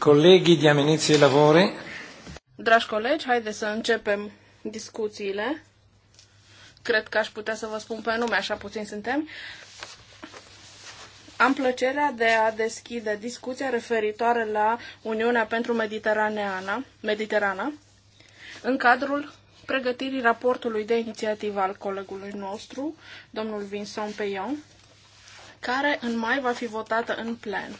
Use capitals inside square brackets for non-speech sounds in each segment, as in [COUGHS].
Colegii, diam iniție lavori. Dragi colegi, haideți să începem discuțiile. Cred că aș putea să vă spun pe nume, așa puțin suntem. Am plăcerea de a deschide discuția referitoare la Uniunea pentru Mediteraneana, Mediterana, în cadrul pregătirii raportului de inițiativă al colegului nostru, domnul Vincent Peion, care în mai va fi votată în plen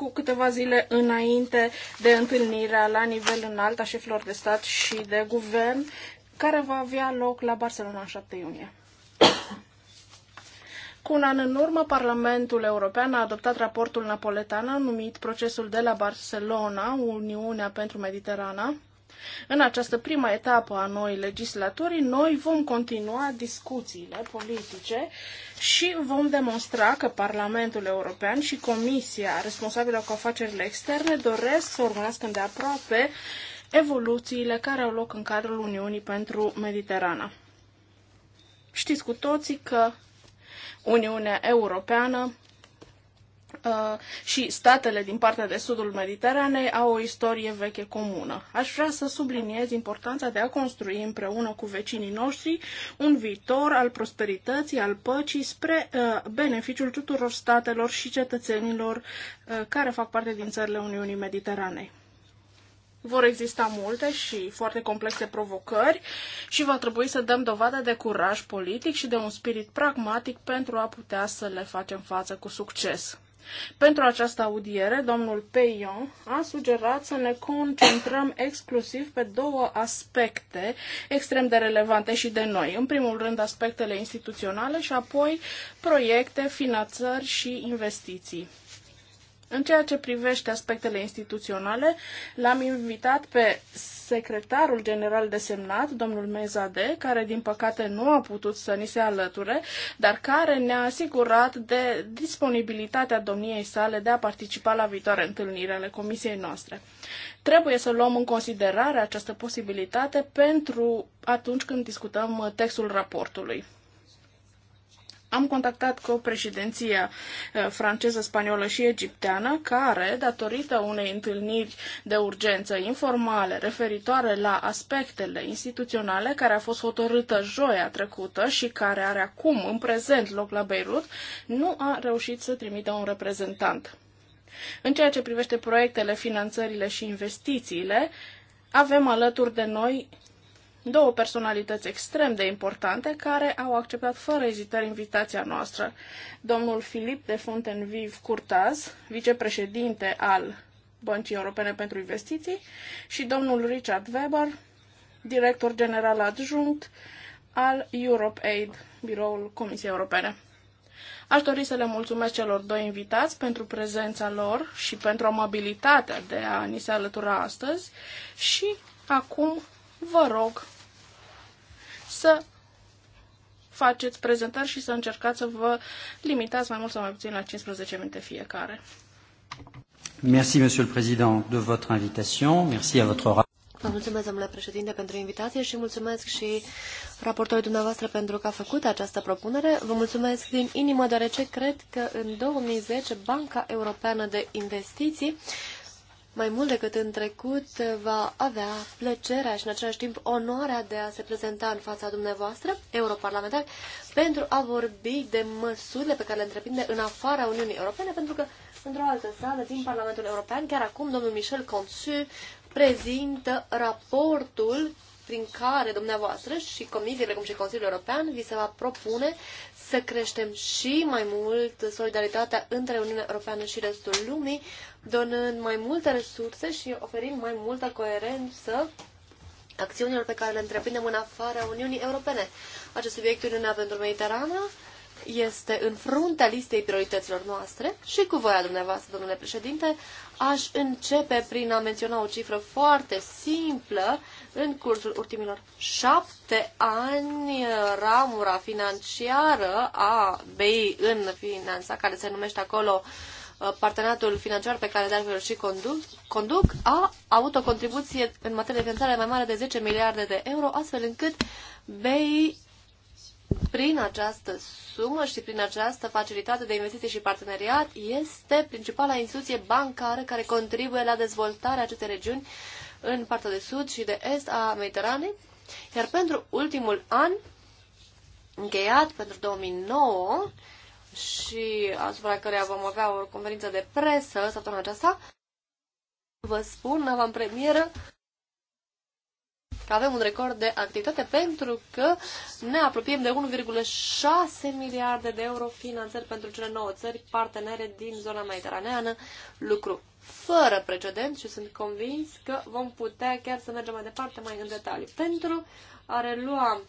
cu câteva zile înainte de întâlnirea la nivel înalt a șefilor de stat și de guvern, care va avea loc la Barcelona în 7 iunie. Cu un an în urmă, Parlamentul European a adoptat raportul napoletan numit Procesul de la Barcelona, Uniunea pentru Mediterana, în această prima etapă a noii legislaturi, noi vom continua discuțiile politice și vom demonstra că Parlamentul European și Comisia responsabilă cu afacerile externe doresc să urmărească îndeaproape evoluțiile care au loc în cadrul Uniunii pentru Mediterana. Știți cu toții că Uniunea Europeană Uh, și statele din partea de sudul Mediteranei au o istorie veche comună. Aș vrea să subliniez importanța de a construi împreună cu vecinii noștri un viitor al prosperității, al păcii, spre uh, beneficiul tuturor statelor și cetățenilor uh, care fac parte din țările Uniunii Mediteranei. Vor exista multe și foarte complexe provocări și va trebui să dăm dovadă de curaj politic și de un spirit pragmatic pentru a putea să le facem față cu succes. Pentru această audiere, domnul Peion a sugerat să ne concentrăm exclusiv pe două aspecte extrem de relevante și de noi. În primul rând, aspectele instituționale și apoi proiecte, finanțări și investiții. În ceea ce privește aspectele instituționale, l-am invitat pe secretarul general desemnat, domnul Mezade, care din păcate nu a putut să ni se alăture, dar care ne-a asigurat de disponibilitatea domniei sale de a participa la viitoare întâlnire ale comisiei noastre. Trebuie să luăm în considerare această posibilitate pentru atunci când discutăm uh, textul raportului. Am contactat cu președinția eh, franceză, spaniolă și egipteană, care, datorită unei întâlniri de urgență informale referitoare la aspectele instituționale, care a fost hotărâtă joia trecută și care are acum, în prezent, loc la Beirut, nu a reușit să trimită un reprezentant. În ceea ce privește proiectele, finanțările și investițiile, avem alături de noi două personalități extrem de importante care au acceptat fără ezitări invitația noastră. Domnul Filip de Fontenviv Curtaz, vicepreședinte al Băncii Europene pentru Investiții, și domnul Richard Weber, director general adjunct al Europe Aid, biroul Comisiei Europene. Aș dori să le mulțumesc celor doi invitați pentru prezența lor și pentru amabilitatea de a ni se alătura astăzi și acum vă rog să faceți prezentări și să încercați să vă limitați mai mult sau mai puțin la 15 minute fiecare. Merci, Monsieur le Président, de votre invitation. Merci à votre Vă mulțumesc, domnule președinte, pentru invitație și mulțumesc și raportorului dumneavoastră pentru că a făcut această propunere. Vă mulțumesc din inimă, deoarece cred că în 2010 Banca Europeană de Investiții mai mult decât în trecut, va avea plăcerea și în același timp onoarea de a se prezenta în fața dumneavoastră, europarlamentar, pentru a vorbi de măsurile pe care le întreprinde în afara Uniunii Europene, pentru că într-o altă sală din Parlamentul European, chiar acum domnul Michel Consu prezintă raportul prin care dumneavoastră și comisiile, precum și Consiliul European, vi se va propune să creștem și mai mult solidaritatea între Uniunea Europeană și restul lumii, donând mai multe resurse și oferind mai multă coerență acțiunilor pe care le întreprindem în afara Uniunii Europene. Acest subiect, Uniunea pentru Mediterană, este în fruntea listei priorităților noastre și cu voia dumneavoastră, domnule președinte, aș începe prin a menționa o cifră foarte simplă în cursul ultimilor șapte ani, ramura financiară a BI în finanța, care se numește acolo uh, partenatul financiar pe care de altfel și conduc, conduc a avut o contribuție în materie de finanțare mai mare de 10 miliarde de euro, astfel încât BI prin această sumă și prin această facilitate de investiții și parteneriat este principala instituție bancară care contribuie la dezvoltarea acestei regiuni în partea de sud și de est a Mediteranei, iar pentru ultimul an, încheiat pentru 2009, și asupra căreia vom avea o conferință de presă săptămâna aceasta, vă spun avem premieră că avem un record de activitate pentru că ne apropiem de 1,6 miliarde de euro finanțări pentru cele 9 țări partenere din zona mediteraneană, lucru fără precedent și sunt convins că vom putea chiar să mergem mai departe, mai în detaliu, pentru a relua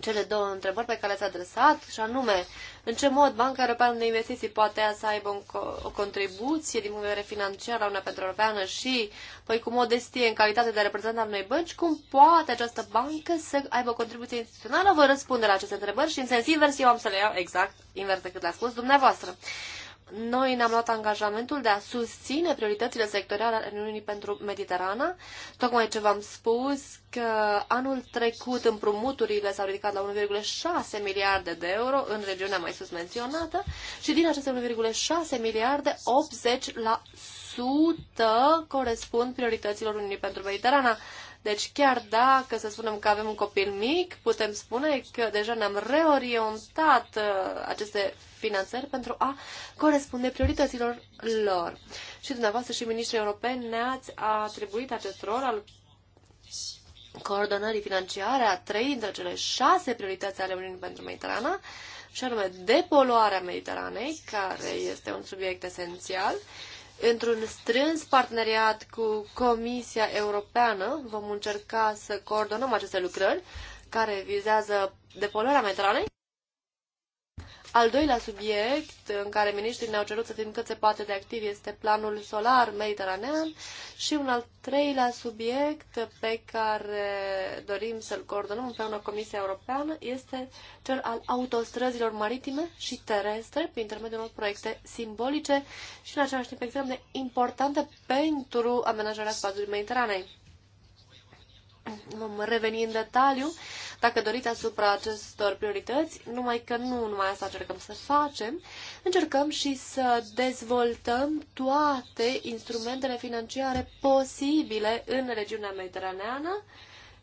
cele două întrebări pe care le-ați adresat, și anume, în ce mod Banca Europeană de Investiții poate să aibă un, o contribuție din punct de vedere financiar la Uniunea pentru Europeană și, păi, cu modestie, în calitate de reprezentant al unei bănci, cum poate această bancă să aibă o contribuție instituțională? Vă răspunde la aceste întrebări și, în sens invers, eu am să le iau exact invers decât le-a spus dumneavoastră. Noi ne-am luat angajamentul de a susține prioritățile sectoriale ale Uniunii pentru Mediterana. Tocmai ce v-am spus că anul trecut împrumuturile s-au ridicat la 1,6 miliarde de euro în regiunea mai sus menționată și din aceste 1,6 miliarde, 80% corespund priorităților Uniunii pentru Mediterana. Deci chiar dacă să spunem că avem un copil mic, putem spune că deja ne-am reorientat uh, aceste finanțări pentru a corespunde priorităților lor. Și dumneavoastră și ministrii europeni ne-ați atribuit acest rol al coordonării financiare a trei dintre cele șase priorități ale Uniunii pentru Mediterana, și anume depoluarea Mediteranei, care este un subiect esențial, Într-un strâns parteneriat cu Comisia Europeană vom încerca să coordonăm aceste lucrări care vizează depolarea metanei. Al doilea subiect în care ministrii ne-au cerut să fim cât se poate de activi este planul solar mediteranean și un al treilea subiect pe care dorim să-l coordonăm împreună Comisia Europeană este cel al autostrăzilor maritime și terestre prin intermediul unor proiecte simbolice și în același timp extrem de importante pentru amenajarea spațiului Mediteranei. Vom reveni în detaliu, dacă doriți, asupra acestor priorități, numai că nu numai asta încercăm să facem, încercăm și să dezvoltăm toate instrumentele financiare posibile în regiunea mediteraneană,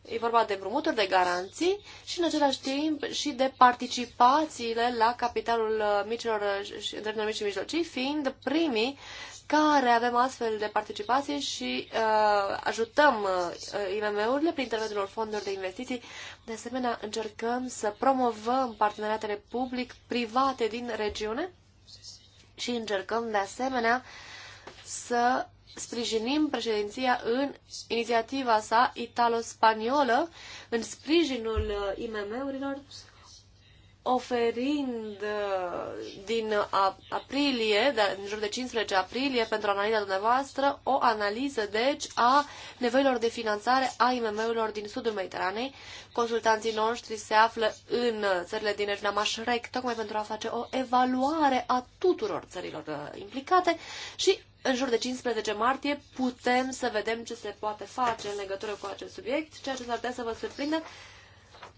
E vorba de împrumuturi, de garanții și în același timp și de participațiile la capitalul micilor, drepturilor mici și mijlocii, fiind primii care avem astfel de participație și uh, ajutăm uh, IMM-urile prin intermediul fondurilor de investiții. De asemenea, încercăm să promovăm parteneriatele public-private din regiune și încercăm, de asemenea, să sprijinim președinția în inițiativa sa italo-spaniolă în sprijinul uh, IMM-urilor uh, oferind uh, din aprilie, în da, jur de 15 aprilie, pentru analiza dumneavoastră, o analiză, deci, a nevoilor de finanțare a IMM-urilor din sudul Mediteranei. Consultanții noștri se află în uh, țările din regiunea Mașrec, tocmai pentru a face o evaluare a tuturor țărilor uh, implicate și în jur de 15 martie putem să vedem ce se poate face în legătură cu acest subiect, ceea ce s-ar putea să vă surprindă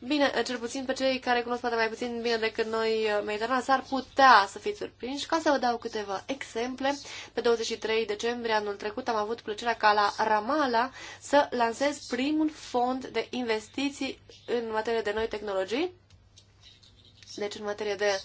Bine, cel puțin pe cei care cunosc poate mai puțin bine decât noi uh, Mediterana, s-ar putea să fiți surprinși. Ca să vă dau câteva exemple, pe 23 decembrie anul trecut am avut plăcerea ca la Ramala să lansez primul fond de investiții în materie de noi tehnologii, deci în materie de uh,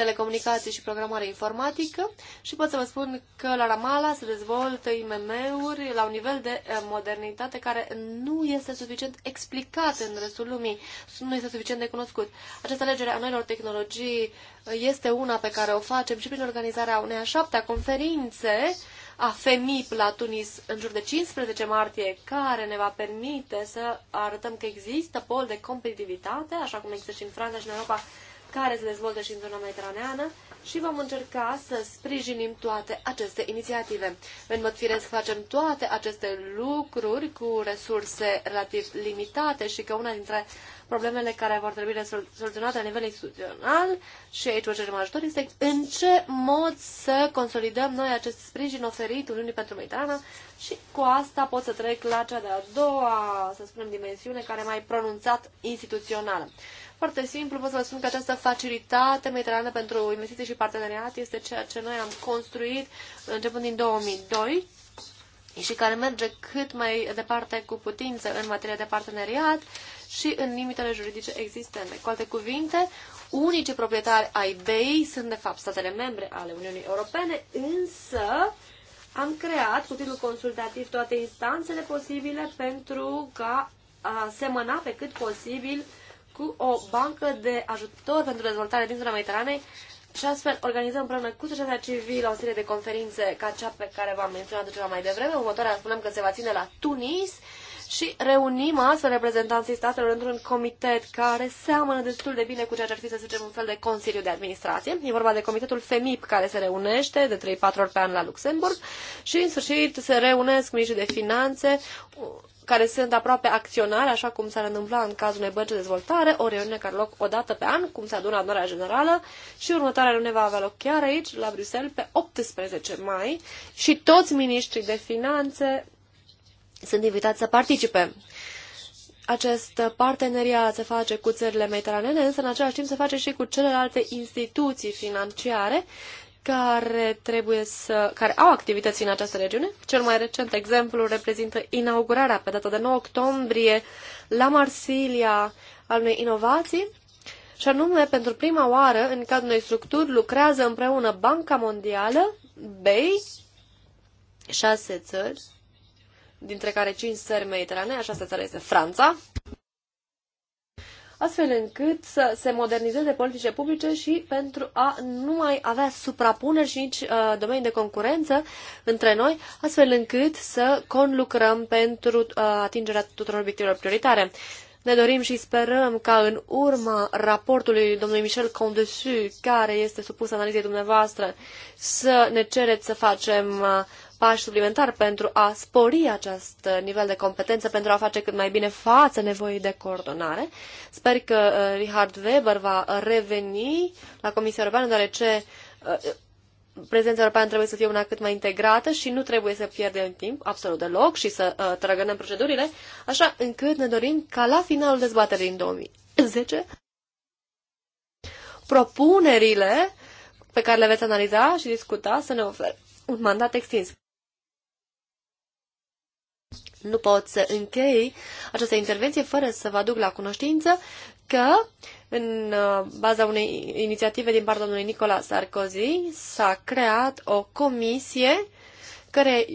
telecomunicații și programare informatică și pot să vă spun că la Ramala se dezvoltă IMM-uri la un nivel de eh, modernitate care nu este suficient explicat în restul lumii, nu este suficient de cunoscut. Această alegere a noilor tehnologii eh, este una pe care o facem și prin organizarea unei a șaptea conferințe a FEMIP la Tunis în jur de 15 martie, care ne va permite să arătăm că există pol de competitivitate, așa cum există și în Franța și în Europa, care se dezvoltă și în zona mediteraneană și vom încerca să sprijinim toate aceste inițiative. În mod firesc facem toate aceste lucruri cu resurse relativ limitate și că una dintre problemele care vor trebui soluționate la nivel instituțional și aici o cerem ajutor este în ce mod să consolidăm noi acest sprijin oferit Uniunii pentru Mediterana și cu asta pot să trec la cea de-a doua, să spunem, dimensiune care mai pronunțat instituțională. Foarte simplu pot să vă spun că această facilitate mediterană pentru investiții și parteneriat este ceea ce noi am construit începând din 2002 și care merge cât mai departe cu putință în materie de parteneriat și în limitele juridice existente. Cu alte cuvinte, unice proprietari ai BEI sunt de fapt statele membre ale Uniunii Europene, însă am creat cu titlul consultativ toate instanțele posibile pentru ca a semăna pe cât posibil uh, cu o bancă de ajutor pentru dezvoltare din zona Mediteranei și astfel organizăm împreună cu societatea civilă o serie de conferințe ca cea pe care v-am menționat de ceva mai devreme. Următoarea spunem că se va ține la Tunis și reunim astfel reprezentanții statelor într-un comitet care seamănă destul de bine cu ceea ce ar fi, să zicem, un fel de consiliu de administrație. E vorba de comitetul FEMIP care se reunește de 3-4 ori pe an la Luxemburg și, în sfârșit, se reunesc mici de finanțe, care sunt aproape acționare, așa cum s-ar întâmpla în cazul unei bănci de dezvoltare, o reuniune care loc o dată pe an, cum se adună adunarea generală și următoarea reuniune va avea loc chiar aici, la Bruxelles, pe 18 mai și toți miniștrii de finanțe sunt invitați să participe. Acest parteneriat se face cu țările mediteranene, însă în același timp se face și cu celelalte instituții financiare care trebuie să, care au activități în această regiune. Cel mai recent exemplu reprezintă inaugurarea pe data de 9 octombrie la Marsilia al unei inovații și anume, pentru prima oară, în cadrul unei structuri, lucrează împreună Banca Mondială, BEI, șase țări, dintre care cinci țări mediterane, a șase țară este Franța, astfel încât să se modernizeze politice publice și pentru a nu mai avea suprapuneri și nici uh, domenii de concurență între noi, astfel încât să conlucrăm pentru uh, atingerea tuturor obiectivelor prioritare. Ne dorim și sperăm ca în urma raportului domnului Michel Condesu, care este supus analizei dumneavoastră, să ne cereți să facem uh, pași suplimentari pentru a spori acest nivel de competență, pentru a face cât mai bine față nevoii de coordonare. Sper că uh, Richard Weber va reveni la Comisia Europeană, deoarece uh, prezența europeană trebuie să fie una cât mai integrată și nu trebuie să pierdem timp absolut deloc și să uh, trăgănăm procedurile, așa încât ne dorim ca la finalul dezbaterii în 2010 propunerile pe care le veți analiza și discuta să ne ofer un mandat extins. Nu pot să închei această intervenție fără să vă aduc la cunoștință că în uh, baza unei inițiative din partea domnului Nicola Sarkozy s-a creat o comisie care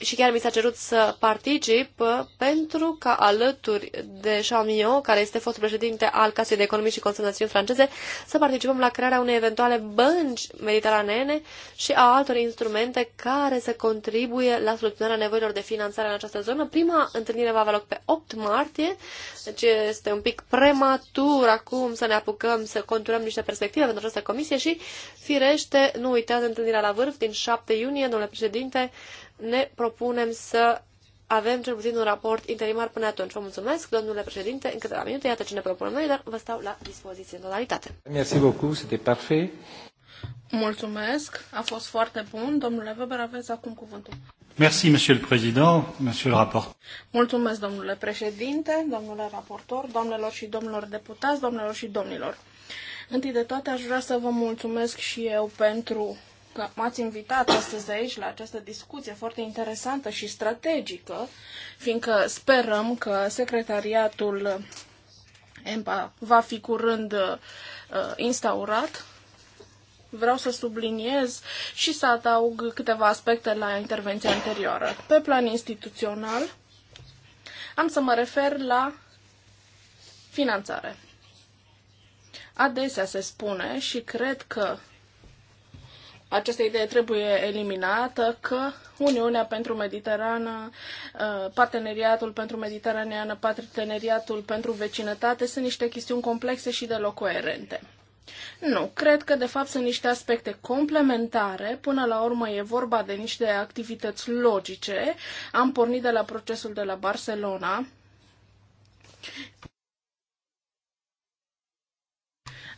și chiar mi s-a cerut să particip uh, pentru ca alături de Chamillon, care este fost președinte al Casei de Economii și Consultațiuni franceze, să participăm la crearea unei eventuale bănci mediteraneene și a altor instrumente care să contribuie la soluționarea nevoilor de finanțare în această zonă. Prima întâlnire va avea loc pe 8 martie, deci este un pic prematur acum să ne apucăm să conturăm niște perspective pentru această comisie și, firește, nu uitați întâlnirea la vârf din 7 iunie, domnule președinte, ne propunem să avem cel puțin un raport interimar până atunci. Vă mulțumesc, domnule președinte, în câteva minute, iată ce ne propunem noi, dar vă stau la dispoziție în totalitate. beaucoup, c'était parfait. Mulțumesc, a fost foarte bun. Domnule Weber, aveți acum cuvântul. Merci, monsieur le président, monsieur le rapport. Mulțumesc, domnule președinte, domnule raportor, doamnelor și domnilor deputați, domnilor și domnilor. Întâi de toate, aș vrea să vă mulțumesc și eu pentru că m-ați invitat astăzi aici la această discuție foarte interesantă și strategică, fiindcă sperăm că secretariatul EMPA va fi curând uh, instaurat. Vreau să subliniez și să adaug câteva aspecte la intervenția anterioară. Pe plan instituțional, am să mă refer la finanțare. Adesea se spune și cred că această idee trebuie eliminată că Uniunea pentru Mediterană, uh, Parteneriatul pentru Mediteraneană, Parteneriatul pentru Vecinătate sunt niște chestiuni complexe și deloc coerente. Nu, cred că de fapt sunt niște aspecte complementare, până la urmă e vorba de niște activități logice. Am pornit de la procesul de la Barcelona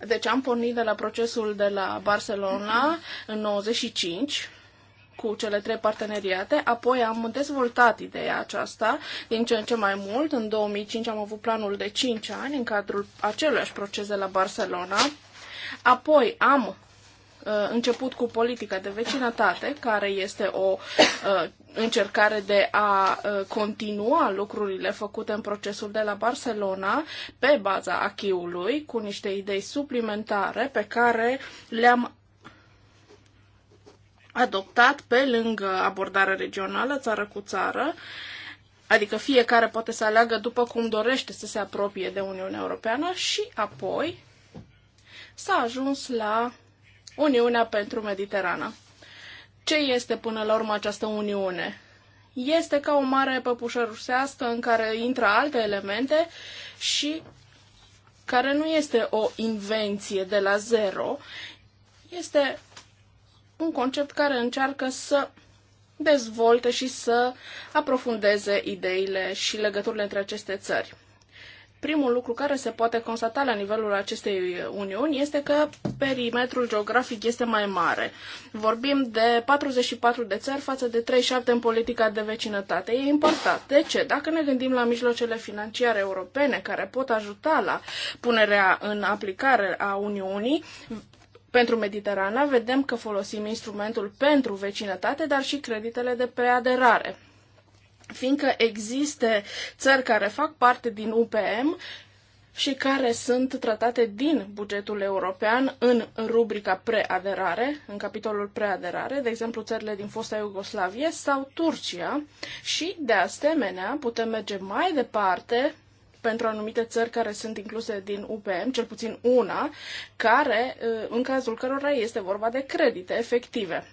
deci am pornit de la procesul de la Barcelona în 95 cu cele trei parteneriate, apoi am dezvoltat ideea aceasta din ce în ce mai mult. În 2005 am avut planul de 5 ani în cadrul acelui proces de la Barcelona. Apoi am Uh, început cu politica de vecinătate, care este o uh, încercare de a uh, continua lucrurile făcute în procesul de la Barcelona pe baza achiului, cu niște idei suplimentare pe care le-am adoptat pe lângă abordarea regională, țară cu țară, adică fiecare poate să aleagă după cum dorește să se apropie de Uniunea Europeană și apoi s-a ajuns la Uniunea pentru Mediterana. Ce este până la urmă această Uniune? Este ca o mare păpușă rusească în care intră alte elemente și care nu este o invenție de la zero, este un concept care încearcă să dezvolte și să aprofundeze ideile și legăturile între aceste țări primul lucru care se poate constata la nivelul acestei uniuni este că perimetrul geografic este mai mare. Vorbim de 44 de țări față de 37 în politica de vecinătate. E important. De ce? Dacă ne gândim la mijloacele financiare europene care pot ajuta la punerea în aplicare a Uniunii, pentru Mediterana vedem că folosim instrumentul pentru vecinătate, dar și creditele de preaderare fiindcă există țări care fac parte din UPM și care sunt tratate din bugetul european în rubrica preaderare, în capitolul preaderare, de exemplu țările din fosta Iugoslavie sau Turcia și, de asemenea, putem merge mai departe pentru anumite țări care sunt incluse din UPM, cel puțin una, care, în cazul cărora este vorba de credite efective.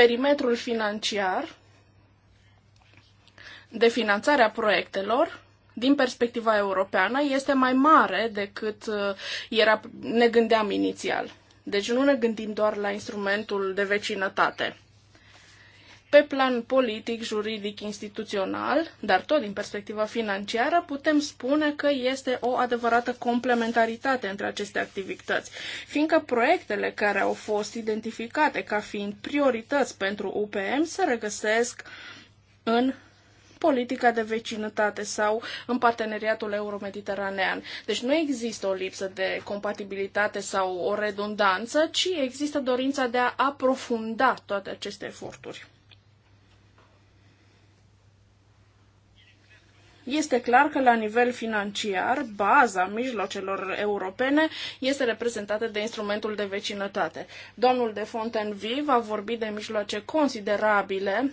perimetrul financiar de finanțare a proiectelor din perspectiva europeană este mai mare decât uh, era, ne gândeam inițial. Deci nu ne gândim doar la instrumentul de vecinătate pe plan politic, juridic, instituțional, dar tot din perspectiva financiară, putem spune că este o adevărată complementaritate între aceste activități, fiindcă proiectele care au fost identificate ca fiind priorități pentru UPM se regăsesc în politica de vecinătate sau în parteneriatul euromediteranean. Deci nu există o lipsă de compatibilitate sau o redundanță, ci există dorința de a aprofunda toate aceste eforturi. Este clar că la nivel financiar, baza mijlocelor europene este reprezentată de instrumentul de vecinătate. Domnul de Fontaineville va vorbi de mijloace considerabile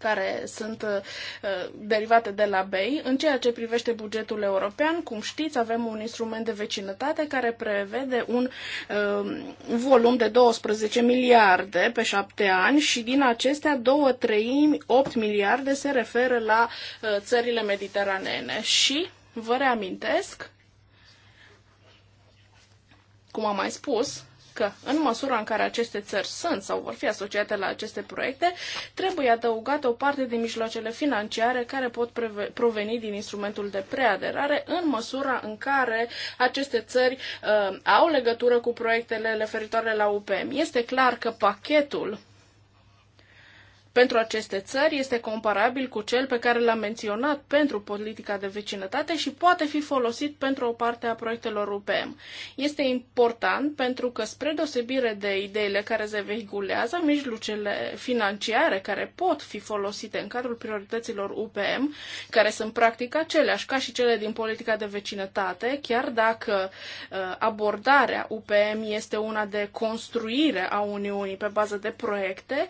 care sunt uh, derivate de la BEI. În ceea ce privește bugetul european, cum știți, avem un instrument de vecinătate care prevede un uh, volum de 12 miliarde pe șapte ani și din acestea două treimi, 8 miliarde, se referă la uh, țările mediteranene. Și vă reamintesc, cum am mai spus, că în măsura în care aceste țări sunt sau vor fi asociate la aceste proiecte, trebuie adăugată o parte din mijloacele financiare care pot proveni din instrumentul de preaderare în măsura în care aceste țări uh, au legătură cu proiectele referitoare la UPM. Este clar că pachetul pentru aceste țări este comparabil cu cel pe care l-am menționat pentru politica de vecinătate și poate fi folosit pentru o parte a proiectelor UPM. Este important pentru că, spre deosebire de ideile care se vehiculează, mijloacele financiare care pot fi folosite în cadrul priorităților UPM, care sunt practic aceleași ca și cele din politica de vecinătate, chiar dacă uh, abordarea UPM este una de construire a Uniunii pe bază de proiecte,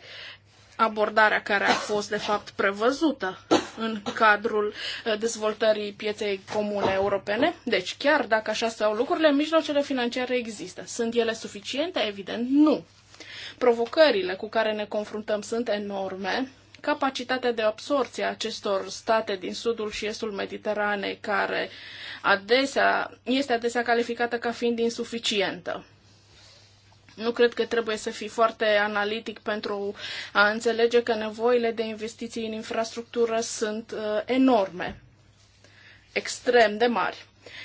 abordarea care a fost, de fapt, prevăzută în cadrul uh, dezvoltării pieței comune europene. Deci, chiar dacă așa stau lucrurile, mijloacele financiare există. Sunt ele suficiente? Evident, nu. Provocările cu care ne confruntăm sunt enorme. Capacitatea de absorție a acestor state din sudul și estul Mediteranei, care adesea, este adesea calificată ca fiind insuficientă. Nu cred că trebuie să fii foarte analitic pentru a înțelege că nevoile de investiții în infrastructură sunt uh, enorme, extrem de mari.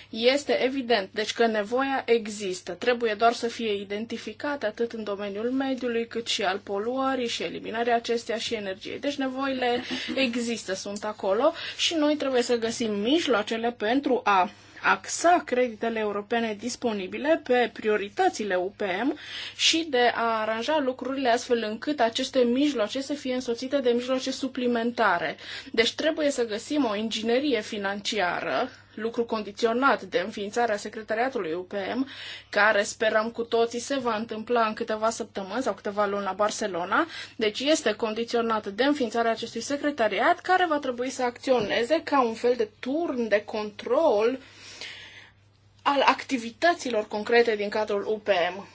Este evident, deci că nevoia există, trebuie doar să fie identificată atât în domeniul mediului, cât și al poluării și eliminarea acesteia și energiei. Deci nevoile există, sunt acolo și noi trebuie să găsim mijloacele pentru a axa creditele europene disponibile pe prioritățile UPM și de a aranja lucrurile astfel încât aceste mijloace să fie însoțite de mijloace suplimentare. Deci trebuie să găsim o inginerie financiară lucru condiționat de înființarea secretariatului UPM, care sperăm cu toții se va întâmpla în câteva săptămâni sau câteva luni la Barcelona. Deci este condiționat de înființarea acestui secretariat care va trebui să acționeze ca un fel de turn de control al activităților concrete din cadrul UPM.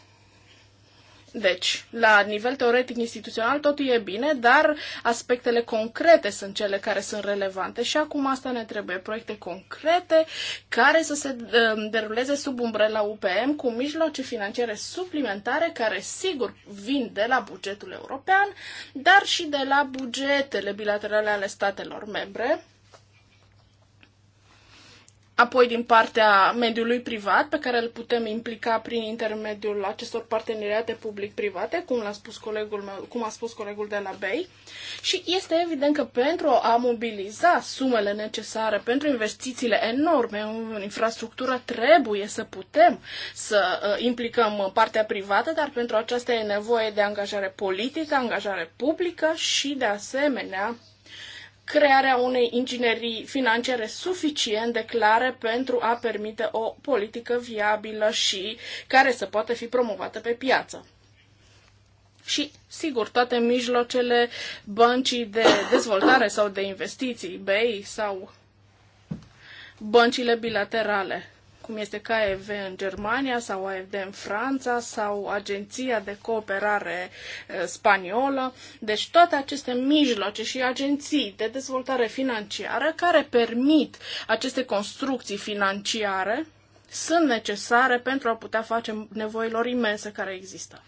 Deci, la nivel teoretic instituțional totul e bine, dar aspectele concrete sunt cele care sunt relevante și acum asta ne trebuie. Proiecte concrete care să se um, deruleze sub umbrela UPM cu mijloace financiare suplimentare care sigur vin de la bugetul european, dar și de la bugetele bilaterale ale statelor membre apoi din partea mediului privat, pe care îl putem implica prin intermediul acestor parteneriate public-private, cum, l-a spus colegul meu, cum a spus colegul de la BEI. Și este evident că pentru a mobiliza sumele necesare pentru investițiile enorme în infrastructură, trebuie să putem să uh, implicăm partea privată, dar pentru aceasta e nevoie de angajare politică, angajare publică și, de asemenea, crearea unei inginerii financiare suficient de clare pentru a permite o politică viabilă și care să poată fi promovată pe piață. Și, sigur, toate mijlocele băncii de dezvoltare sau de investiții, BEI sau băncile bilaterale cum este KEV în Germania sau AFD în Franța sau Agenția de Cooperare Spaniolă. Deci toate aceste mijloace și agenții de dezvoltare financiară care permit aceste construcții financiare sunt necesare pentru a putea face nevoilor imense care există.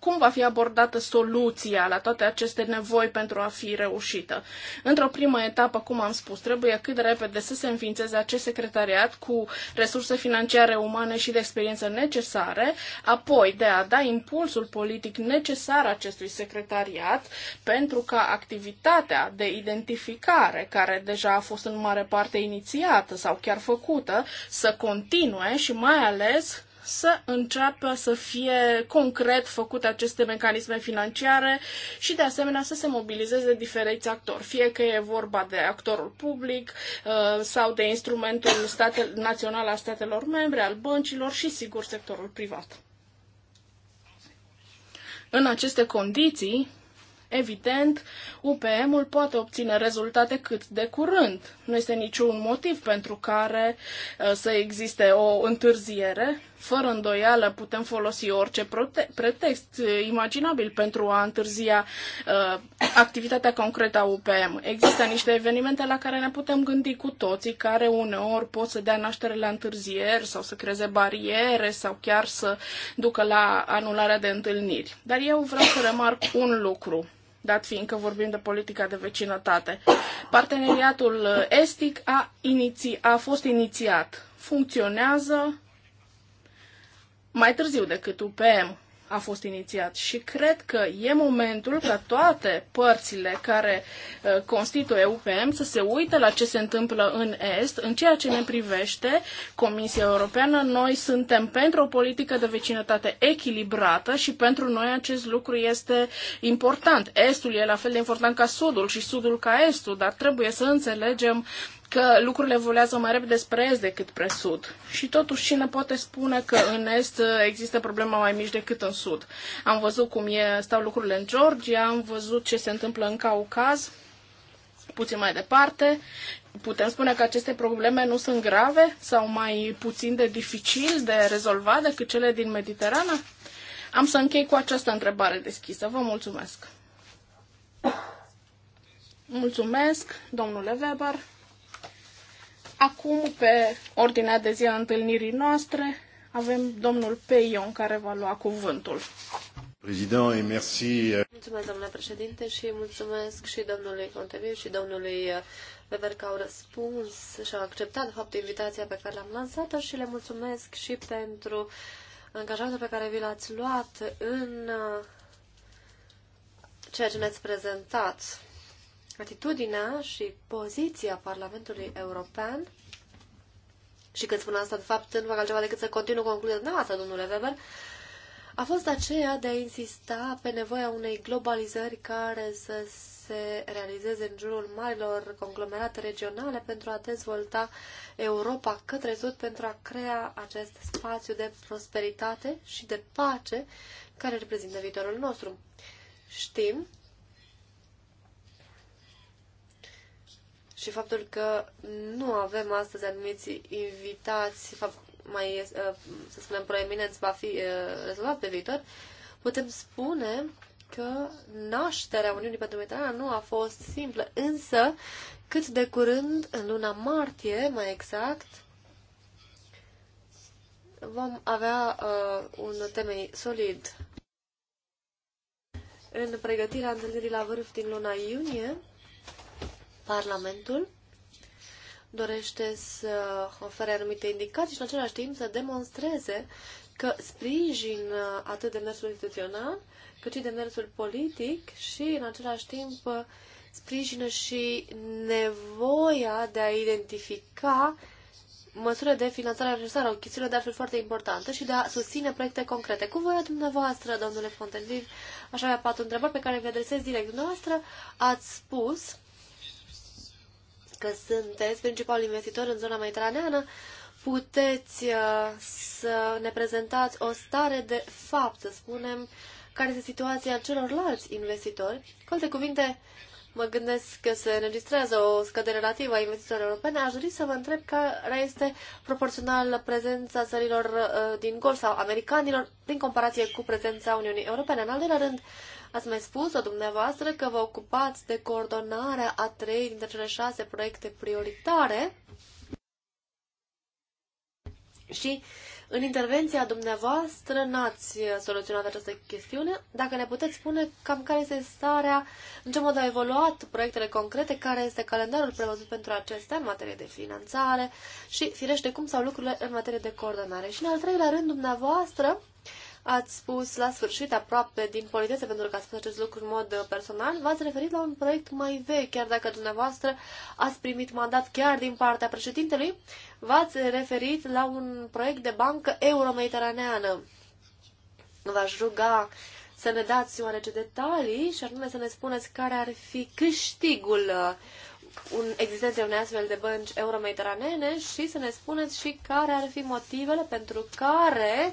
cum va fi abordată soluția la toate aceste nevoi pentru a fi reușită. Într-o primă etapă, cum am spus, trebuie cât de repede să se înființeze acest secretariat cu resurse financiare, umane și de experiență necesare, apoi de a da impulsul politic necesar acestui secretariat pentru ca activitatea de identificare, care deja a fost în mare parte inițiată sau chiar făcută, să continue și mai ales să înceapă să fie concret făcute aceste mecanisme financiare și de asemenea să se mobilizeze diferiți actori, fie că e vorba de actorul public uh, sau de instrumentul state, național al statelor membre, al băncilor și, sigur, sectorul privat. În aceste condiții, Evident, UPM-ul poate obține rezultate cât de curând. Nu este niciun motiv pentru care uh, să existe o întârziere fără îndoială putem folosi orice pretext imaginabil pentru a întârzia uh, activitatea concretă a UPM. Există niște evenimente la care ne putem gândi cu toții, care uneori pot să dea naștere la întârzieri sau să creeze bariere sau chiar să ducă la anularea de întâlniri. Dar eu vreau să remarc un lucru dat fiind că vorbim de politica de vecinătate. Parteneriatul estic a, iniți- a fost inițiat, funcționează, mai târziu decât UPM a fost inițiat și cred că e momentul ca toate părțile care uh, constituie UPM să se uite la ce se întâmplă în Est. În ceea ce ne privește, Comisia Europeană, noi suntem pentru o politică de vecinătate echilibrată și pentru noi acest lucru este important. Estul e la fel de important ca Sudul și Sudul ca Estul, dar trebuie să înțelegem că lucrurile evoluează mai repede spre est decât spre sud. Și totuși cine poate spune că în est există problema mai mici decât în sud. Am văzut cum e, stau lucrurile în Georgia, am văzut ce se întâmplă în Caucaz, puțin mai departe. Putem spune că aceste probleme nu sunt grave sau mai puțin de dificil de rezolvat decât cele din Mediterana? Am să închei cu această întrebare deschisă. Vă mulțumesc! Mulțumesc, domnule Weber. Acum, pe ordinea de zi a întâlnirii noastre, avem domnul Peion care va lua cuvântul. Président, euh, Mulțumesc, domnule președinte, și mulțumesc și domnului Conteviu și domnului uh, Weber că au răspuns și au acceptat, de fapt, invitația pe care l-am lansat-o și le mulțumesc și pentru angajamentul pe care vi l-ați luat în uh, ceea ce ne-ați prezentat atitudinea și poziția Parlamentului European și când spun asta, de fapt, nu fac altceva decât să continuu concluzia dumneavoastră, domnule Weber, a fost aceea de a insista pe nevoia unei globalizări care să se realizeze în jurul marilor conglomerate regionale pentru a dezvolta Europa către sud, pentru a crea acest spațiu de prosperitate și de pace care reprezintă viitorul nostru. Știm și faptul că nu avem astăzi anumiți invitați, fapt, mai, uh, să spunem, proeminenți, va fi uh, rezolvat pe viitor, putem spune că nașterea Uniunii pentru Mediterana nu a fost simplă, însă cât de curând, în luna martie, mai exact, vom avea uh, un temei solid. În pregătirea întâlnirii la vârf din luna iunie, Parlamentul dorește să ofere anumite indicații și în același timp să demonstreze că sprijin atât demersul instituțional cât și demersul politic și în același timp sprijină și nevoia de a identifica măsurile de finanțare necesară, o chestiune de altfel foarte importantă și de a susține proiecte concrete. Cu voia dumneavoastră, domnule Fontenviv, aș avea patru întrebări pe care vi adresez direct. Dumneavoastră ați spus că sunteți principal investitor în zona mediteraneană, puteți uh, să ne prezentați o stare de fapt, să spunem, care este situația celorlalți investitori. Cu alte cuvinte, mă gândesc că se înregistrează o scădere relativă a investitorilor europene. Aș dori să vă întreb care este proporțional prezența țărilor uh, din Golf sau americanilor prin comparație cu prezența Uniunii Europene. În al doilea rând, Ați mai spus-o dumneavoastră că vă ocupați de coordonarea a trei dintre cele șase proiecte prioritare și în intervenția dumneavoastră n-ați soluționat această chestiune. Dacă ne puteți spune cam care este starea, în ce mod au evoluat proiectele concrete, care este calendarul prevăzut pentru acestea în materie de finanțare și, firește, cum sau lucrurile în materie de coordonare. Și, în al treilea rând, dumneavoastră ați spus la sfârșit, aproape din politețe, pentru că ați spus acest lucru în mod uh, personal, v-ați referit la un proiect mai vechi, chiar dacă dumneavoastră ați primit mandat chiar din partea președintelui, v-ați referit la un proiect de bancă euro V-aș ruga să ne dați oarece detalii și anume să ne spuneți care ar fi câștigul uh, un, existenței unei astfel de bănci euromediteranene și să ne spuneți și care ar fi motivele pentru care uh,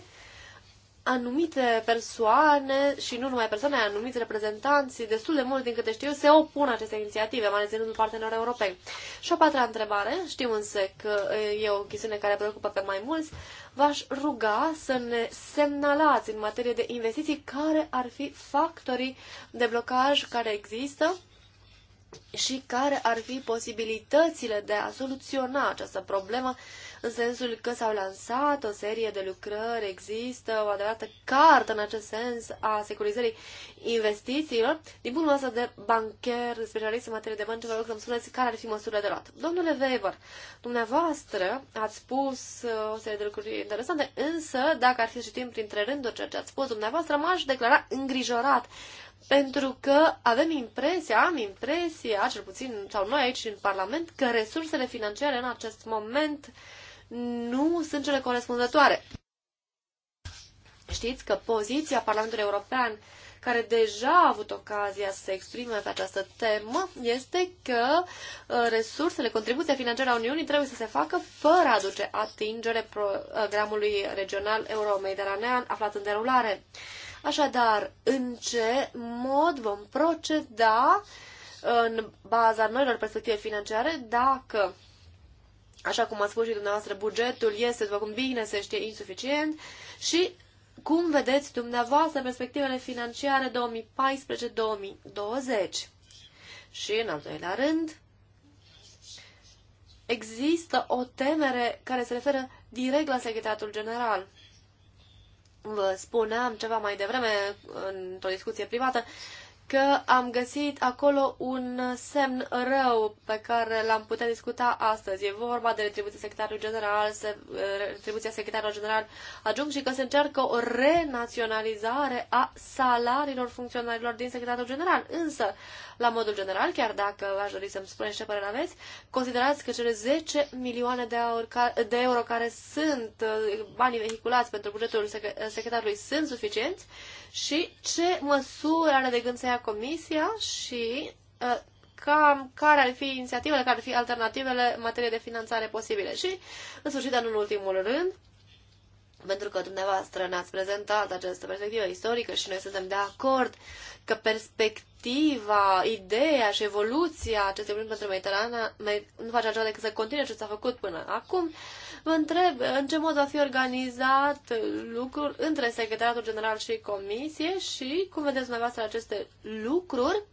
anumite persoane și nu numai persoane, anumiți reprezentanți, destul de mult din câte știu, se opun aceste inițiative, mai ales în rândul european. europeni. Și o patra întrebare, știu însă că e o chestiune care preocupă pe mai mulți, v-aș ruga să ne semnalați în materie de investiții care ar fi factorii de blocaj care există și care ar fi posibilitățile de a soluționa această problemă în sensul că s-au lansat o serie de lucrări, există o adevărată cartă în acest sens a securizării investițiilor. Din punctul nostru de bancher, specialist în materie de bănci, vă rog să-mi spuneți care ar fi măsurile de luat. Domnule Weber, dumneavoastră ați spus uh, o serie de lucruri interesante, însă, dacă ar fi și timp printre rânduri ceea ce ați spus dumneavoastră, m-aș declara îngrijorat pentru că avem impresia, am impresia, cel puțin, sau noi aici în Parlament, că resursele financiare în acest moment uh, nu sunt cele corespunzătoare. Știți că poziția Parlamentului European, care deja a avut ocazia să se exprime pe această temă, este că uh, resursele, contribuția financiară a Uniunii trebuie să se facă fără a aduce atingere programului regional euro-mediteranean aflat în derulare. Așadar, în ce mod vom proceda în baza noilor perspective financiare dacă Așa cum a spus și dumneavoastră, bugetul este, după cum bine se știe, insuficient și cum vedeți dumneavoastră perspectivele financiare 2014-2020? Și, în al doilea rând, există o temere care se referă direct la secretatul General. Vă spuneam ceva mai devreme, într-o discuție privată, că am găsit acolo un semn rău pe care l-am putea discuta astăzi. E vorba de retribuția secretarului general, se, retribuția secretarului general adjunct și că se încearcă o renaționalizare a salariilor funcționarilor din secretarul general. Însă, la modul general, chiar dacă v-aș dori să-mi spuneți ce părere aveți, considerați că cele 10 milioane de, aur, de euro care sunt banii vehiculați pentru bugetul secretarului sunt suficienți și ce măsuri are de gând să ia Comisia și uh, cam care ar fi inițiativele, care ar fi alternativele în materie de finanțare posibile. Și, în sfârșit, dar nu în ultimul rând, pentru că dumneavoastră ne-ați prezentat această perspectivă istorică și noi suntem de acord că perspectiva perspectiva, ideea și evoluția acestui plin pentru Mediterana nu face altceva decât să continue ce s-a făcut până acum. Vă întreb în ce mod va fi organizat lucrul între Secretariatul General și Comisie și cum vedeți dumneavoastră aceste lucruri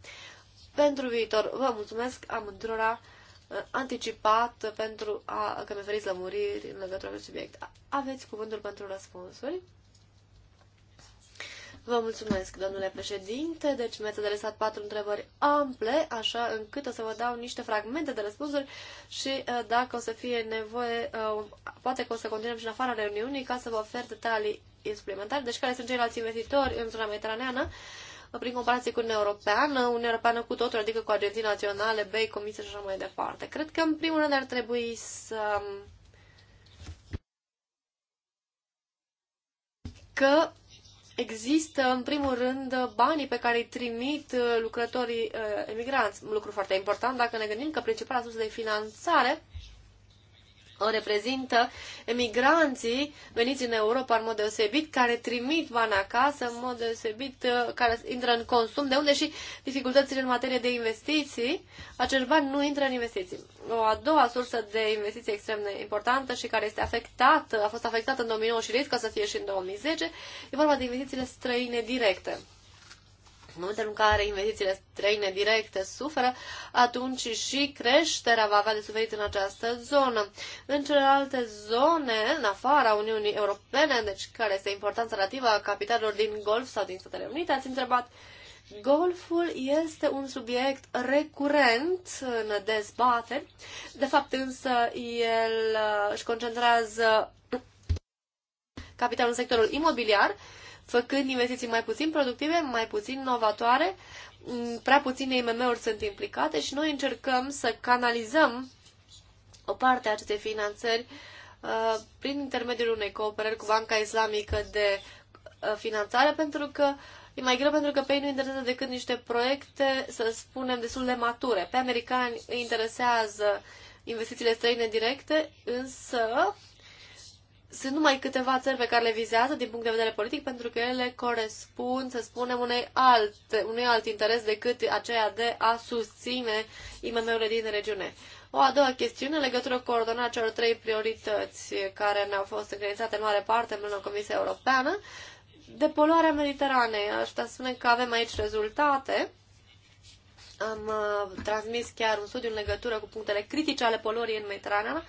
pentru viitor. Vă mulțumesc amândurora uh, anticipat pentru a, că mi-a lămuriri în legătură cu subiect. Aveți cuvântul pentru răspunsuri. Vă mulțumesc, domnule președinte. Deci mi-ați adresat patru întrebări ample, așa încât o să vă dau niște fragmente de răspunsuri și uh, dacă o să fie nevoie, uh, poate că o să continuăm și în afara reuniunii ca să vă ofer detalii suplimentare. Deci care sunt ceilalți investitori în zona mediteraneană? Uh, prin comparație cu Uniunea Europeană, Uniunea Europeană cu totul, adică cu agenții naționale, BEI, Comisie și așa mai departe. Cred că, în primul rând, ar trebui să... Um, că există, în primul rând, banii pe care îi trimit uh, lucrătorii uh, emigranți. Un lucru foarte important dacă ne gândim că principala sursă de finanțare o reprezintă emigranții veniți în Europa în mod deosebit, care trimit bani acasă în mod deosebit, uh, care intră în consum, de unde și dificultățile în materie de investiții, acești bani nu intră în investiții. O a doua sursă de investiții extrem de importantă și care este afectată, a fost afectată în 2009 și riscă să fie și în 2010, e vorba de investițiile străine directe momentul în care investițiile străine directe suferă, atunci și creșterea va avea de suferit în această zonă. În celelalte zone, în afara Uniunii Europene, deci care este importanța relativă a capitalelor din Golf sau din Statele Unite, ați întrebat Golful este un subiect recurent în dezbate, De fapt, însă, el uh, își concentrează capitalul în sectorul imobiliar făcând investiții mai puțin productive, mai puțin inovatoare, mm, prea puține IMM-uri sunt implicate și noi încercăm să canalizăm o parte a acestei finanțări uh, prin intermediul unei cooperări cu Banca Islamică de uh, finanțare, pentru că e mai greu pentru că pe ei nu interesează decât niște proiecte, să spunem, destul de mature. Pe americani îi interesează investițiile străine directe, însă sunt numai câteva țări pe care le vizează din punct de vedere politic, pentru că ele corespund, să spunem, unei alte, unui alt interes decât aceea de a susține IMM-urile din regiune. O a doua chestiune, legătură cu coordonarea celor trei priorități care ne-au fost încredințate în mare parte în mână Comisia Europeană, depoluarea Mediteranei. Aș putea spune că avem aici rezultate am uh, transmis chiar un studiu în legătură cu punctele critice ale poluării în Mediterana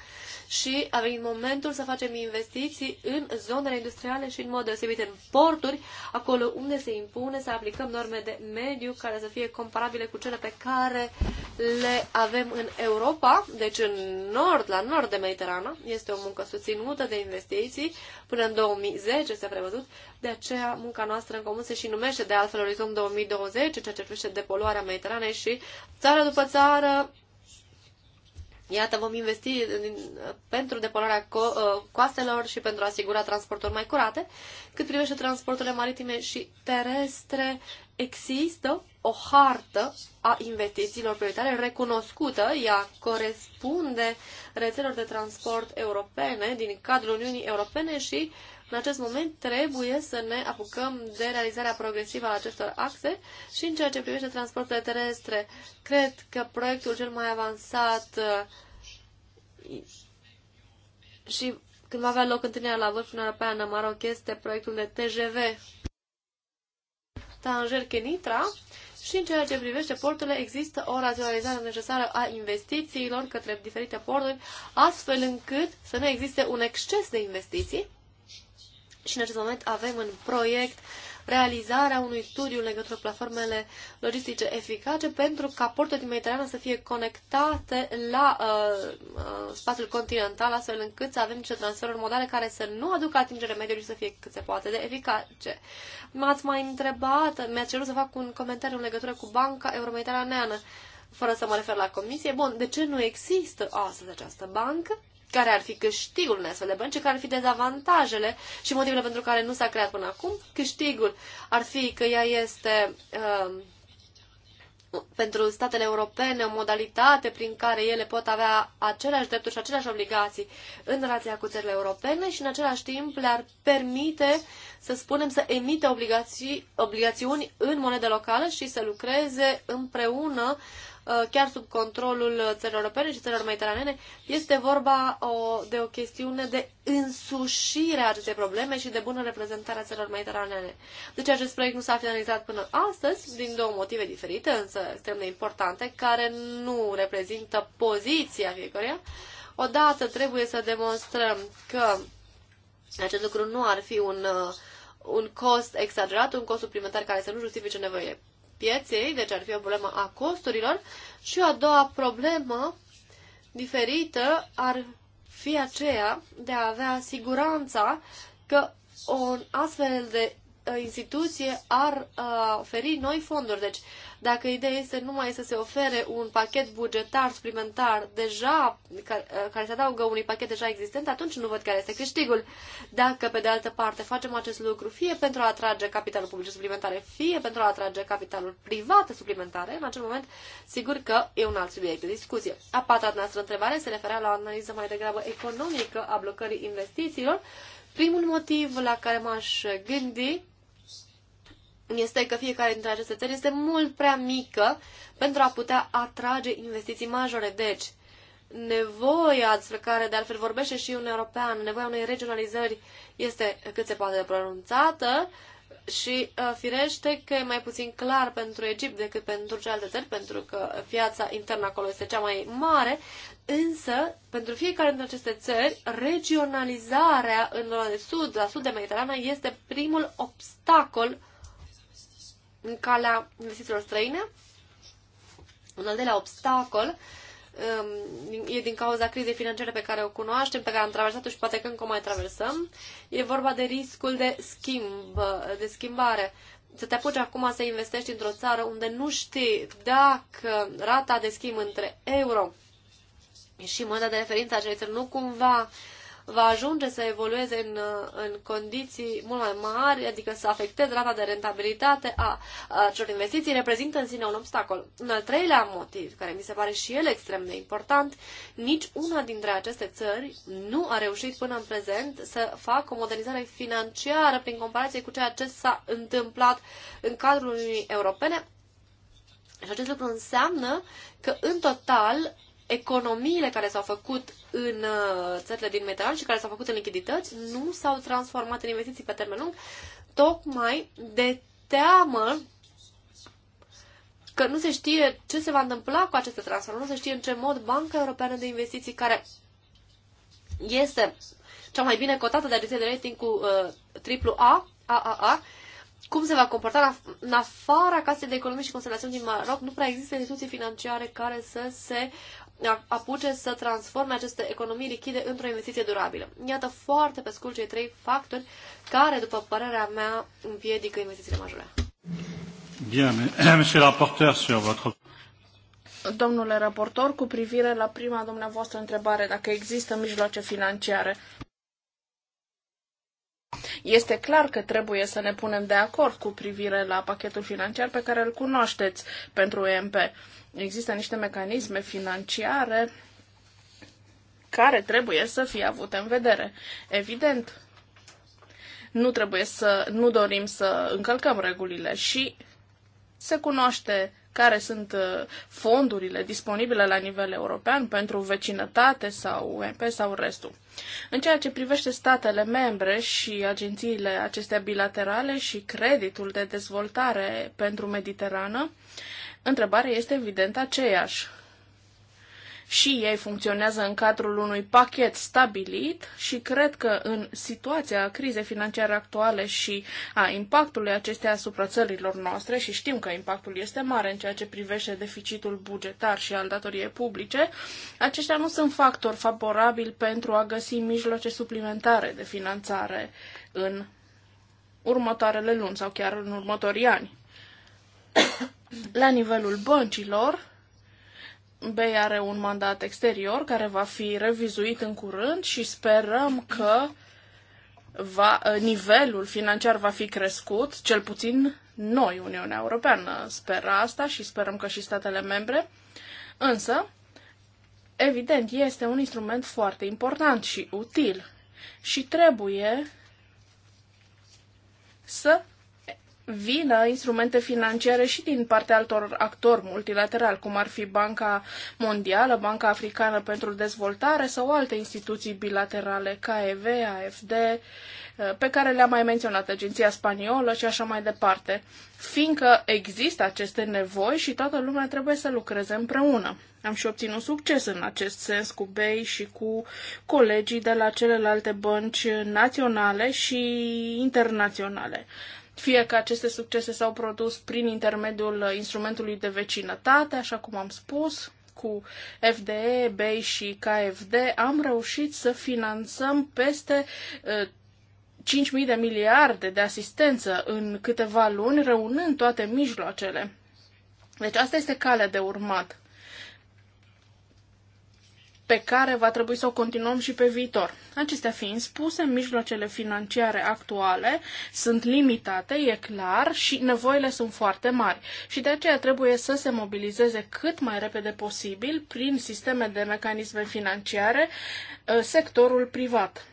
și a venit momentul să facem investiții în zonele industriale și în mod deosebit în porturi, acolo unde se impune să aplicăm norme de mediu care să fie comparabile cu cele pe care le avem în Europa, deci în nord, la nord de Mediterana. Este o muncă susținută de investiții până în 2010 este prevăzut, de aceea munca noastră în comun se și numește de altfel Orizont 2020, ceea ce privește depoluarea Mediteranei și țară după țară Iată, vom investi pentru depolarea co- uh, coastelor și pentru a asigura transporturi mai curate. Cât privește transporturile maritime și terestre, există o hartă a investițiilor prioritare recunoscută. Ea corespunde rețelor de transport europene din cadrul Uniunii Europene și uh, în acest moment trebuie să ne apucăm de realizarea progresivă a acestor axe și în ceea ce privește transportele terestre, cred că proiectul cel mai avansat uh, și când va avea loc întâlnirea la vârful europeană Maroc este proiectul de TGV Tanger-Kenitra și în ceea ce privește porturile există o raționalizare necesară a investițiilor către diferite porturi, astfel încât să nu existe un exces de investiții și în acest moment avem în proiect realizarea unui studiu în legătură cu platformele logistice eficace pentru ca portul din Mediterană să fie conectate la uh, uh, spațiul continental, astfel încât să avem niște transferuri modale care să nu aducă atingere mediului și să fie cât se poate de eficace. M-ați mai întrebat, mi a cerut să fac un comentariu în legătură cu Banca Euromediteraneană, fără să mă refer la comisie. Bun, de ce nu există astăzi această bancă? care ar fi câștigul unei astfel de bănci, care ar fi dezavantajele și motivele pentru care nu s-a creat până acum. Câștigul ar fi că ea este um, pentru statele europene o modalitate prin care ele pot avea aceleași drepturi și aceleași obligații în relația cu țările europene și în același timp le-ar permite, să spunem, să emite obligații, obligațiuni în monedă locală și să lucreze împreună Uh, chiar sub controlul țărilor europene și țărilor mediteranene. Este vorba o, de o chestiune de însușire a acestei probleme și de bună reprezentare a țărilor mediteranene. Deci acest proiect nu s-a finalizat până astăzi, din două motive diferite, însă extrem de importante, care nu reprezintă poziția fiecăruia. Odată trebuie să demonstrăm că acest lucru nu ar fi un, uh, un cost exagerat, un cost suplimentar care să nu justifice nevoile pieței, deci ar fi o problemă a costurilor, și o a doua problemă diferită ar fi aceea de a avea siguranța că un astfel de instituție ar uh, oferi noi fonduri. Deci, dacă ideea este numai să se ofere un pachet bugetar suplimentar deja, care, uh, care se adaugă unui pachet deja existent, atunci nu văd care este câștigul. Dacă, pe de altă parte, facem acest lucru fie pentru a atrage capitalul public suplimentare, fie pentru a atrage capitalul privat suplimentare, în acel moment, sigur că e un alt subiect de discuție. A patra noastră întrebare se referea la o analiză mai degrabă economică a blocării investițiilor. Primul motiv la care m-aș gândi este că fiecare dintre aceste țări este mult prea mică pentru a putea atrage investiții majore. Deci, nevoia despre care de altfel vorbește și un european, nevoia unei regionalizări este cât se poate de pronunțată și uh, firește că e mai puțin clar pentru Egipt decât pentru celelalte țări, pentru că piața internă acolo este cea mai mare, însă pentru fiecare dintre aceste țări, regionalizarea în zona de sud, la sud de Mediterana, este primul obstacol uh, în calea investițiilor străine. Un al doilea obstacol um, e din cauza crizei financiare pe care o cunoaștem, pe care am traversat-o și poate că încă o mai traversăm. E vorba de riscul de schimb, de schimbare. Să te apuci acum să investești într-o țară unde nu știi dacă rata de schimb între euro și moneda de referință a nu cumva uh, va ajunge să evolueze în, în condiții mult mai mari, adică să afecteze rata de rentabilitate a acelor investiții, reprezintă în sine un obstacol. Un al treilea motiv, care mi se pare și el extrem de important, nici una dintre aceste țări nu a reușit până în prezent să facă o modernizare financiară prin comparație cu ceea ce s-a întâmplat în cadrul Uniunii Europene, și acest lucru înseamnă că, în total, economiile care s-au făcut în uh, țările din metal și care s-au făcut în lichidități nu s-au transformat în investiții pe termen lung, tocmai de teamă că nu se știe ce se va întâmpla cu aceste transferuri, nu se știe în ce mod Banca Europeană de Investiții, care este cea mai bine cotată de agenție de rating cu uh, AAA, AAA, cum se va comporta în afara casei de economie și conservațiuni din Maroc, nu prea există instituții financiare care să se apuce să transforme aceste economii lichide într-o investiție durabilă. Iată foarte pe scurt cei trei factori care, după părerea mea, împiedică investițiile majore. [CLEARS THROAT] monsieur rapporteur, sur votre... Domnule raportor, cu privire la prima dumneavoastră întrebare, dacă există mijloace financiare, este clar că trebuie să ne punem de acord cu privire la pachetul financiar pe care îl cunoașteți pentru EMP. Există niște mecanisme financiare care trebuie să fie avute în vedere. Evident, nu trebuie să, nu dorim să încălcăm regulile și se cunoaște care sunt uh, fondurile disponibile la nivel european pentru vecinătate sau UMP sau restul. În ceea ce privește statele membre și agențiile acestea bilaterale și creditul de dezvoltare pentru Mediterană, întrebarea este evident aceeași și ei funcționează în cadrul unui pachet stabilit și cred că în situația crizei financiare actuale și a impactului acestea asupra țărilor noastre și știm că impactul este mare în ceea ce privește deficitul bugetar și al datoriei publice, aceștia nu sunt factori favorabili pentru a găsi mijloace suplimentare de finanțare în următoarele luni sau chiar în următorii ani. [COUGHS] La nivelul băncilor, BEI are un mandat exterior care va fi revizuit în curând și sperăm că va, nivelul financiar va fi crescut, cel puțin noi, Uniunea Europeană, speră asta și sperăm că și statele membre. Însă, evident, este un instrument foarte important și util și trebuie să vină instrumente financiare și din partea altor actori multilaterali, cum ar fi Banca Mondială, Banca Africană pentru Dezvoltare sau alte instituții bilaterale, KEV, AFD, eh, pe care le a mai menționat, Agenția Spaniolă și așa mai departe, fiindcă există aceste nevoi și toată lumea trebuie să lucreze împreună. Am și obținut succes în acest sens cu BEI și cu colegii de la celelalte bănci naționale și internaționale fie că aceste succese s-au produs prin intermediul instrumentului de vecinătate, așa cum am spus, cu FDE, BEI și KFD, am reușit să finanțăm peste 5.000 uh, de miliarde de asistență în câteva luni, reunând toate mijloacele. Deci asta este calea de urmat pe care va trebui să o continuăm și pe viitor. Acestea fiind spuse, mijloacele financiare actuale sunt limitate, e clar, și nevoile sunt foarte mari. Și de aceea trebuie să se mobilizeze cât mai repede posibil prin sisteme de mecanisme financiare uh, sectorul privat.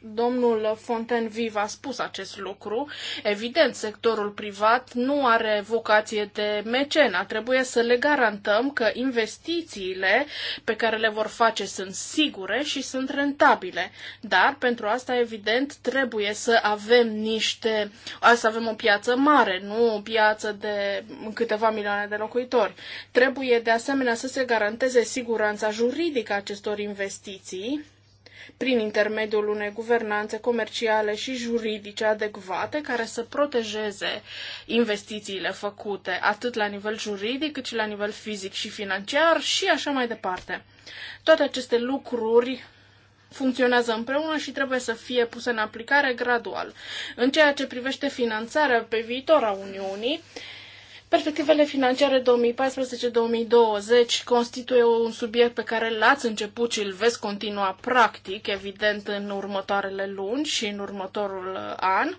Domnul Fontenviv a spus acest lucru. Evident, sectorul privat nu are vocație de mecena. Trebuie să le garantăm că investițiile pe care le vor face sunt sigure și sunt rentabile. Dar pentru asta, evident, trebuie să avem niște, să avem o piață mare, nu o piață de câteva milioane de locuitori. Trebuie de asemenea să se garanteze siguranța juridică acestor investiții prin intermediul unei guvernanțe comerciale și juridice adecvate care să protejeze investițiile făcute atât la nivel juridic cât și la nivel fizic și financiar și așa mai departe. Toate aceste lucruri funcționează împreună și trebuie să fie puse în aplicare gradual. În ceea ce privește finanțarea pe viitor a Uniunii, Perspectivele financiare 2014-2020 constituie un subiect pe care l-ați început și îl veți continua practic, evident, în următoarele luni și în următorul uh, an.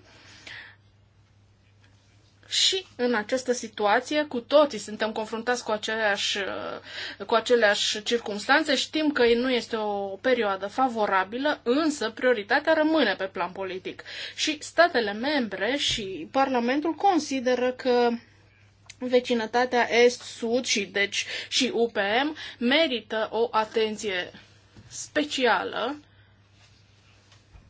Și în această situație, cu toții suntem confruntați cu, aceleași, uh, cu aceleași circunstanțe, știm că nu este o perioadă favorabilă, însă prioritatea rămâne pe plan politic. Și statele membre și Parlamentul consideră că vecinătatea Est-Sud și deci și UPM merită o atenție specială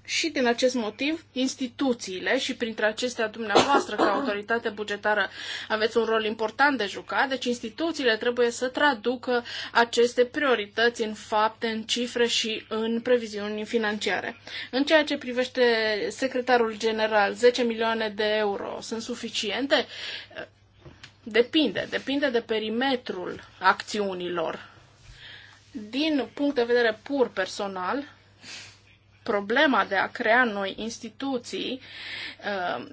și din acest motiv, instituțiile și printre acestea dumneavoastră ca autoritate bugetară aveți un rol important de jucat, deci instituțiile trebuie să traducă aceste priorități în fapte, în cifre și în previziuni financiare. În ceea ce privește secretarul general, 10 milioane de euro sunt suficiente? Depinde, depinde de perimetrul acțiunilor. Din punct de vedere pur personal, problema de a crea noi instituții uh,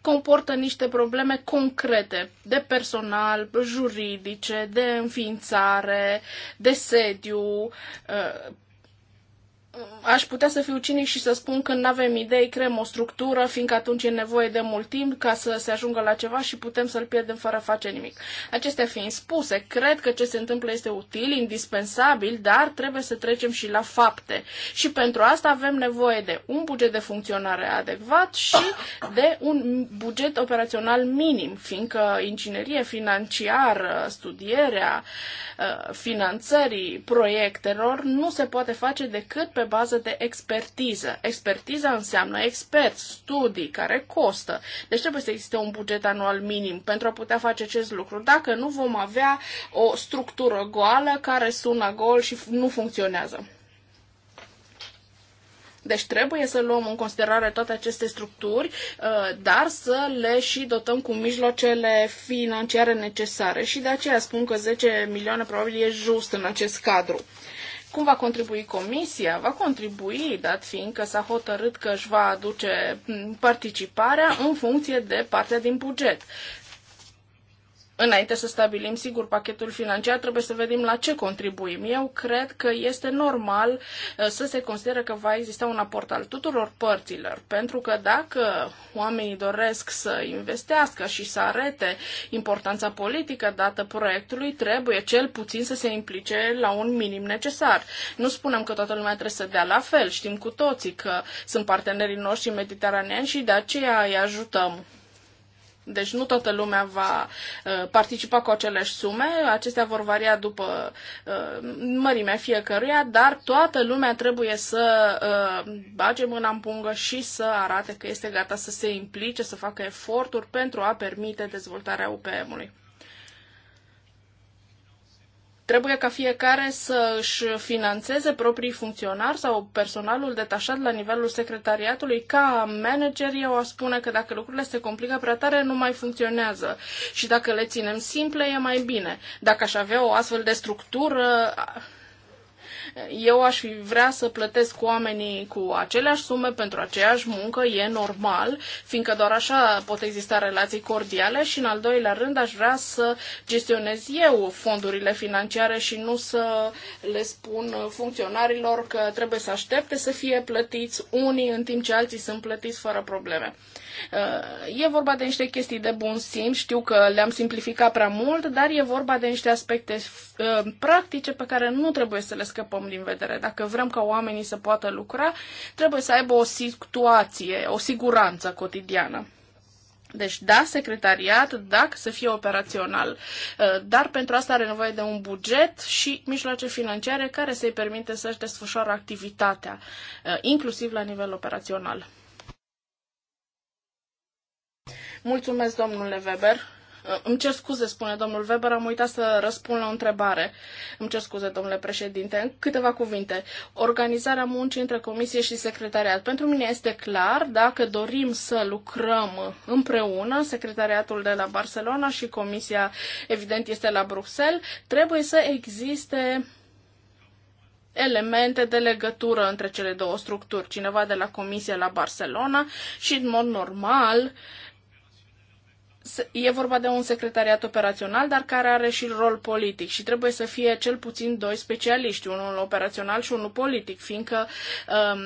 comportă niște probleme concrete de personal, juridice, de înființare, de sediu, uh, aș putea să fiu cinic și să spun că nu avem idei, creăm o structură, fiindcă atunci e nevoie de mult timp ca să se ajungă la ceva și putem să-l pierdem fără a face nimic. Acestea fiind spuse, cred că ce se întâmplă este util, indispensabil, dar trebuie să trecem și la fapte. Și pentru asta avem nevoie de un buget de funcționare adecvat și de un buget operațional minim, fiindcă inginerie financiară, studierea uh, finanțării proiectelor nu se poate face decât pe pe bază de expertiză. Expertiza înseamnă expert studii care costă. Deci trebuie să existe un buget anual minim pentru a putea face acest lucru. Dacă nu vom avea o structură goală care sună gol și nu funcționează. Deci trebuie să luăm în considerare toate aceste structuri, uh, dar să le și dotăm cu mijloacele financiare necesare. Și de aceea spun că 10 milioane probabil e just în acest cadru. Cum va contribui comisia? Va contribui, dat fiind că s-a hotărât că își va aduce participarea în funcție de partea din buget. Înainte să stabilim, sigur, pachetul financiar, trebuie să vedem la ce contribuim. Eu cred că este normal uh, să se consideră că va exista un aport al tuturor părților, pentru că dacă oamenii doresc să investească și să arete importanța politică dată proiectului, trebuie cel puțin să se implice la un minim necesar. Nu spunem că toată lumea trebuie să dea la fel, știm cu toții că sunt partenerii noștri mediteraneani și de aceea îi ajutăm deci nu toată lumea va uh, participa cu aceleași sume, acestea vor varia după uh, mărimea fiecăruia, dar toată lumea trebuie să uh, bage mâna în pungă și să arate că este gata să se implice, să facă eforturi pentru a permite dezvoltarea UPM-ului. Trebuie ca fiecare să își financeze proprii funcționari sau personalul detașat la nivelul secretariatului. Ca manager, eu aș spune că dacă lucrurile se complică prea tare, nu mai funcționează. Și dacă le ținem simple, e mai bine. Dacă aș avea o astfel de structură, eu aș vrea să plătesc oamenii cu aceleași sume pentru aceeași muncă, e normal, fiindcă doar așa pot exista relații cordiale și în al doilea rând aș vrea să gestionez eu fondurile financiare și nu să le spun funcționarilor că trebuie să aștepte să fie plătiți unii în timp ce alții sunt plătiți fără probleme. E vorba de niște chestii de bun simț, știu că le-am simplificat prea mult, dar e vorba de niște aspecte practice pe care nu trebuie să le scăpăm din vedere. Dacă vrem ca oamenii să poată lucra, trebuie să aibă o situație, o siguranță cotidiană. Deci, da, secretariat, da, să fie operațional, uh, dar pentru asta are nevoie de un buget și mijloace financiare care să-i permite să-și desfășoare activitatea, uh, inclusiv la nivel operațional. Mulțumesc, domnule Weber. Uh, îmi cer scuze, spune domnul Weber, am uitat să răspund la o întrebare. Îmi cer scuze, domnule președinte. câteva cuvinte. Organizarea muncii între comisie și secretariat. Pentru mine este clar, dacă dorim să lucrăm împreună, secretariatul de la Barcelona și comisia, evident, este la Bruxelles, trebuie să existe elemente de legătură între cele două structuri, cineva de la Comisie la Barcelona și, în mod normal, e vorba de un secretariat operațional, dar care are și rol politic și trebuie să fie cel puțin doi specialiști, unul operațional și unul politic, fiindcă um,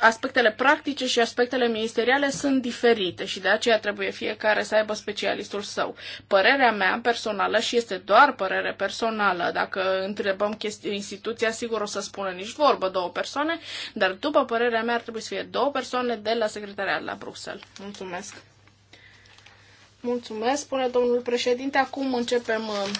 aspectele practice și aspectele ministeriale sunt diferite și de aceea trebuie fiecare să aibă specialistul său. Părerea mea personală și este doar părere personală, dacă întrebăm instituția, sigur o să spună nici vorbă două persoane, dar după părerea mea ar trebui să fie două persoane de la secretariat la Bruxelles. Mulțumesc! Mulțumesc, spune domnul președinte. Acum începem uh,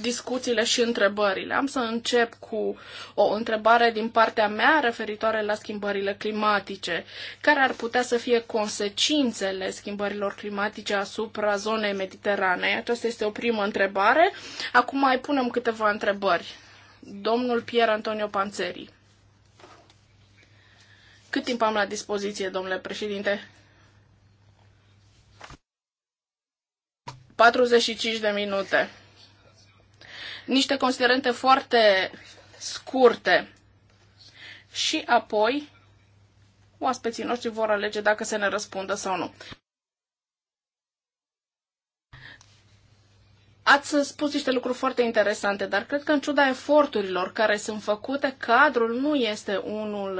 discuțiile și întrebările. Am să încep cu o întrebare din partea mea referitoare la schimbările climatice. Care ar putea să fie consecințele schimbărilor climatice asupra zonei mediterane. Aceasta este o primă întrebare. Acum mai punem câteva întrebări. Domnul Pier Antonio Panțeri. Cât timp am la dispoziție, domnule președinte? 45 de minute. Niște considerente foarte scurte. Și apoi, oaspeții noștri vor alege dacă se ne răspundă sau nu. Ați spus niște lucruri foarte interesante, dar cred că în ciuda eforturilor care sunt făcute, cadrul nu este unul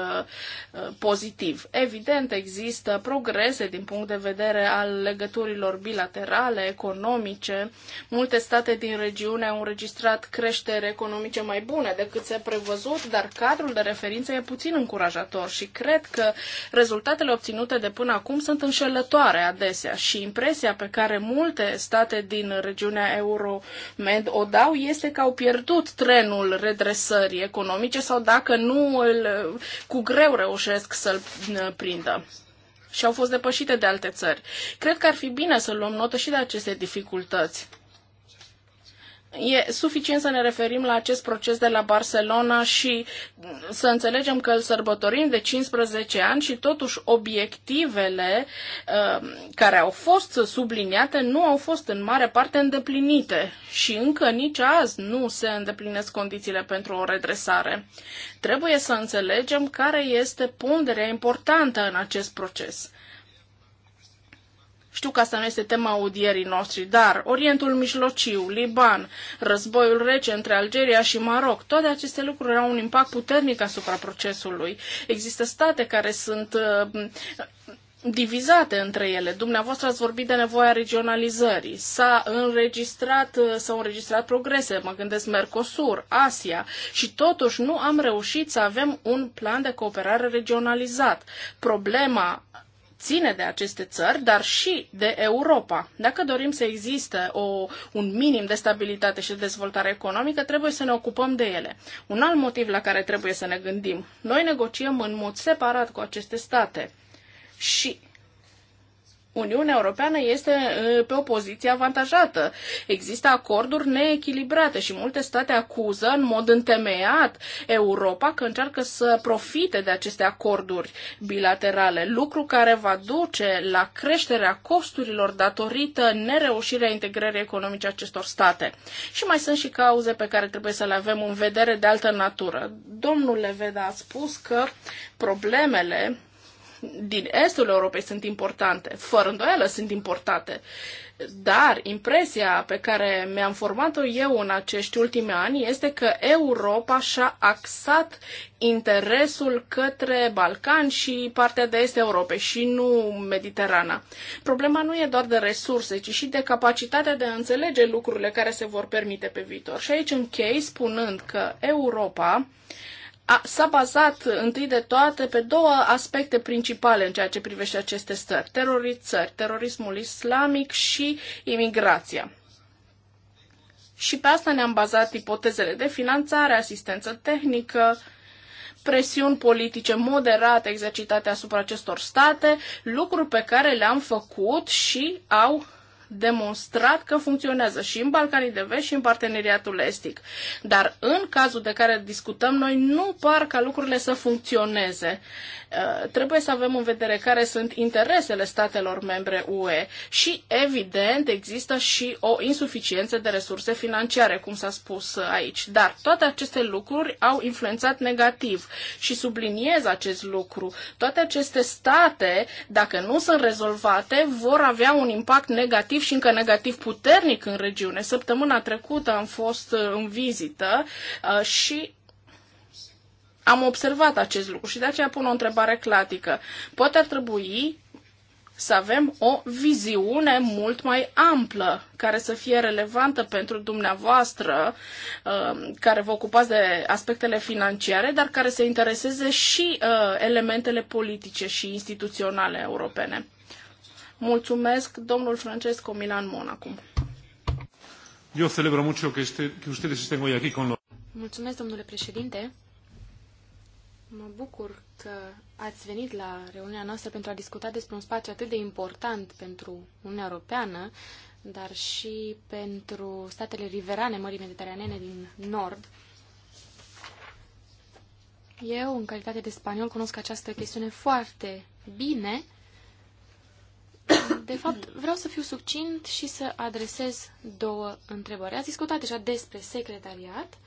uh, pozitiv. Evident, există progrese din punct de vedere al legăturilor bilaterale, economice. Multe state din regiune au înregistrat creștere economice mai bune decât se prevăzut, dar cadrul de referință e puțin încurajator și cred că rezultatele obținute de până acum sunt înșelătoare adesea și impresia pe care multe state din regiunea EU Euromed o dau este că au pierdut trenul redresării economice sau dacă nu, îl, cu greu reușesc să-l prindă și au fost depășite de alte țări. Cred că ar fi bine să luăm notă și de aceste dificultăți. E suficient să ne referim la acest proces de la Barcelona și să înțelegem că îl sărbătorim de 15 ani și totuși obiectivele uh, care au fost subliniate nu au fost în mare parte îndeplinite și încă nici azi nu se îndeplinesc condițiile pentru o redresare. Trebuie să înțelegem care este ponderea importantă în acest proces. Știu că asta nu este tema audierii noștri, dar Orientul Mijlociu, Liban, războiul rece între Algeria și Maroc, toate aceste lucruri au un impact puternic asupra procesului. Există state care sunt uh, divizate între ele. Dumneavoastră ați vorbit de nevoia regionalizării. S-a înregistrat, uh, s-au înregistrat progrese, mă gândesc Mercosur, Asia și totuși nu am reușit să avem un plan de cooperare regionalizat. Problema ține de aceste țări, dar și de Europa. Dacă dorim să existe o, un minim de stabilitate și de dezvoltare economică, trebuie să ne ocupăm de ele. Un alt motiv la care trebuie să ne gândim. Noi negociem în mod separat cu aceste state și Uniunea Europeană este pe o poziție avantajată. Există acorduri neechilibrate și multe state acuză în mod întemeiat Europa că încearcă să profite de aceste acorduri bilaterale, lucru care va duce la creșterea costurilor datorită nereușirea integrării economice acestor state. Și mai sunt și cauze pe care trebuie să le avem în vedere de altă natură. Domnul Leveda a spus că problemele din estul Europei sunt importante, fără îndoială sunt importante, dar impresia pe care mi-am format-o eu în acești ultimi ani este că Europa și-a axat interesul către Balcan și partea de est Europei și nu Mediterana. Problema nu e doar de resurse, ci și de capacitatea de a înțelege lucrurile care se vor permite pe viitor. Și aici închei spunând că Europa s-a bazat întâi de toate pe două aspecte principale în ceea ce privește aceste stări, Terorizări, terorismul islamic și imigrația. Și pe asta ne-am bazat ipotezele de finanțare, asistență tehnică, presiuni politice moderate exercitate asupra acestor state, lucruri pe care le-am făcut și au demonstrat că funcționează și în Balcanii de Vest și în parteneriatul estic. Dar în cazul de care discutăm noi, nu par ca lucrurile să funcționeze. Eh, trebuie să avem în vedere care sunt interesele statelor membre UE și, evident, există și o insuficiență de resurse financiare, cum s-a spus aici. Dar toate aceste lucruri au influențat negativ și subliniez acest lucru. Toate aceste state, dacă nu sunt rezolvate, vor avea un impact negativ și încă negativ puternic în regiune. Săptămâna trecută am fost eh, în vizită eh, și am observat acest lucru și de aceea pun o întrebare clatică. Poate ar trebui să avem o viziune mult mai amplă, care să fie relevantă pentru dumneavoastră, uh, care vă ocupați de aspectele financiare, dar care să intereseze și uh, elementele politice și instituționale europene. Mulțumesc, domnul Francesco Milan Mon, acum. Eu celebro mucho că, este, que ustedes estén hoy aquí con los... Mulțumesc, domnule președinte. Mă bucur că ați venit la reuniunea noastră pentru a discuta despre un spațiu atât de important pentru Uniunea Europeană, dar și pentru statele riverane Mării Mediteraneene din Nord. Eu, în calitate de spaniol, cunosc această chestiune foarte bine. De fapt, vreau să fiu succint și să adresez două întrebări. Ați discutat deja despre secretariat.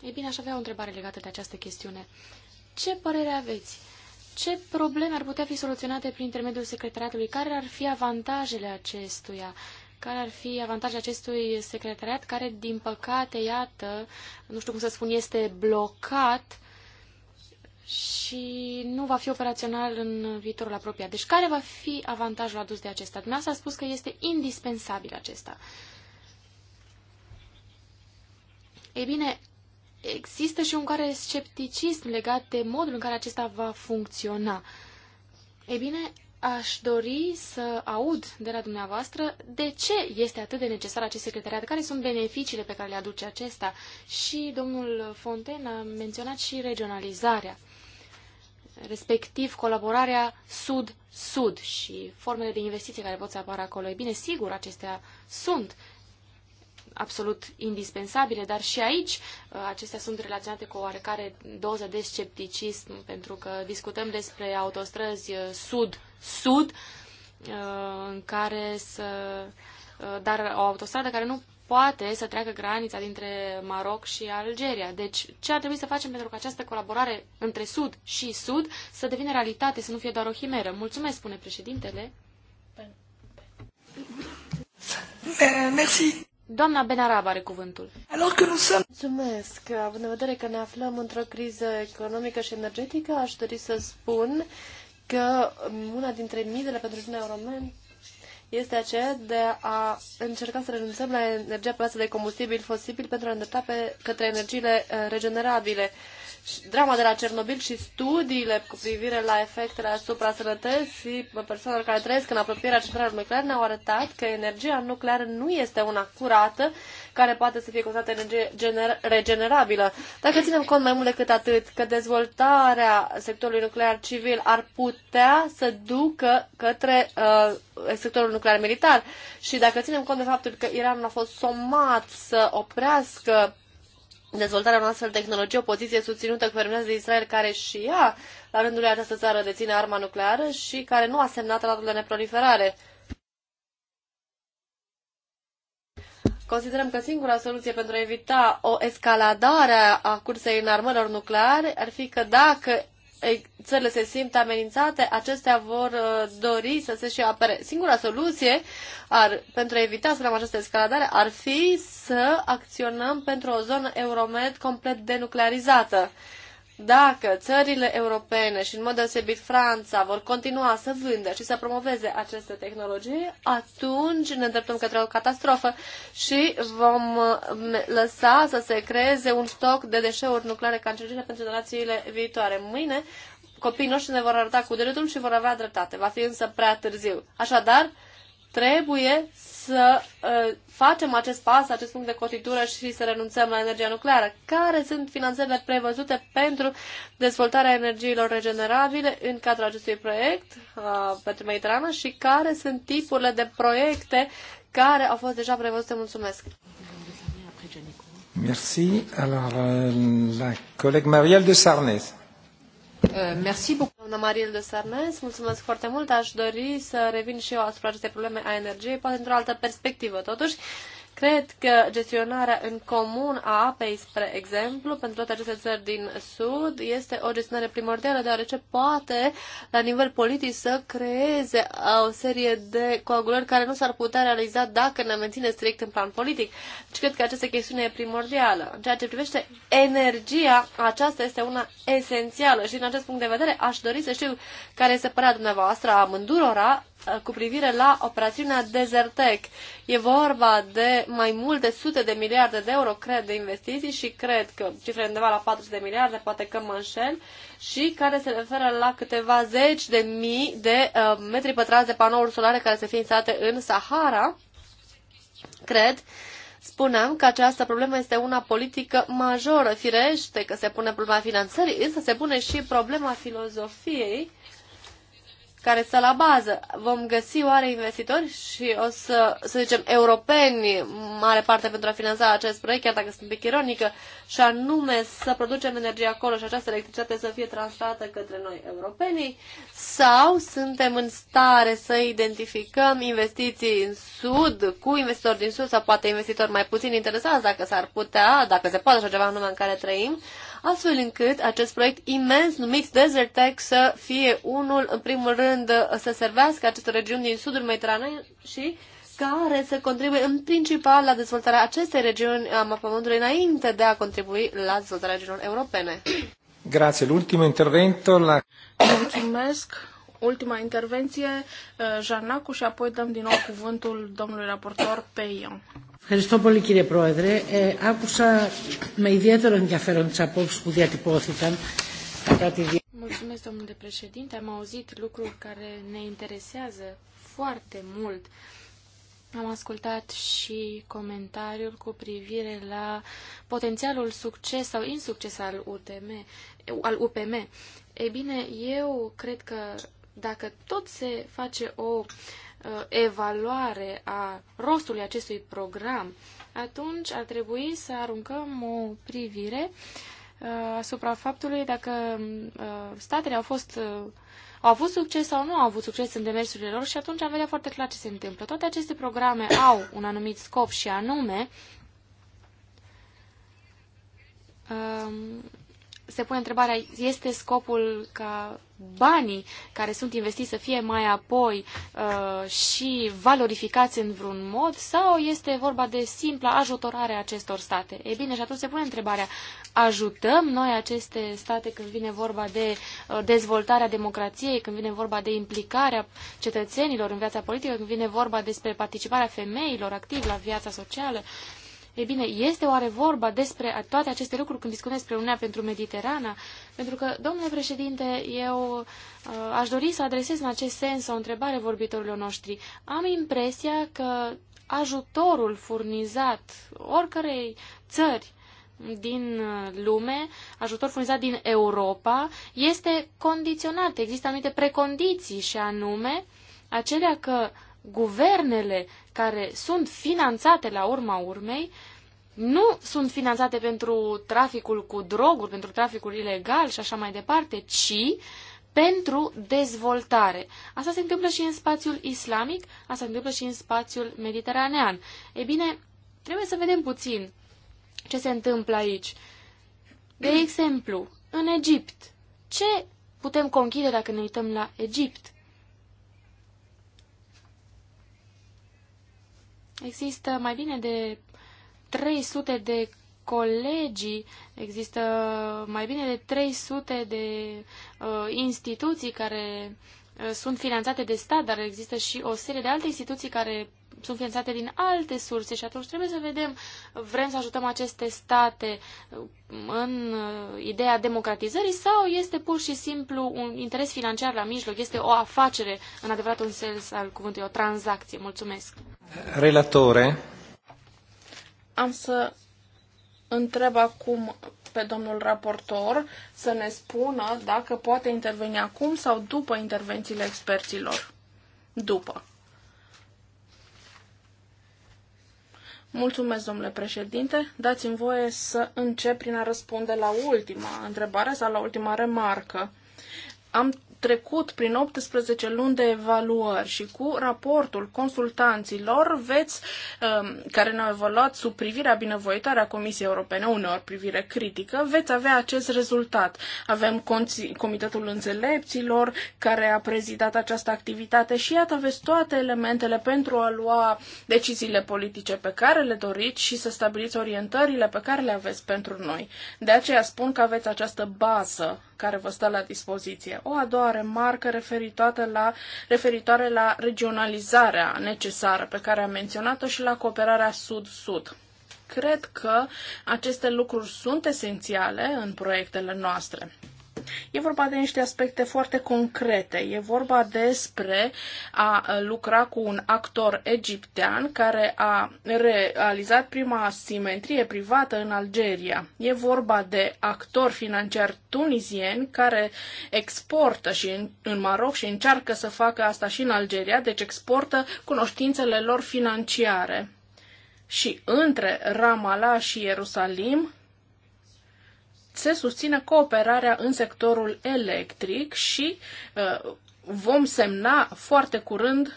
E bine, aș avea o întrebare legată de această chestiune. Ce părere aveți? Ce probleme ar putea fi soluționate prin intermediul secretariatului? Care ar fi avantajele acestuia? Care ar fi avantajele acestui secretariat care, din păcate, iată, nu știu cum să spun, este blocat și nu va fi operațional în viitorul apropiat. Deci care va fi avantajul adus de acesta? Dumneavoastră a spus că este indispensabil acesta. Ei bine, există și un care scepticism legat de modul în care acesta va funcționa. Ei bine, aș dori să aud de la dumneavoastră de ce este atât de necesar acest secretariat, care sunt beneficiile pe care le aduce acesta. Și domnul Fonten a menționat și regionalizarea, respectiv colaborarea sud-sud și formele de investiții care pot să apară acolo. Ei bine, sigur, acestea sunt uh, absolut indispensabile, dar și aici uh, acestea sunt relaționate cu o oarecare doză de scepticism, pentru că discutăm despre autostrăzi sud-sud, uh, uh, în care să... dar o autostradă care nu poate să treacă granița dintre Maroc și Algeria. Deci, ce ar trebui să facem pentru că această colaborare între Sud și Sud să devină realitate, să nu fie doar o chimeră? Mulțumesc, spune președintele. Eh, merci. Doamna Benarab are cuvântul. Mulțumesc. Având în vedere că ne aflăm într-o criză economică și energetică, aș dori să spun că una dintre mizele pentru Uniunea Europeană este aceea de a încerca să renunțăm la energia pe de combustibil fosibil pentru a îndrepta pe, către energiile eh, regenerabile drama de la Cernobil și studiile cu privire la efectele asupra sănătății persoanelor care trăiesc în apropierea centralelor nucleare ne-au arătat că energia nucleară nu este una curată care poate să fie considerată energie regenerabilă. Dacă ținem cont mai mult decât atât că dezvoltarea sectorului nuclear civil ar putea să ducă către uh, sectorul nuclear militar și dacă ținem cont de faptul că Iranul a fost somat să oprească dezvoltarea unor astfel de tehnologie, o poziție susținută cu fermez de Israel, care și ea, la rândul ei, această țară deține arma nucleară și care nu a semnat tratul de neproliferare. Considerăm că singura soluție pentru a evita o escaladare a cursei în armărilor nucleare ar fi că dacă țările se simt amenințate, acestea vor uh, dori să se și apere. Singura soluție ar, pentru a evita să avem această escaladare ar fi să acționăm pentru o zonă Euromed complet denuclearizată. Dacă țările europene și în mod deosebit Franța vor continua să vândă și să promoveze aceste tehnologii, atunci ne îndreptăm către o catastrofă și vom mm, lăsa să se creeze un stoc de deșeuri nucleare cancerigene pentru generațiile viitoare. Mâine copiii noștri ne vor arăta cu dreptul și vor avea dreptate. Va fi însă prea târziu. Așadar, Trebuie să uh, facem acest pas, acest punct de cotitură și să renunțăm la energia nucleară. Care sunt finanțele prevăzute pentru dezvoltarea energiilor regenerabile în cadrul acestui proiect uh, pentru Mediterană și care sunt tipurile de proiecte care au fost deja prevăzute? Mulțumesc! Merci. Alors, euh, la collègue Marielle de Sarnez. Eh, Mersi beaucoup. Doamna de Sarnes, mulțumesc foarte mult. Aș dori să revin și eu asupra acestei probleme a energiei, poate într-o altă perspectivă, totuși. Cred că gestionarea în comun a apei, spre exemplu, pentru toate aceste țări din Sud, este o gestionare primordială, deoarece poate, la nivel politic, să creeze o serie de coagulări care nu s-ar putea realiza dacă ne menține strict în plan politic. Deci cred că această chestiune e primordială. În ceea ce privește energia, aceasta este una esențială și, din acest punct de vedere, aș dori să știu care este părerea dumneavoastră a Mândurora. Uh, cu privire la operațiunea Desertec. E vorba de mai multe sute de miliarde de euro, cred, de investiții și cred că cifre undeva la 40 de miliarde, poate că mă înșel, și care se referă la câteva zeci de mii de uh, metri pătrați de panouri solare care se fi instalate în Sahara. Cred Spuneam că această problemă este una politică majoră, firește că se pune problema finanțării, însă se pune și problema filozofiei uh, care stă la bază. Vom găsi oare investitori și o să, să zicem, europeni, mare parte pentru a finanța acest proiect, chiar dacă sunt un pic ironică, și anume să producem energie acolo și această electricitate să fie transferată către noi, europenii, sau suntem în stare să identificăm investiții în Sud, cu investitori din Sud, sau poate investitori mai puțin interesați, dacă s-ar putea, dacă se poate așa ceva în lumea în care trăim, astfel încât acest proiect imens numit Desert Tech să fie unul, în primul rând, să servească aceste regiuni din sudul Mediteranei și care să contribuie în principal la dezvoltarea acestei regiuni a mapamondului înainte de a contribui la dezvoltarea regiunilor europene. Grazie. L'ultimo intervento la... Mulțumesc ultima intervenție, uh, Jarnacu, și apoi dăm din nou cuvântul domnului raportor pe Ion. Ευχαριστώ πολύ κύριε Πρόεδρε. Ε, άκουσα με ιδιαίτερο ενδιαφέρον τις απόψεις που διατυπώθηκαν κατά τη διάρκεια. Mulțumesc, domnule președinte. Am auzit lucruri care ne interesează foarte mult. Am ascultat și comentariul cu privire la potențialul succes sau insucces al, UTM, al UPM. Ei bine, eu cred că dacă tot se face o uh, evaluare a rostului acestui program, atunci ar trebui să aruncăm o privire uh, asupra faptului dacă uh, statele au fost uh, au avut succes sau nu au avut succes în demersurile lor și atunci am vedea foarte clar ce se întâmplă. Toate aceste programe au un anumit scop și anume um, se pune întrebarea, este scopul ca banii care sunt investiți să fie mai apoi uh, și valorificați în vreun mod sau este vorba de simpla ajutorare a acestor state? E bine, și atunci se pune întrebarea, ajutăm noi aceste state când vine vorba de uh, dezvoltarea democrației, când vine vorba de implicarea cetățenilor în viața politică, când vine vorba despre participarea femeilor activ la viața socială? Ei bine, este oare vorba despre toate aceste lucruri când discutăm despre Uniunea pentru Mediterana? Pentru că, domnule președinte, eu uh, aș dori să adresez în acest sens o întrebare vorbitorilor noștri. Am impresia că ajutorul furnizat oricărei țări din lume, ajutor furnizat din Europa, este condiționat. Există anumite precondiții și anume acelea că uh, guvernele care sunt finanțate la urma urmei nu sunt finanțate pentru traficul cu droguri, pentru traficul ilegal și așa mai departe, ci pentru dezvoltare. Asta se întâmplă și în spațiul islamic, asta se întâmplă și în spațiul mediteranean. Ei bine, trebuie să vedem puțin ce se întâmplă aici. De exemplu, în Egipt, ce putem conchide dacă ne uităm la Egipt? Există mai bine de 300 de colegii, există mai bine de 300 de uh, instituții care uh, sunt finanțate de stat, dar există și o serie de alte instituții care sunt finanțate din alte surse și atunci trebuie să vedem, vrem să ajutăm aceste state uh, în uh, ideea democratizării sau este pur și simplu un interes financiar la mijloc, este o afacere în adevăratul sens al cuvântului, o tranzacție. Mulțumesc. Relatore. Am să întreb acum pe domnul raportor să ne spună dacă poate interveni acum sau după intervențiile experților. După. Mulțumesc, domnule președinte. Dați-mi voie să încep prin a răspunde la ultima întrebare sau la ultima remarcă. Am trecut prin 18 luni de evaluări și cu raportul consultanților veți, um, care ne-au evaluat sub privirea binevoitoare a Comisiei Europene, uneori privire critică, veți avea acest rezultat. Avem Comitetul Înțelepților care a prezidat această activitate și iată aveți toate elementele pentru a lua deciziile politice pe care le doriți și să stabiliți orientările pe care le aveți pentru noi. De aceea spun că aveți această bază care vă stă la dispoziție. O a doua remarcă referitoare la, referitoare la regionalizarea necesară pe care am menționat-o și la cooperarea sud-sud cred că aceste lucruri sunt esențiale în proiectele noastre. E vorba de niște aspecte foarte concrete. E vorba despre a lucra cu un actor egiptean care a realizat prima simetrie privată în Algeria. E vorba de actor financiar tunizieni care exportă și în, în Maroc și încearcă să facă asta și în Algeria, deci exportă cunoștințele lor financiare. Și între Ramallah și Ierusalim se susține cooperarea în sectorul electric și uh, vom semna foarte curând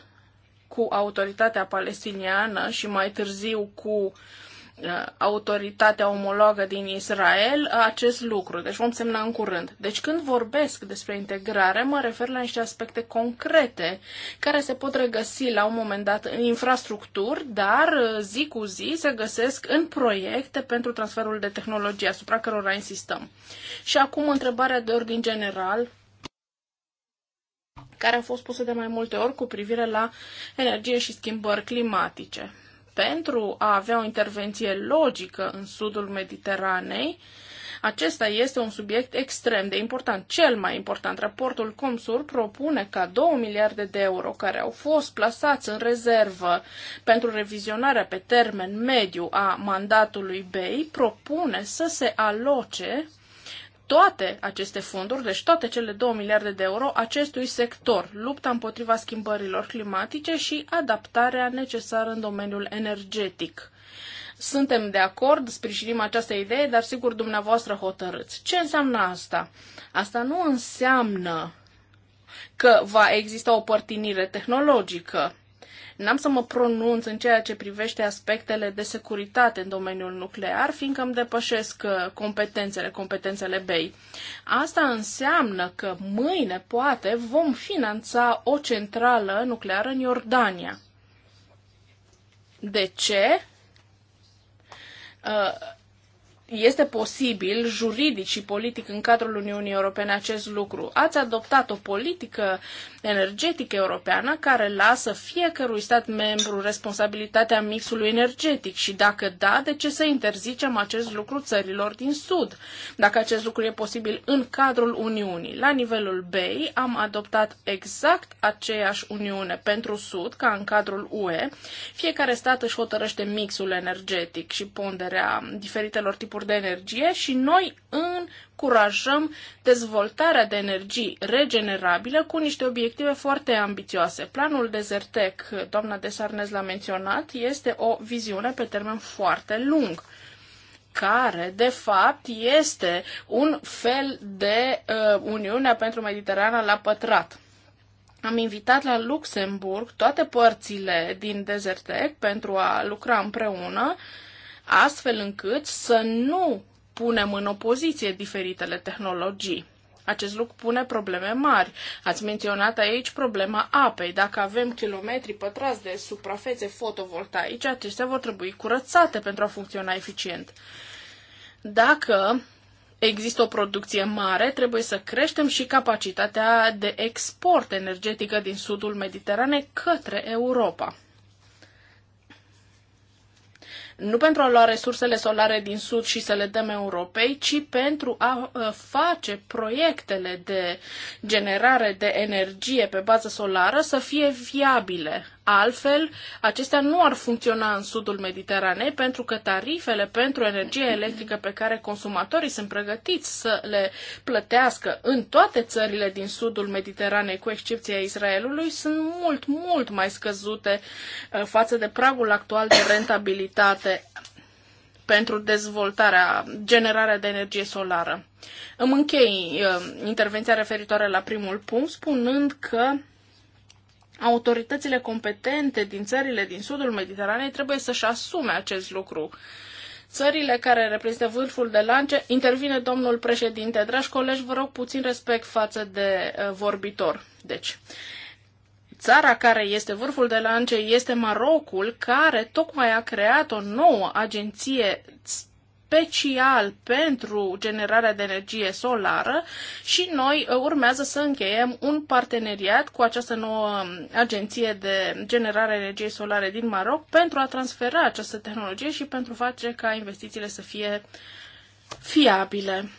cu autoritatea palestiniană și mai târziu cu uh, Uh, autoritatea omologă din Israel uh, acest lucru. Deci vom semna în curând. Deci când vorbesc despre integrare, mă refer la niște aspecte concrete care se pot regăsi la un moment dat în infrastructuri, dar uh, zi cu zi se găsesc în proiecte pentru transferul de tehnologie asupra cărora insistăm. Și acum întrebarea de ordin general care a fost pusă de mai multe ori cu privire la energie și schimbări climatice pentru a avea o intervenție logică în sudul Mediteranei, acesta este un subiect extrem de important, cel mai important. Raportul Comsur propune ca 2 miliarde de euro care au fost plasați în rezervă pentru revizionarea pe termen mediu a mandatului BEI propune să se aloce toate aceste fonduri, deci toate cele 2 miliarde de euro, acestui sector, lupta împotriva schimbărilor climatice și adaptarea necesară în domeniul energetic. Suntem de acord, sprijinim această idee, dar sigur dumneavoastră hotărâți. Ce înseamnă asta? Asta nu înseamnă că va exista o părtinire tehnologică. N-am să mă pronunț în ceea ce privește aspectele de securitate în domeniul nuclear, fiindcă îmi depășesc uh, competențele, competențele BEI. Asta înseamnă că mâine, poate, vom finanța o centrală nucleară în Iordania. De ce? Uh, este posibil juridic și politic în cadrul Uniunii Europene acest lucru. Ați adoptat o politică energetică europeană care lasă fiecărui stat membru responsabilitatea mixului energetic și dacă da, de ce să interzicem acest lucru țărilor din Sud? Dacă acest lucru e posibil în cadrul Uniunii. La nivelul BEI am adoptat exact aceeași Uniune pentru Sud ca în cadrul UE. Fiecare stat își hotărăște mixul energetic și ponderea diferitelor tipuri tipuri de energie și noi încurajăm dezvoltarea de energii regenerabile cu niște obiective foarte ambițioase. Planul Desertec, doamna Desarnez l-a menționat, este o viziune pe termen foarte lung care, de fapt, este un fel de uh, Uniunea pentru Mediterana la pătrat. Am invitat la Luxemburg toate părțile din Desertec pentru a lucra împreună uh, astfel încât să nu punem în opoziție diferitele tehnologii. Acest lucru pune probleme mari. Ați menționat aici problema apei. Dacă avem kilometri pătrați de suprafețe fotovoltaice, acestea vor trebui curățate pentru a funcționa eficient. Dacă există o producție mare, trebuie să creștem și capacitatea de export energetică din sudul Mediteranei către Europa nu pentru a lua resursele solare din sud și să le dăm Europei, ci pentru a uh, face proiectele de generare de energie pe bază solară să fie viabile Altfel, acestea nu ar funcționa în sudul Mediteranei pentru că tarifele pentru energie electrică pe care consumatorii sunt pregătiți să le plătească în toate țările din sudul Mediteranei, cu excepția Israelului, sunt mult, mult mai scăzute uh, față de pragul actual de rentabilitate pentru dezvoltarea, generarea de energie solară. Îmi închei uh, intervenția referitoare la primul punct spunând că autoritățile competente din țările din sudul Mediteranei trebuie să-și asume acest lucru. Țările care reprezintă vârful de lance, intervine domnul președinte. Dragi colegi, vă rog puțin respect față de uh, vorbitor. Deci, țara care este vârful de lance este Marocul, care tocmai a creat o nouă agenție special pentru generarea de energie solară și noi uh, urmează să încheiem un parteneriat cu această nouă um, agenție de generare a energiei solare din Maroc pentru a transfera această tehnologie și pentru a face ca investițiile să fie fiabile.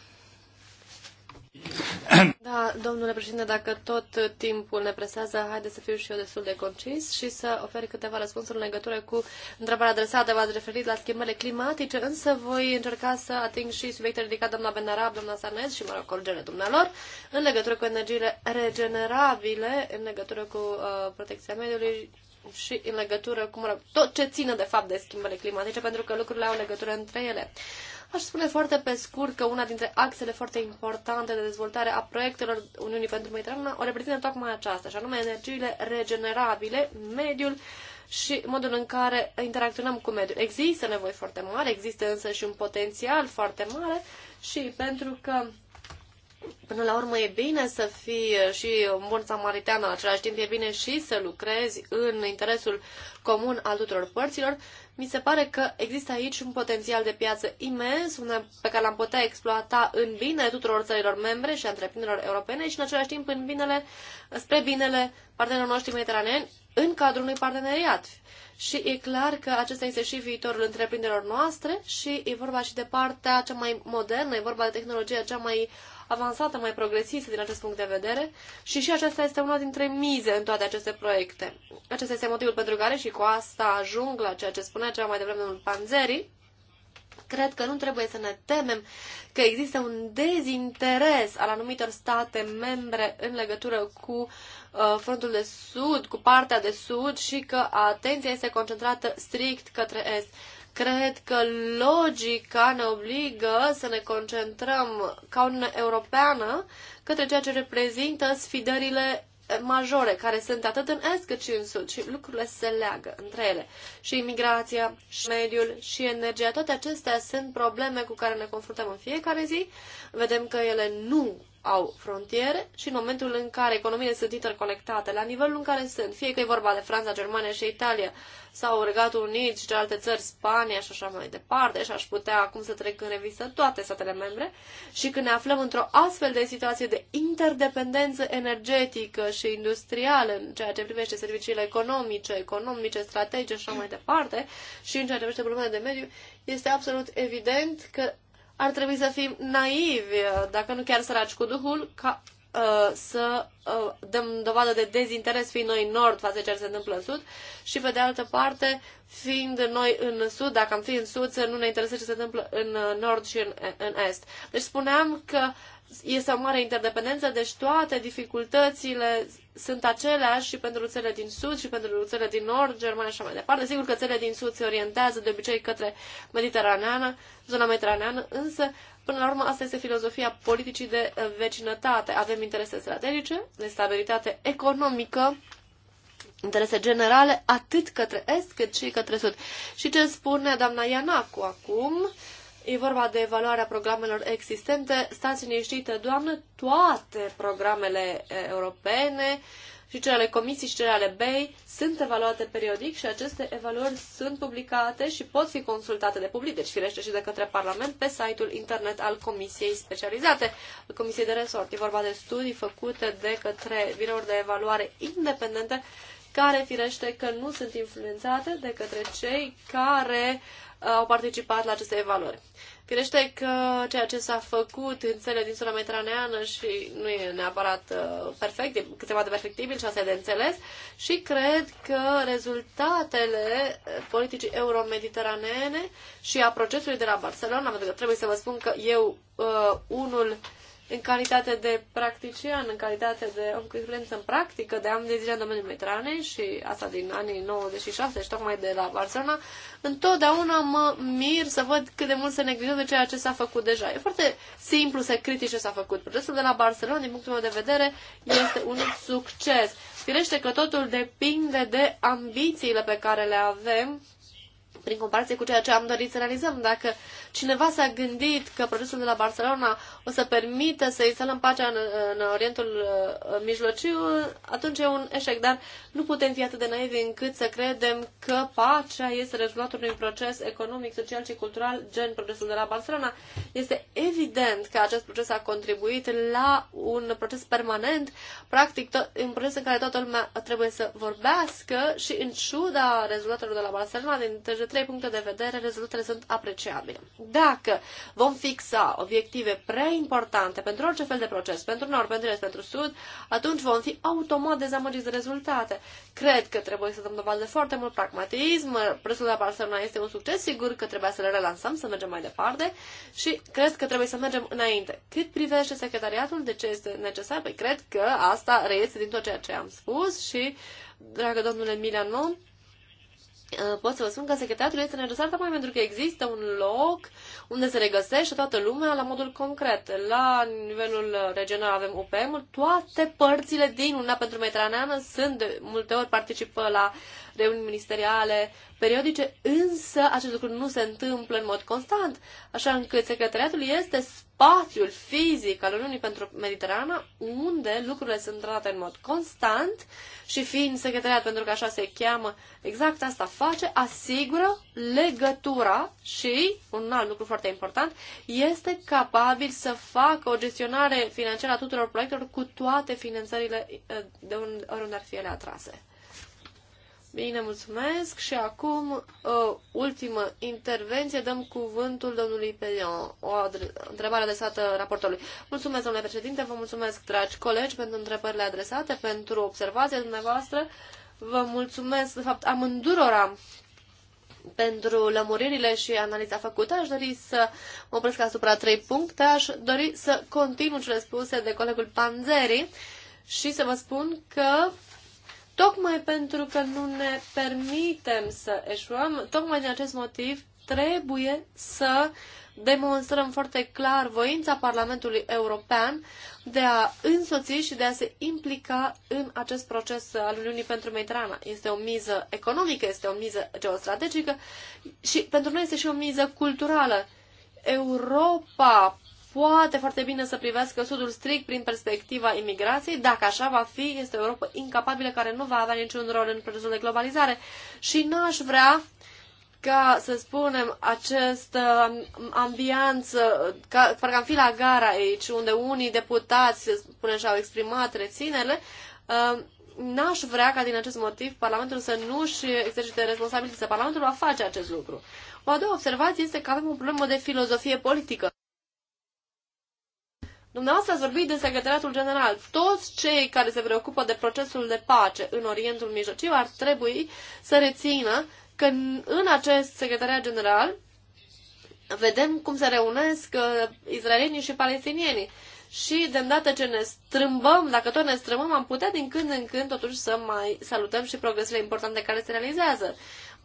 Da, domnule președinte, dacă tot timpul ne presează, haideți să fiu și eu destul de concis și să ofer câteva răspunsuri în legătură cu întrebarea adresată, v-ați referit la schimbările climatice, însă voi încerca să ating și subiecte ridicate doamna Benarab, doamna Sanez și, mă rog, colegele dumnealor, în legătură cu energiile regenerabile, în legătură cu uh, protecția mediului și în legătură cu, mă rog, tot ce ține de fapt de schimbările climatice, pentru că lucrurile au legătură între ele. Aș spune foarte pe scurt că una dintre axele foarte importante de dezvoltare a proiectelor Uniunii pentru Mediterana o reprezintă tocmai aceasta, și anume energiile regenerabile, mediul și modul în care interacționăm cu mediul. Există nevoi foarte mari, există însă și un potențial foarte mare și pentru că Până la urmă e bine să fii și un bun samaritean în același timp e bine și să lucrezi în interesul comun al tuturor părților. Mi se pare că există aici un potențial de piață imens pe care l-am putea exploata în bine tuturor țărilor membre și întreprinderilor europene și în același timp în binele, spre binele partenerilor noștri mediteraneni în cadrul unui parteneriat. Și e clar că acesta este și viitorul întreprinderilor noastre și e vorba și de partea cea mai modernă, e vorba de tehnologia cea mai uh, avansată, mai progresistă din acest punct de vedere și și acesta este una dintre mize în toate aceste proiecte. Acesta este motivul pentru care și cu asta ajung la ceea ce spunea ceva mai devreme domnul Panzeri, cred că nu trebuie să ne temem că există un dezinteres al anumitor state membre în legătură cu uh, frontul de sud, cu partea de sud și că atenția este concentrată strict către est. Cred că logica ne obligă să ne concentrăm ca Uniune Europeană către ceea ce reprezintă sfidările majore, care sunt atât în est cât și în sud și lucrurile se leagă între ele. Și imigrația, și mediul, și energia, toate acestea sunt probleme cu care ne confruntăm în fiecare zi. Vedem că ele nu au frontiere și în momentul în care economiile sunt interconectate, la nivelul în care sunt, fie că e vorba de Franța, Germania și Italia, sau Regatul Unit și alte țări, Spania și așa mai departe, și aș putea acum să trec în revistă toate statele membre, și când ne aflăm într-o astfel de situație de interdependență energetică și industrială în ceea ce privește serviciile economice, economice, strategice și așa mai departe, și în ceea ce privește problemele de mediu, este absolut evident că ar trebui să fim naivi, dacă nu chiar săraci cu Duhul, ca uh, să uh, dăm dovadă de dezinteres fiind noi în nord față de ce se întâmplă în sud și pe de altă parte fiind noi în sud, dacă am fi în sud, să nu ne interesează ce se întâmplă în uh, nord și în, uh, în est. Deci spuneam că este o mare interdependență, deci toate dificultățile sunt aceleași și pentru țările din sud și pentru țările din nord, Germania și așa mai departe. Sigur că țările din sud se orientează de obicei către Mediteraneană, zona mediteraneană, însă Până la urmă, asta este filozofia politicii de vecinătate. Avem interese strategice, de stabilitate economică, interese generale, atât către est, cât și către sud. Și ce spune doamna Ianacu acum? Uh, E vorba de evaluarea programelor existente. Stați liniștită, doamnă, toate programele europene și cele ale Comisiei și cele ale BEI sunt evaluate periodic și aceste evaluări sunt publicate și pot fi consultate de public, deci firește și de către Parlament pe site-ul internet al Comisiei Specializate, Comisiei de Resort. E vorba de studii făcute de către birouri de evaluare independente care firește că nu sunt influențate de către cei care Uh, au participat la aceste evaluări. Firește că ceea ce s-a făcut în țările din zona mediteraneană și nu e neapărat uh, perfect, e câteva de perfectibil și asta e de înțeles și cred că rezultatele uh, politicii euromediteraneene și a procesului de la Barcelona, pentru că trebuie să vă spun că eu unul în calitate de practician, în calitate de om cu experiență în practică de am de zile în domeniul metrane și asta din anii 96 și tocmai de la Barcelona, întotdeauna mă mir să văd cât de mult se neglijează ceea ce s-a făcut deja. E foarte simplu să critici ce s-a făcut. Procesul de la Barcelona, din punctul meu de vedere, este un succes. Firește că totul depinde de ambițiile pe care le avem prin comparație cu ceea ce am dorit să realizăm. Dacă cineva s-a gândit că procesul de la Barcelona o să permită să instalăm pacea în, în Orientul uh, Mijlociu, atunci e un eșec. Dar nu putem fi atât de naivi încât să credem că pacea este rezultatul unui proces economic, social și cultural, gen procesul de la Barcelona. Este evident că acest proces a contribuit la un proces permanent, practic tot, un proces în care toată lumea trebuie să vorbească și în ciuda rezultatelor de la Barcelona din 33 trei puncte de vedere, rezultatele sunt apreciabile. Dacă vom fixa obiective prea importante pentru orice fel de proces, pentru nord, pentru est, pentru sud, atunci vom fi automat dezamăgiți de rezultate. Cred că trebuie să dăm dovadă de foarte mult pragmatism. Presul la Barcelona este un succes, sigur că trebuie să le relansăm, să mergem mai departe și cred că trebuie să mergem înainte. Cât privește secretariatul, de ce este necesar? Păi cred că asta reiese din tot ceea ce am spus și, dragă domnule Milano, Uh, pot să vă spun că secretariatul este necesar tocmai pentru că există un loc unde se regăsește toată lumea la modul concret. La nivelul regional avem UPM, toate părțile din una pentru metraneană sunt de multe ori participă la reuni ministeriale periodice, însă acest lucru nu se întâmplă în mod constant, așa încât secretariatul este spațiul fizic al Uniunii pentru Mediterana, unde lucrurile sunt tratate în mod constant și fiind secretariat, pentru că așa se cheamă, exact asta face, asigură legătura și, un alt lucru foarte important, este capabil să facă o gestionare financiară a tuturor proiectelor cu toate finanțările eh, de oriunde ar fi ele atrase. Bine, mulțumesc. Și acum, o uh, ultimă intervenție, dăm cuvântul domnului Pelion. O întrebare adresată raportorului. Mulțumesc, domnule președinte, vă mulțumesc, dragi colegi, pentru întrebările adresate, pentru observația dumneavoastră. Vă mulțumesc, de fapt, amândurora pentru lămuririle și analiza făcută. Aș dori să mă opresc asupra trei puncte. Aș dori să continu cele spuse de colegul Panzeri și să vă spun că Tocmai pentru că nu ne permitem să eșuăm, tocmai din acest motiv trebuie să demonstrăm foarte clar voința Parlamentului European de a însoți și de a se implica în acest proces al Uniunii pentru Mediterana. Este o miză economică, este o miză geostrategică și pentru noi este și o miză culturală. Europa poate foarte bine să privească Sudul strict prin perspectiva imigrației. Dacă așa va fi, este o Europa incapabilă care nu va avea niciun rol în procesul de globalizare. Și n-aș vrea ca, să spunem, acest ambianță, ca, parcă am fi la gara aici, unde unii deputați, să spunem, și-au exprimat reținele, uh, n-aș vrea ca din acest motiv Parlamentul să nu-și exercite responsabilitatea. Parlamentul va face acest lucru. O a doua observație este că avem o problemă de filozofie politică. Dumneavoastră ați vorbit de Secretariatul General. Toți cei care se preocupă de procesul de pace în Orientul Mijlociu ar trebui să rețină că în acest Secretariat General vedem cum se reunesc israelienii uh, izraelienii și palestinienii. Și de îndată ce ne strâmbăm, dacă tot ne strâmbăm, am putea din când în când totuși să mai salutăm și progresele importante care se realizează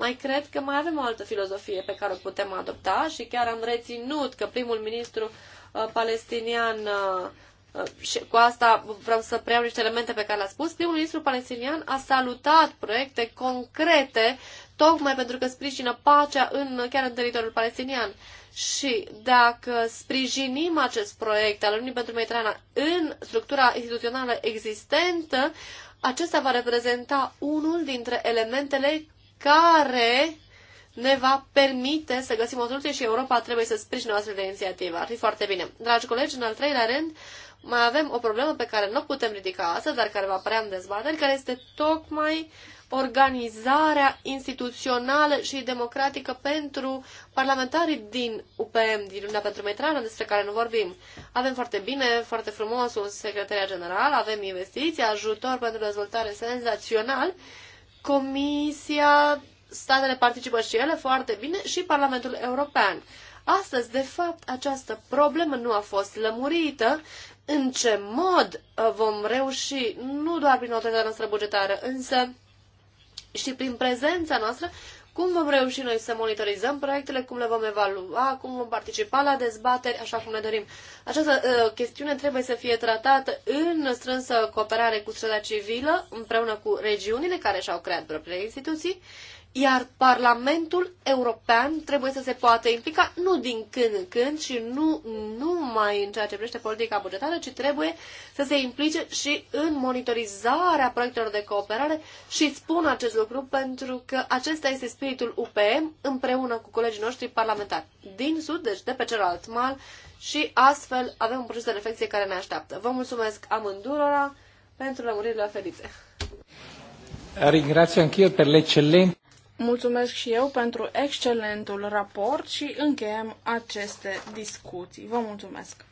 mai cred că mai avem o altă filozofie pe care o putem adopta și chiar am reținut că primul ministru uh, palestinian uh, uh, și cu asta vreau să preiau niște elemente pe care le-a spus. Primul ministru palestinian a salutat proiecte concrete tocmai pentru că sprijină pacea în, chiar în teritoriul palestinian. Și dacă sprijinim acest proiect al Uniunii pentru Mediterana în structura instituțională existentă, acesta va reprezenta unul dintre elementele care ne va permite să găsim o soluție și Europa trebuie să sprijine o astfel de inițiativă. Ar fi foarte bine. Dragi colegi, în al treilea rând, mai avem o problemă pe care nu o putem ridica astăzi, dar care va apărea în dezbateri, care este tocmai organizarea instituțională și democratică pentru parlamentarii din UPM, din Uniunea pentru Metrană, despre care nu vorbim. Avem foarte bine, foarte frumos un secretariat general, avem investiții, ajutor pentru dezvoltare senzațional, Comisia, statele participă și ele foarte bine și Parlamentul European. Astăzi, de fapt, această problemă nu a fost lămurită. În ce mod uh, vom reuși, nu doar prin autoritatea noastră bugetară, însă și prin prezența noastră, cum vom reuși noi să monitorizăm proiectele, cum le vom evalua, cum vom participa la dezbateri, așa cum ne dorim. Această uh, chestiune trebuie să fie tratată în strânsă cooperare cu strada civilă, împreună cu regiunile care și-au creat propriile instituții iar Parlamentul European trebuie să se poată implica nu din când în când și nu numai în ceea ce privește politica bugetară, ci trebuie să se implice și în monitorizarea proiectelor de cooperare și spun acest lucru pentru că acesta este spiritul UPM împreună cu colegii noștri parlamentari din sud, deci de pe celălalt mal și astfel avem un proces de reflexie care ne așteaptă. Vă mulțumesc amândurora pentru lămuririle felice. Ringrazio anch'io per l'eccellente Mulțumesc și eu pentru excelentul raport și încheiem aceste discuții. Vă mulțumesc!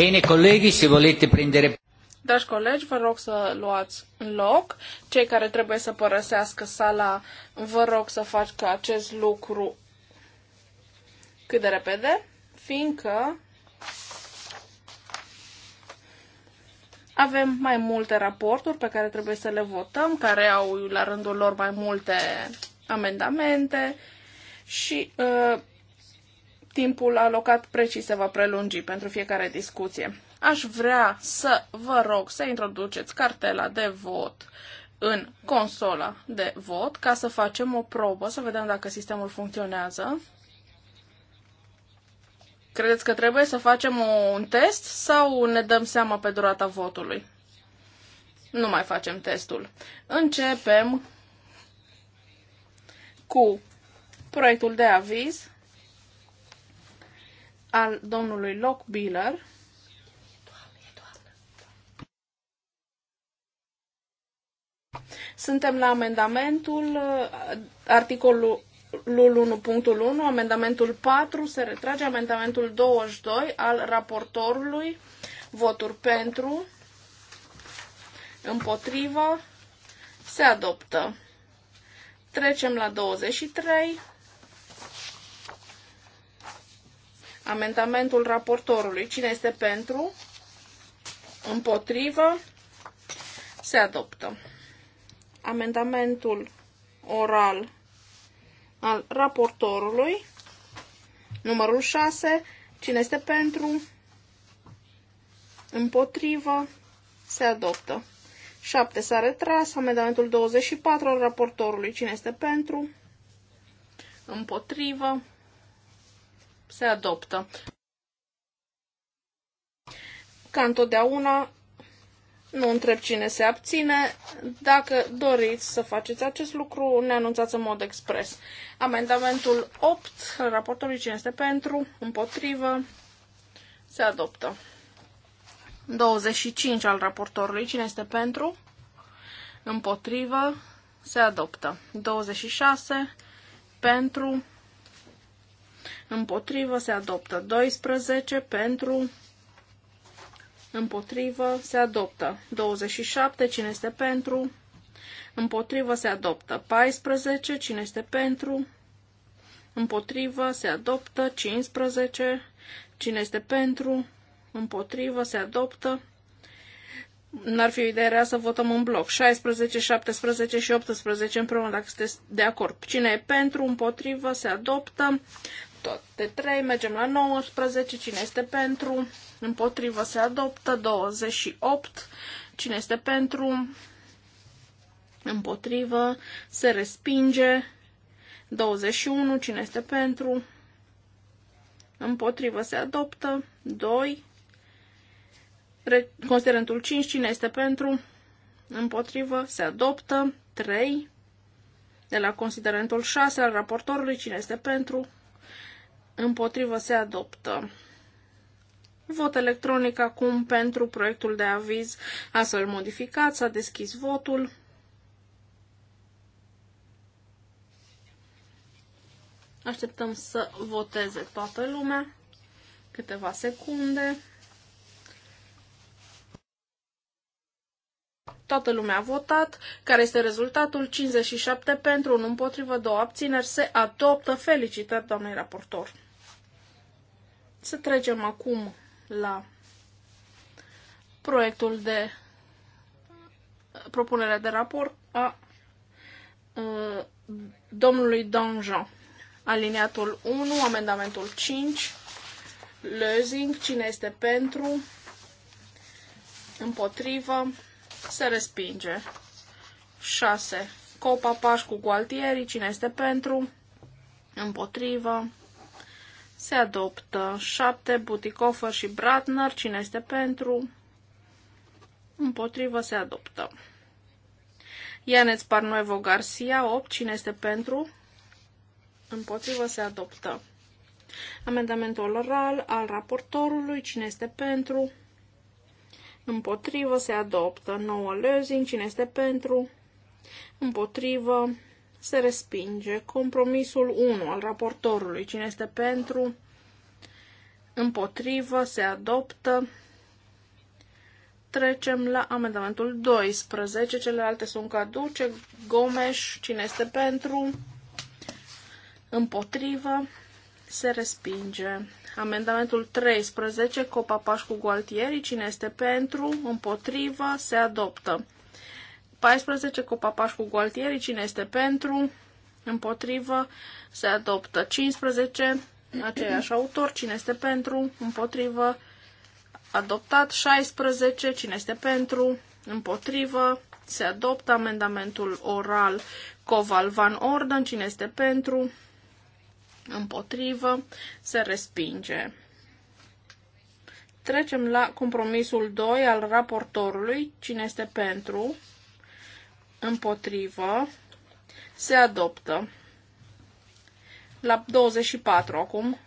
Bine, colegi, se volete prendere... Dragi colegi, vă rog să luați loc. Cei care trebuie să părăsească sala, vă rog să facă acest lucru cât de repede, fiindcă avem mai multe raporturi pe care trebuie să le votăm, care au la rândul lor mai multe amendamente și uh, timpul alocat precis se va prelungi pentru fiecare discuție. Aș vrea să vă rog să introduceți cartela de vot în consola de vot ca să facem o probă, să vedem dacă sistemul funcționează. Credeți că trebuie să facem un test sau ne dăm seama pe durata votului? Nu mai facem testul. Începem cu proiectul de aviz al domnului Lockbiller. Suntem la amendamentul uh, articolul 1.1, amendamentul 4 se retrage, amendamentul 22 al raportorului, voturi pentru, împotrivă, se adoptă. Trecem la 23. Amendamentul raportorului. Cine este pentru? Împotrivă? Se adoptă. Amendamentul oral al raportorului. Numărul 6. Cine este pentru? Împotrivă? Se adoptă. 7. S-a retras. Amendamentul 24 al raportorului. Cine este pentru? Împotrivă? se adoptă. Ca întotdeauna, nu întreb cine se abține. Dacă doriți să faceți acest lucru, ne anunțați în mod expres. Amendamentul 8 al raportului cine este pentru, împotrivă, se adoptă. 25 al raportorului cine este pentru, împotrivă, se adoptă. 26 pentru, împotrivă se adoptă. 12 pentru, împotrivă se adoptă. 27, cine este pentru, împotrivă se adoptă. 14, cine este pentru, împotrivă se adoptă. 15, cine este pentru, împotrivă se adoptă n-ar fi o idee rea să votăm în bloc. 16, 17 și 18 împreună, dacă sunteți de acord. Cine e pentru, împotrivă, se adoptă toate 3. Mergem la 19. Cine este pentru? Împotrivă se adoptă. 28. Cine este pentru? Împotrivă se respinge. 21. Cine este pentru? Împotrivă se adoptă. 2. Considerentul 5. Cine este pentru? Împotrivă se adoptă. 3. De la considerentul 6 al raportorului, cine este pentru? împotrivă se adoptă. Vot electronic acum pentru proiectul de aviz astfel modificat. S-a deschis votul. Așteptăm să voteze toată lumea. Câteva secunde. Toată lumea a votat. Care este rezultatul? 57 pentru, un împotrivă, 2 abțineri. Se adoptă. Felicitări, doamnei raportor! Să trecem acum la proiectul de propunere de raport a uh, domnului Donjon. Aliniatul 1, amendamentul 5, lezing, cine este pentru, împotrivă, se respinge. 6. Copa Pașcu cu Gualtieri, cine este pentru, împotrivă, se adoptă 7, Buticofer și Bratner. Cine este pentru? Împotrivă se adoptă. Ianeț Parnuevo Garcia, 8. Cine este pentru? Împotrivă se adoptă. Amendamentul oral al raportorului. Cine este pentru? Împotrivă se adoptă. 9. lezin. Cine este pentru? Împotrivă se respinge. Compromisul 1 al raportorului. Cine este pentru? Împotrivă. Se adoptă. Trecem la amendamentul 12. Celelalte sunt caduce. Gomes. Cine este pentru? Împotrivă. Se respinge. Amendamentul 13, copa Pașcu Gualtieri, cine este pentru, împotrivă, se adoptă. 14 cu papaș cu gualtieri. Cine este pentru? Împotrivă. Se adoptă 15. Aceiași autor. Cine este pentru? Împotrivă. Adoptat 16. Cine este pentru? Împotrivă. Se adoptă amendamentul oral Coval Van Orden. Cine este pentru? Împotrivă. Se respinge. Trecem la compromisul 2 al raportorului. Cine este pentru? împotrivă, se adoptă. La 24 acum,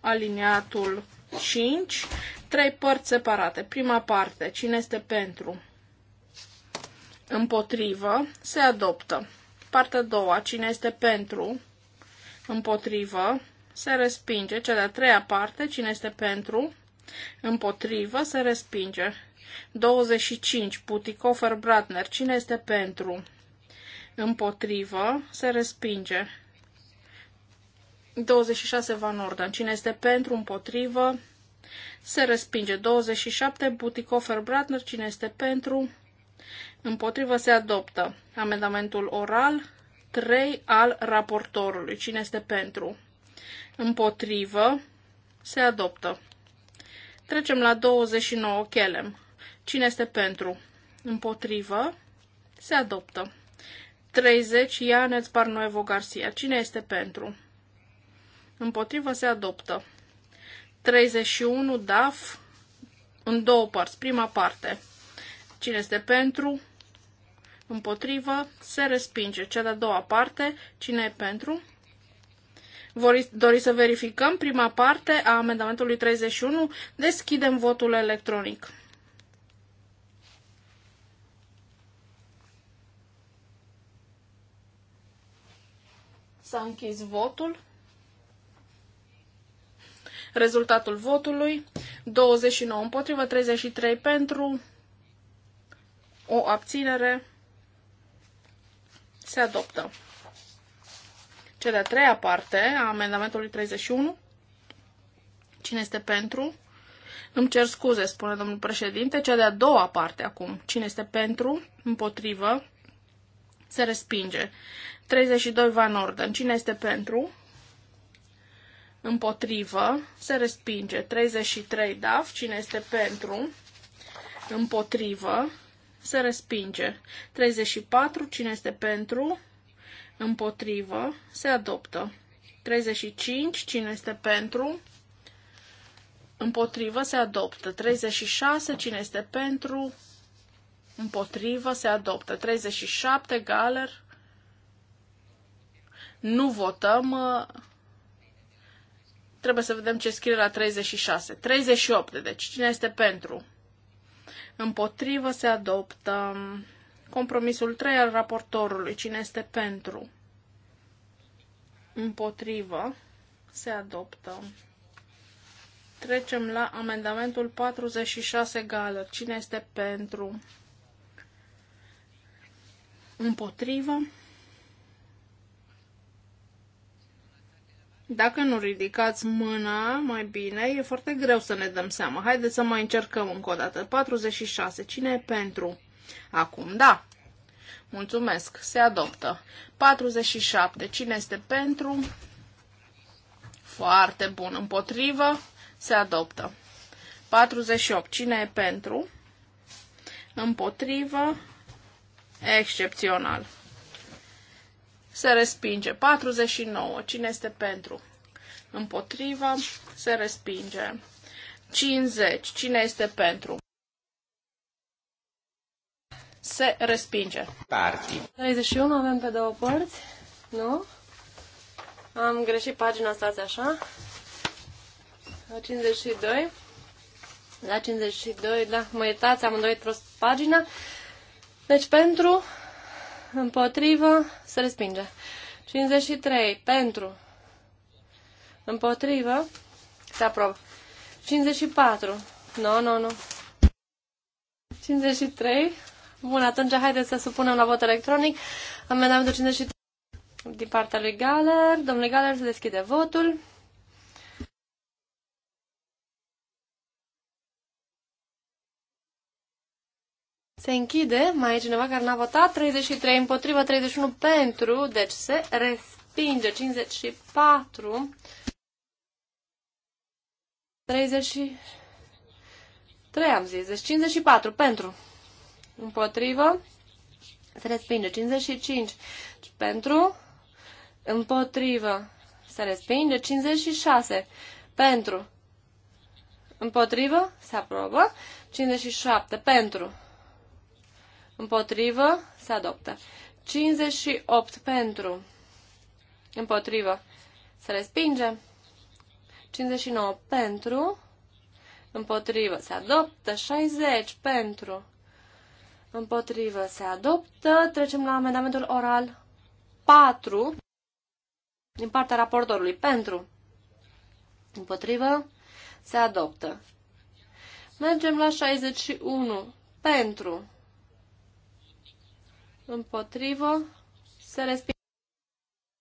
aliniatul 5, trei părți separate. Prima parte, cine este pentru? Împotrivă, se adoptă. Partea a doua, cine este pentru? Împotrivă, se respinge. Cea de-a treia parte, cine este pentru? Împotrivă, se respinge. 25. Puticofer Bratner. Cine este pentru? Împotrivă. Se respinge. 26. Van Orden. Cine este pentru? Împotrivă. Se respinge. 27. Buticofer Bratner. Cine este pentru? Împotrivă se adoptă. Amendamentul oral 3 al raportorului. Cine este pentru? Împotrivă se adoptă. Trecem la 29. Chelem. Cine este pentru? Împotrivă. Se adoptă. 30. Ianet Barnuevo Garcia. Cine este pentru? Împotrivă se adoptă. 31. DAF. În două părți. Prima parte. Cine este pentru? Împotrivă se respinge. Cea de-a doua parte. Cine e pentru? Doriți să verificăm prima parte a amendamentului 31? Deschidem votul electronic. S-a închis votul. Rezultatul votului 29 împotrivă, 33 pentru, o abținere se adoptă. Cea de-a treia parte a amendamentului 31. Cine este pentru? Îmi cer scuze, spune domnul președinte. Cea de-a doua parte acum. Cine este pentru? Împotrivă? Se respinge. 32 Van Orden. Cine este pentru? Împotrivă. Se respinge. 33 DAF. Cine este pentru? Împotrivă. Se respinge. 34. Cine este pentru? Împotrivă. Se adoptă. 35. Cine este pentru? Împotrivă. Se adoptă. 36. Cine este pentru? Împotrivă. Se adoptă. 37. Galer nu votăm, uh, trebuie să vedem ce scrie la 36. 38, deci cine este pentru? Împotrivă se adoptă compromisul 3 al raportorului. Cine este pentru? Împotrivă se adoptă. Trecem la amendamentul 46 gală. Cine este pentru? Împotrivă Dacă nu ridicați mâna mai bine, e foarte greu să ne dăm seama. Haideți să mai încercăm încă o dată. 46. Cine e pentru? Acum, da. Mulțumesc. Se adoptă. 47. Cine este pentru? Foarte bun. Împotrivă? Se adoptă. 48. Cine e pentru? Împotrivă? Excepțional se respinge. 49. Cine este pentru? Împotrivă, se respinge. 50. Cine este pentru? Se respinge. Parti. 31 avem pe două părți, nu? Am greșit pagina, stați așa. La 52. La 52, da, mă iertați, am îndoit prost pagina. Deci pentru împotrivă, se respinge. 53 pentru, împotrivă, se aprobă. 54, nu, no, nu, no, nu. No. 53, bun, atunci haideți să supunem la vot electronic. Amendamentul 53 din partea lui Galer. Domnule Galer, se deschide votul. Se închide. Mai e cineva care n-a votat. 33 împotriva, 31 pentru. Deci se respinge. 54. 33 am zis. Deci 54 pentru. Împotrivă. Se respinge. 55 pentru. Împotrivă. Se respinge. 56 pentru. Împotrivă. Se aprobă. 57 pentru Împotrivă. Se adoptă. 58 pentru. Împotrivă. Se respinge. 59 pentru. Împotrivă. Se adoptă. 60 pentru. Împotrivă. Se adoptă. Trecem la amendamentul oral 4 din partea raportorului. Pentru. Împotrivă. Se adoptă. Mergem la 61. Pentru împotrivă, se respinge.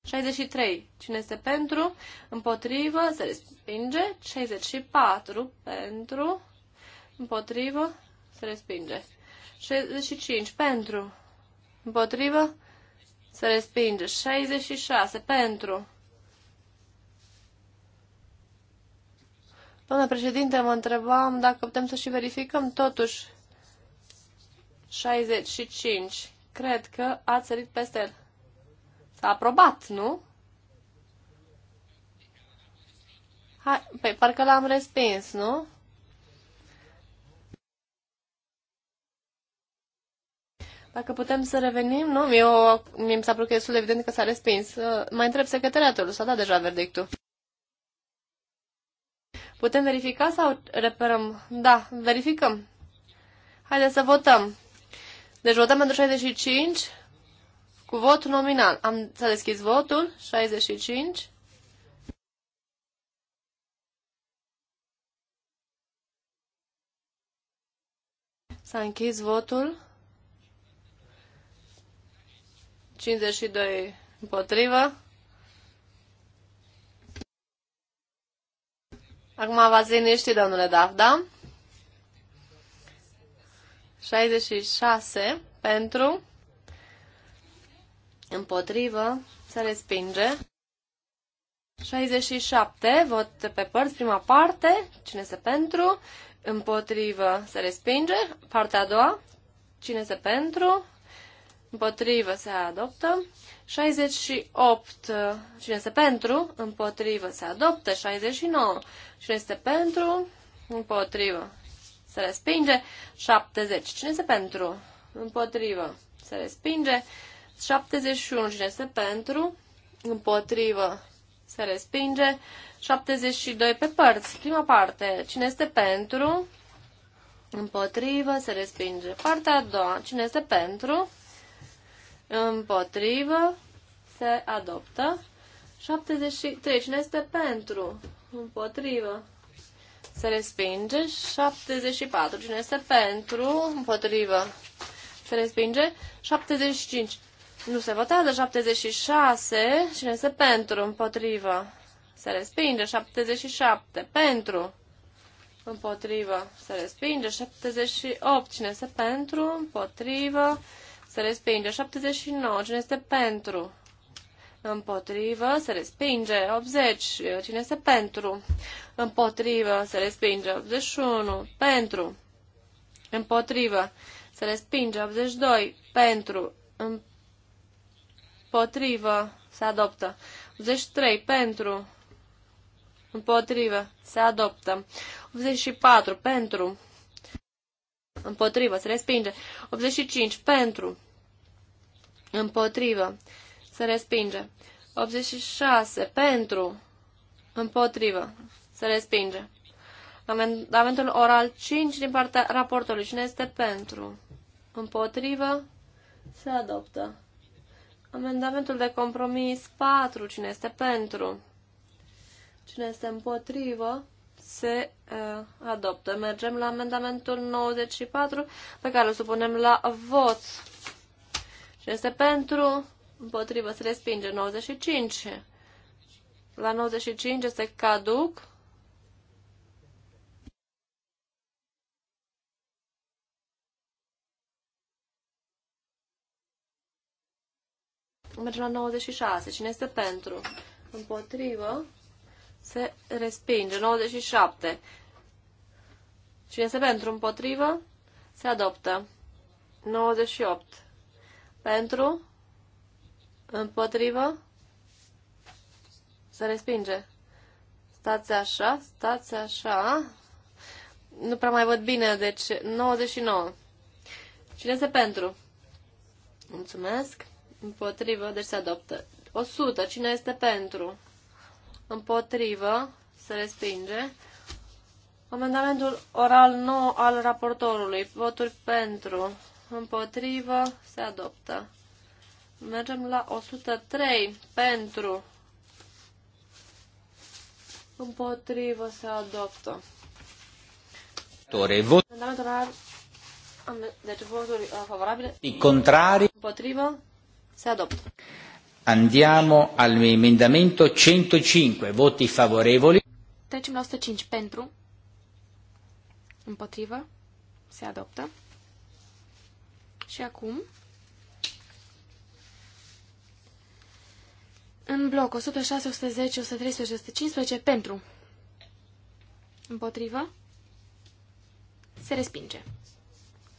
63. Cine este pentru, împotrivă, se respinge. 64. Pentru, împotrivă, se respinge. 65. Pentru, împotrivă, se respinge. 66. Pentru. Doamna președinte, mă întrebam dacă putem să și verificăm totuși 65. Cred că ați sărit peste el. S-a aprobat, nu? Hai, păi, parcă l-am respins, nu? Dacă putem să revenim, nu? Mie, o, mie mi s-a părut că destul de evident că s-a respins. Uh, mai întreb secretariatul, s-a dat deja verdictul. Putem verifica sau reperăm? Da, verificăm. Haideți să votăm. Deci votăm pentru 65 cu votul nominal. Am să deschis votul. 65. S-a închis votul. 52 împotrivă. Acum v-ați liniștit, domnule Daf, da? 66 pentru, împotrivă, se respinge. 67, vot pe părți, prima parte, cine se pentru, împotrivă, se respinge. Partea a doua, cine se pentru, împotrivă, se adoptă. 68, cine se pentru, împotrivă, se adoptă. 69, cine este pentru, împotrivă, se respinge. 70. Cine este pentru? Împotrivă. Se respinge. 71. Cine este pentru? Împotrivă. Se respinge. 72 pe părți. Prima parte. Cine este pentru? Împotrivă. Se respinge. Partea a doua. Cine este pentru? Împotrivă. Se adoptă. 73. Cine este pentru? Împotrivă se respinge. 74. Cine este pentru? Împotrivă. Se respinge. 75. Nu se votează. 76. Cine este pentru? Împotrivă. Se respinge. 77. Pentru. Împotrivă. Se respinge. 78. Cine este pentru? Împotrivă. Se respinge. 79. Cine este pentru? împotrivă, se respinge, 80, cine este pentru, împotrivă, se respinge, 81, pentru, împotrivă, se respinge, 82, pentru, împotrivă, se adoptă, 83, pentru, împotrivă, se adoptă, 84, pentru, împotrivă, se respinge, 85, pentru, împotrivă, se respinge. 86. Pentru. Împotrivă. Se respinge. Amendamentul oral 5 din partea raportului. Cine este pentru? Împotrivă? Se adoptă. Amendamentul de compromis 4. Cine este pentru? Cine este împotrivă? Se uh, adoptă. Mergem la amendamentul 94 pe care îl supunem la vot. Cine este pentru? Împotrivă se respinge. 95. La 95 este caduc. Merge la 96. Cine este pentru? Împotrivă se respinge. 97. Cine este pentru? Împotrivă se adoptă. 98. Pentru? Împotrivă? Se respinge. Stați așa, stați așa. Nu prea mai văd bine, deci 99. Cine este pentru? Mulțumesc. Împotrivă, deci se adoptă. 100. Cine este pentru? Împotrivă, se respinge. Amendamentul oral nou al raportorului. Voturi pentru. Împotrivă, se adoptă. Mergem la 103 pentru. Împotrivă se adoptă. Vot. Deci voturi uh, favorabile. I contrari. Împotrivă se adoptă. Andiamo al emendamento 105, voti favorevoli. Trecem la 105 pentru. Împotrivă se adoptă. Și acum În bloc 106, 110, 113, 115 pentru. Împotrivă. Se respinge.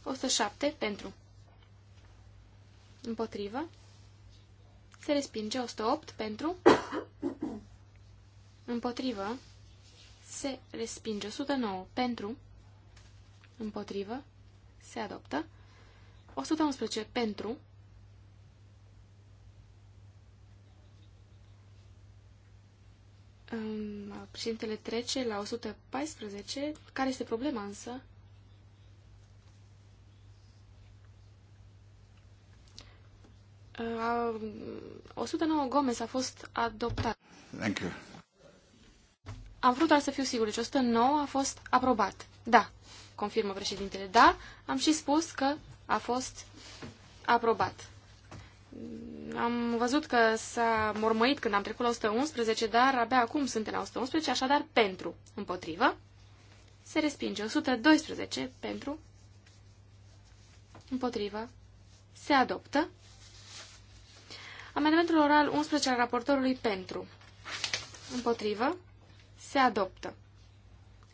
107 pentru. Împotrivă. Se respinge. 108 pentru. Împotrivă. Se respinge. 109 pentru. Împotrivă. Se adoptă. 111 pentru. Președintele trece la 114. Care este problema însă? A, 109 Gomez a fost adoptat. Thank you. Am vrut doar să fiu sigur, deci 109 a fost aprobat. Da, confirmă președintele. Da, am și spus că a fost aprobat am văzut că s-a mormăit când am trecut la 111, dar abia acum suntem la 111, așadar pentru, împotrivă, se respinge 112 pentru, împotrivă, se adoptă. Amendamentul oral 11 al raportorului pentru, împotrivă, se adoptă.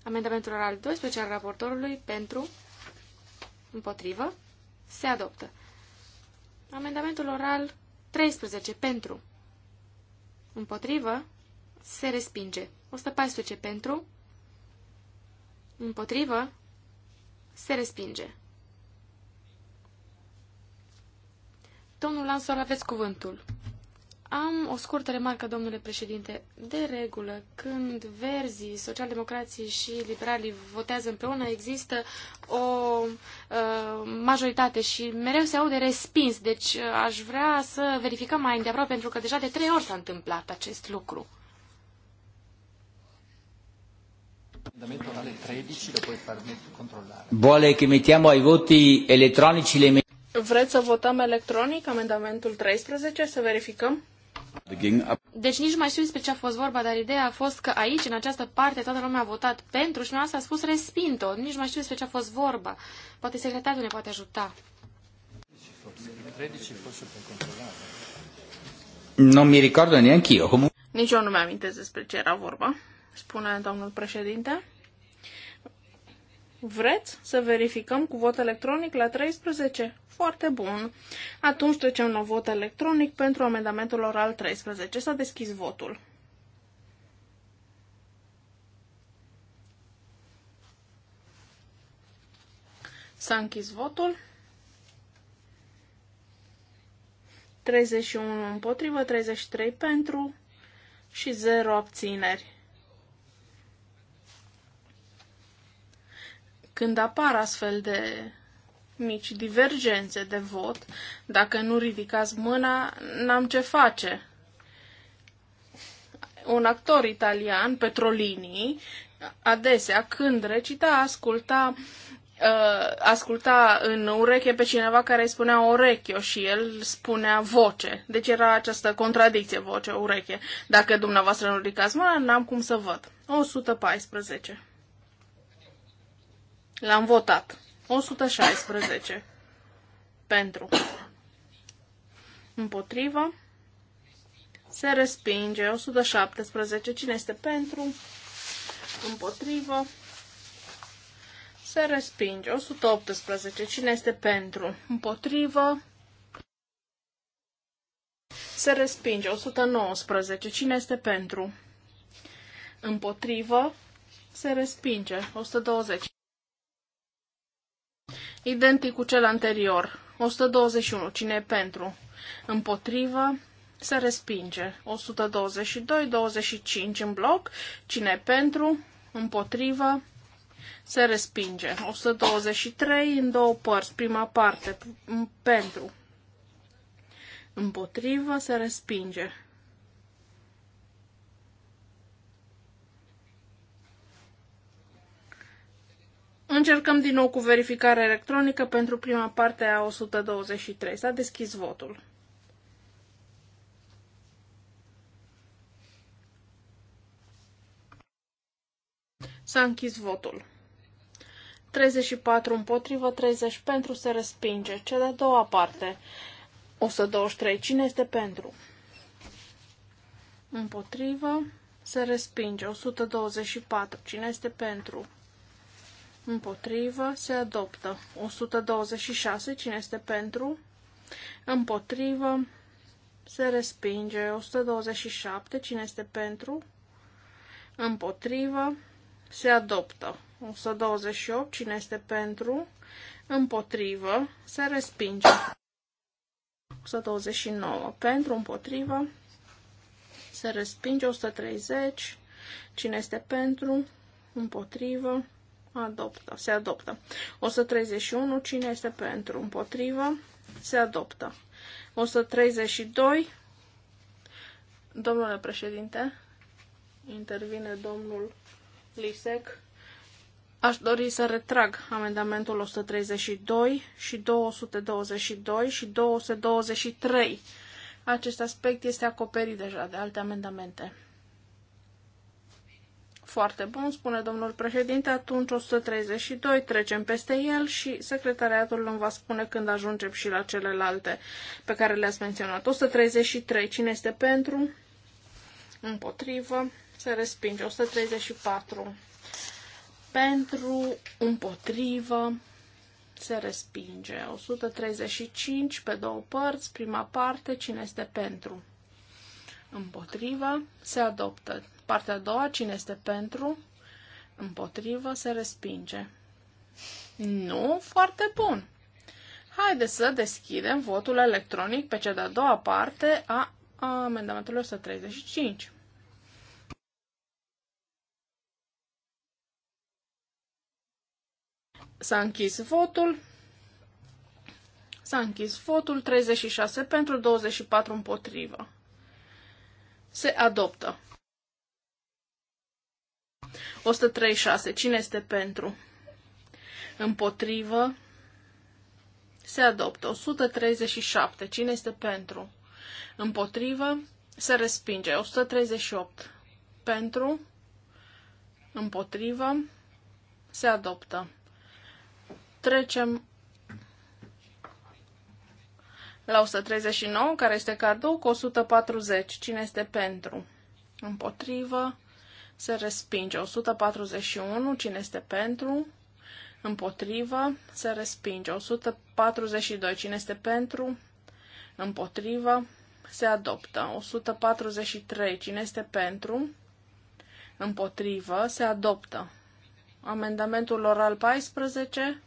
Amendamentul oral 12 al raportorului pentru, împotrivă, se adoptă. Amendamentul oral 13 pentru. Împotrivă. Se respinge. 114 pentru. Împotrivă. Se respinge. Domnul Lansor, aveți cuvântul. Am o scurtă remarcă, domnule președinte. De regulă, când verzii, socialdemocrații și liberalii votează împreună, există o uh, majoritate și mereu se aude respins. Deci uh, aș vrea să verificăm mai îndeaproape, pentru că deja de trei ori s-a întâmplat acest lucru. Boale, că mettiamo ai voti elettronici le Vreți să votăm electronic amendamentul 13, să verificăm? Deci nici nu mai știu despre ce a fost vorba, dar ideea a fost că aici, în această parte, toată lumea a votat pentru și asta a spus respinto. Nici nu mai știu despre ce a fost vorba. Poate secretarul ne poate ajuta. Nu mi ricordo eu. Nici eu nu mi am despre ce era vorba, spune domnul președinte. Vreți să verificăm cu vot electronic la 13? Foarte bun. Atunci trecem la vot electronic pentru amendamentul oral 13. S-a deschis votul. S-a închis votul. 31 împotrivă, 33 pentru și 0 abțineri. când apar astfel de mici divergențe de vot, dacă nu ridicați mâna, n-am ce face. Un actor italian, Petrolini, adesea când recita, asculta uh, asculta în ureche pe cineva care îi spunea orechio și el spunea voce. Deci era această contradicție voce-ureche. Dacă dumneavoastră nu ridicați mâna, n-am cum să văd. 114. L-am votat. 116. Pentru. Împotrivă. Se respinge. 117. Cine este pentru? Împotrivă. Se respinge. 118. Cine este pentru? Împotrivă. Se respinge. 119. Cine este pentru? Împotrivă. Se respinge. 120. Identic cu cel anterior. 121. Cine e pentru? Împotrivă? Se respinge. 122, 25 în bloc. Cine e pentru? Împotrivă? Se respinge. 123 în două părți. Prima parte. Pentru. Împotrivă? Se respinge. Încercăm din nou cu verificarea electronică pentru prima parte a 123. S-a deschis votul. S-a închis votul. 34 împotrivă, 30 pentru se respinge. Cea de-a doua parte, 123. Cine este pentru? Împotrivă, se respinge. 124. Cine este pentru? Împotrivă se adoptă. 126. Cine este pentru? Împotrivă se respinge. 127. Cine este pentru? Împotrivă se adoptă. 128. Cine este pentru? Împotrivă se respinge. 129. Pentru, împotrivă, se respinge 130. Cine este pentru, împotrivă, Adoptă. Se adoptă. 131. Cine este pentru? Împotrivă. Se adoptă. 132. Domnule președinte, intervine domnul Lisec. Aș dori să retrag amendamentul 132 și 222 și 223. Acest aspect este acoperit deja de alte amendamente. Foarte bun, spune domnul președinte, atunci 132, trecem peste el și secretariatul îmi va spune când ajungem și la celelalte pe care le-ați menționat. 133, cine este pentru? Împotrivă, se respinge. 134, pentru, împotrivă, se respinge. 135, pe două părți, prima parte, cine este pentru? împotrivă, se adoptă. Partea a doua, cine este pentru, împotrivă, se respinge. Nu, foarte bun. Haideți să deschidem votul electronic pe cea de-a doua parte a amendamentului 135. S-a închis votul. S-a închis votul 36 pentru 24 împotrivă. Se adoptă. 136. Cine este pentru? Împotrivă. Se adoptă. 137. Cine este pentru? Împotrivă. Se respinge. 138. Pentru. Împotrivă. Se adoptă. Trecem la 139, care este cadou, cu 140. Cine este pentru? Împotrivă. Se respinge. 141. Cine este pentru? Împotrivă. Se respinge. 142. Cine este pentru? Împotrivă. Se adoptă. 143. Cine este pentru? Împotrivă. Se adoptă. Amendamentul oral 14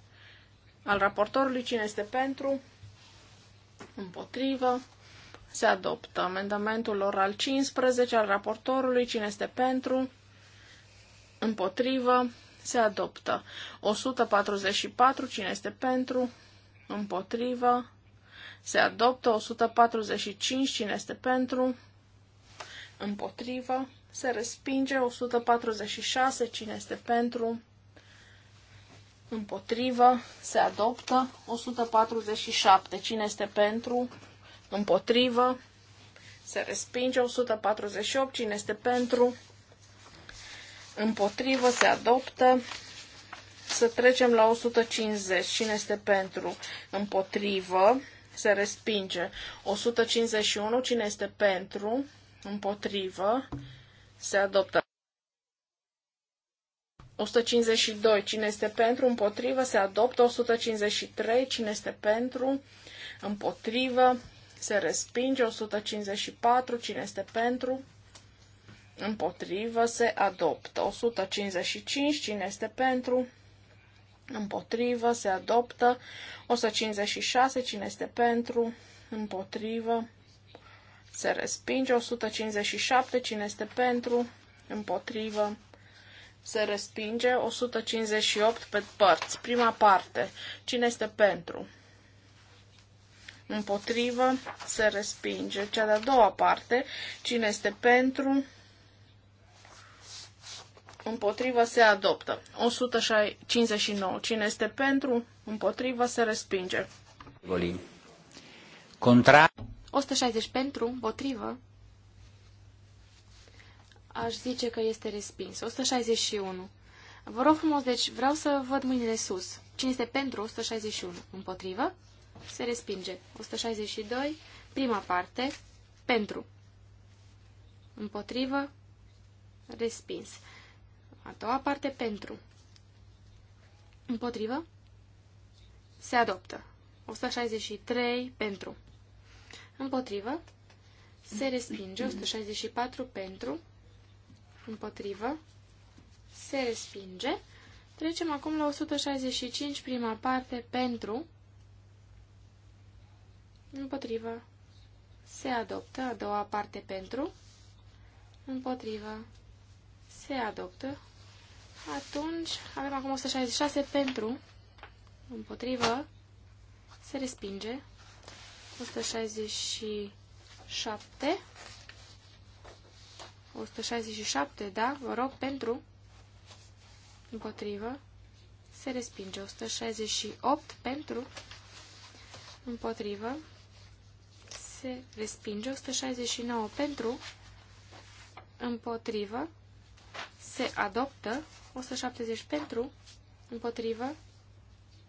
al raportorului. Cine este pentru? Împotrivă. Se adoptă amendamentul oral 15 al raportorului. Cine este pentru? Împotrivă. Se adoptă 144. Cine este pentru? Împotrivă. Se adoptă 145. Cine este pentru? Împotrivă. Se respinge 146. Cine este pentru? împotrivă, se adoptă. 147. Cine este pentru, împotrivă, se respinge. 148. Cine este pentru, împotrivă, se adoptă. Să trecem la 150. Cine este pentru, împotrivă, se respinge. 151. Cine este pentru, împotrivă, se adoptă. 152. Cine este pentru, împotrivă, se adoptă. 153. Cine este pentru, împotrivă, se respinge. 154. Cine este pentru, împotrivă, se adoptă. 155. Cine este pentru, împotrivă, se adoptă. 156. Cine este pentru, împotrivă, se respinge. 157. Cine este pentru, împotrivă, se respinge 158 pe părți. Prima parte. Cine este pentru? Împotrivă se respinge. Cea de-a doua parte. Cine este pentru? Împotrivă se adoptă. 159. Cine este pentru? Împotrivă se respinge. Contra. 160 pentru, împotrivă, aș zice că este respins. 161. Vă rog frumos, deci vreau să văd mâinile sus. Cine este pentru 161? Împotrivă? Se respinge. 162. Prima parte. Pentru. Împotrivă? Respins. A doua parte. Pentru. Împotrivă? Se adoptă. 163. Pentru. Împotrivă? Se respinge. 164. Pentru împotrivă, se respinge. Trecem acum la 165, prima parte, pentru, împotrivă, se adoptă, a doua parte, pentru, împotrivă, se adoptă. Atunci, avem acum 166 pentru, împotrivă, se respinge, 167 167, da, vă rog, pentru, împotrivă, se respinge. 168 pentru, împotrivă, se respinge. 169 pentru, împotrivă, se adoptă. 170 pentru, împotrivă,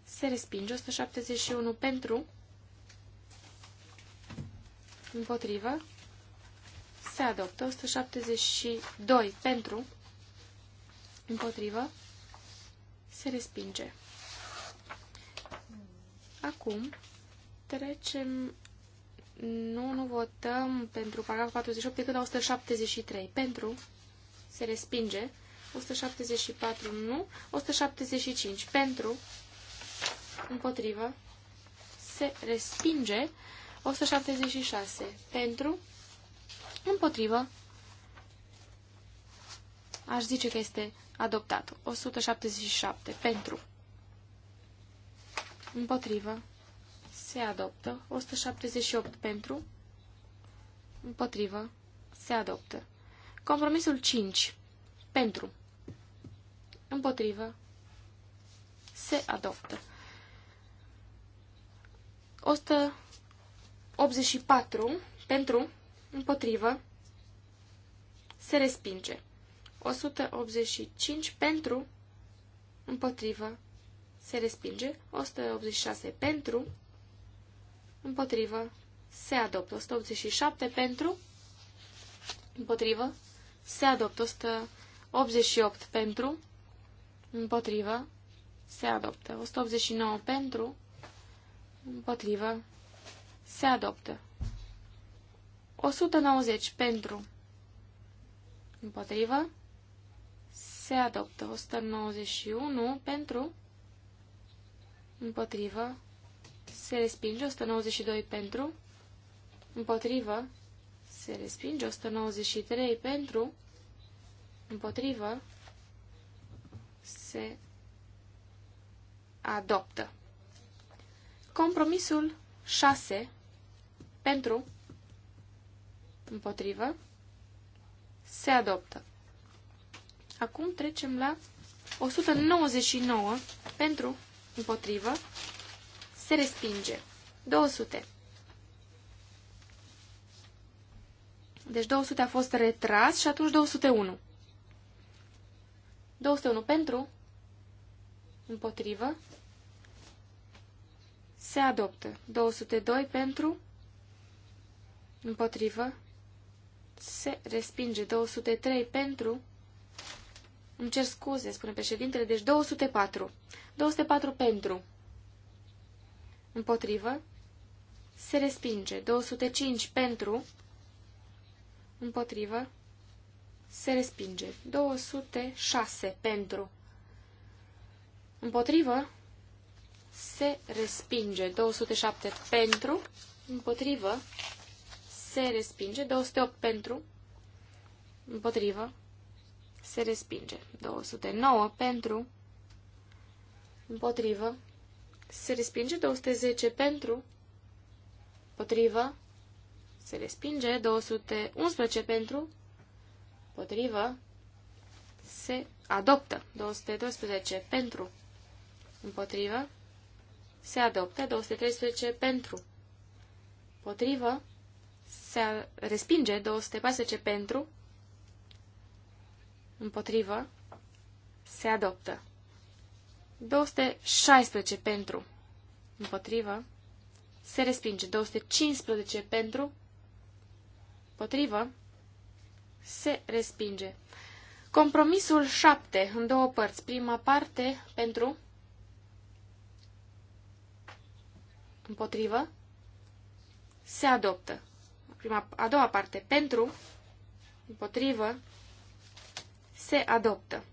se respinge. 171 pentru, împotrivă, se adoptă. 172 pentru, împotrivă, se respinge. Acum trecem, nu, nu votăm pentru paragraful 48 decât la 173. Pentru, se respinge. 174 nu, 175 pentru, împotrivă, se respinge, 176 pentru, Împotrivă, aș zice că este adoptat. 177. Pentru. Împotrivă, se adoptă. 178. Pentru. Împotrivă, se adoptă. Compromisul 5. Pentru. Împotrivă, se adoptă. 184 pentru împotrivă, se respinge. 185 pentru, împotrivă, se respinge. 186 pentru, împotrivă, se adoptă. 187 pentru, împotrivă, se adoptă. 188 pentru, împotrivă, se adoptă. 189 pentru, împotrivă, se adoptă. 190 pentru. Împotrivă. Se adoptă. 191 pentru. Împotrivă. Se respinge. 192 pentru. Împotrivă. Se respinge. 193 pentru. Împotrivă. Se adoptă. Compromisul 6 pentru Împotrivă. Se adoptă. Acum trecem la 199 pentru împotrivă. Se respinge. 200. Deci 200 a fost retras și atunci 201. 201 pentru împotrivă. Se adoptă. 202 pentru împotrivă. Se respinge 203 pentru... Îmi cer scuze, spune președintele, deci 204. 204 pentru. Împotrivă. Se respinge 205 pentru. Împotrivă. Se respinge 206 pentru. Împotrivă. Se respinge 207 pentru. Împotrivă se respinge. 208 pentru, împotrivă, se respinge. 209 pentru, împotrivă, se respinge. 210 pentru, împotrivă, se respinge. 211 pentru, împotrivă, se adoptă. 212 pentru, împotrivă, se adoptă. 213 pentru, împotrivă, se respinge 214 pentru, împotrivă, se adoptă. 216 pentru, împotrivă, se respinge. 215 pentru, împotrivă, se respinge. Compromisul 7 în două părți. Prima parte pentru, împotrivă, se adoptă prima, a doua parte pentru, împotrivă, se adoptă.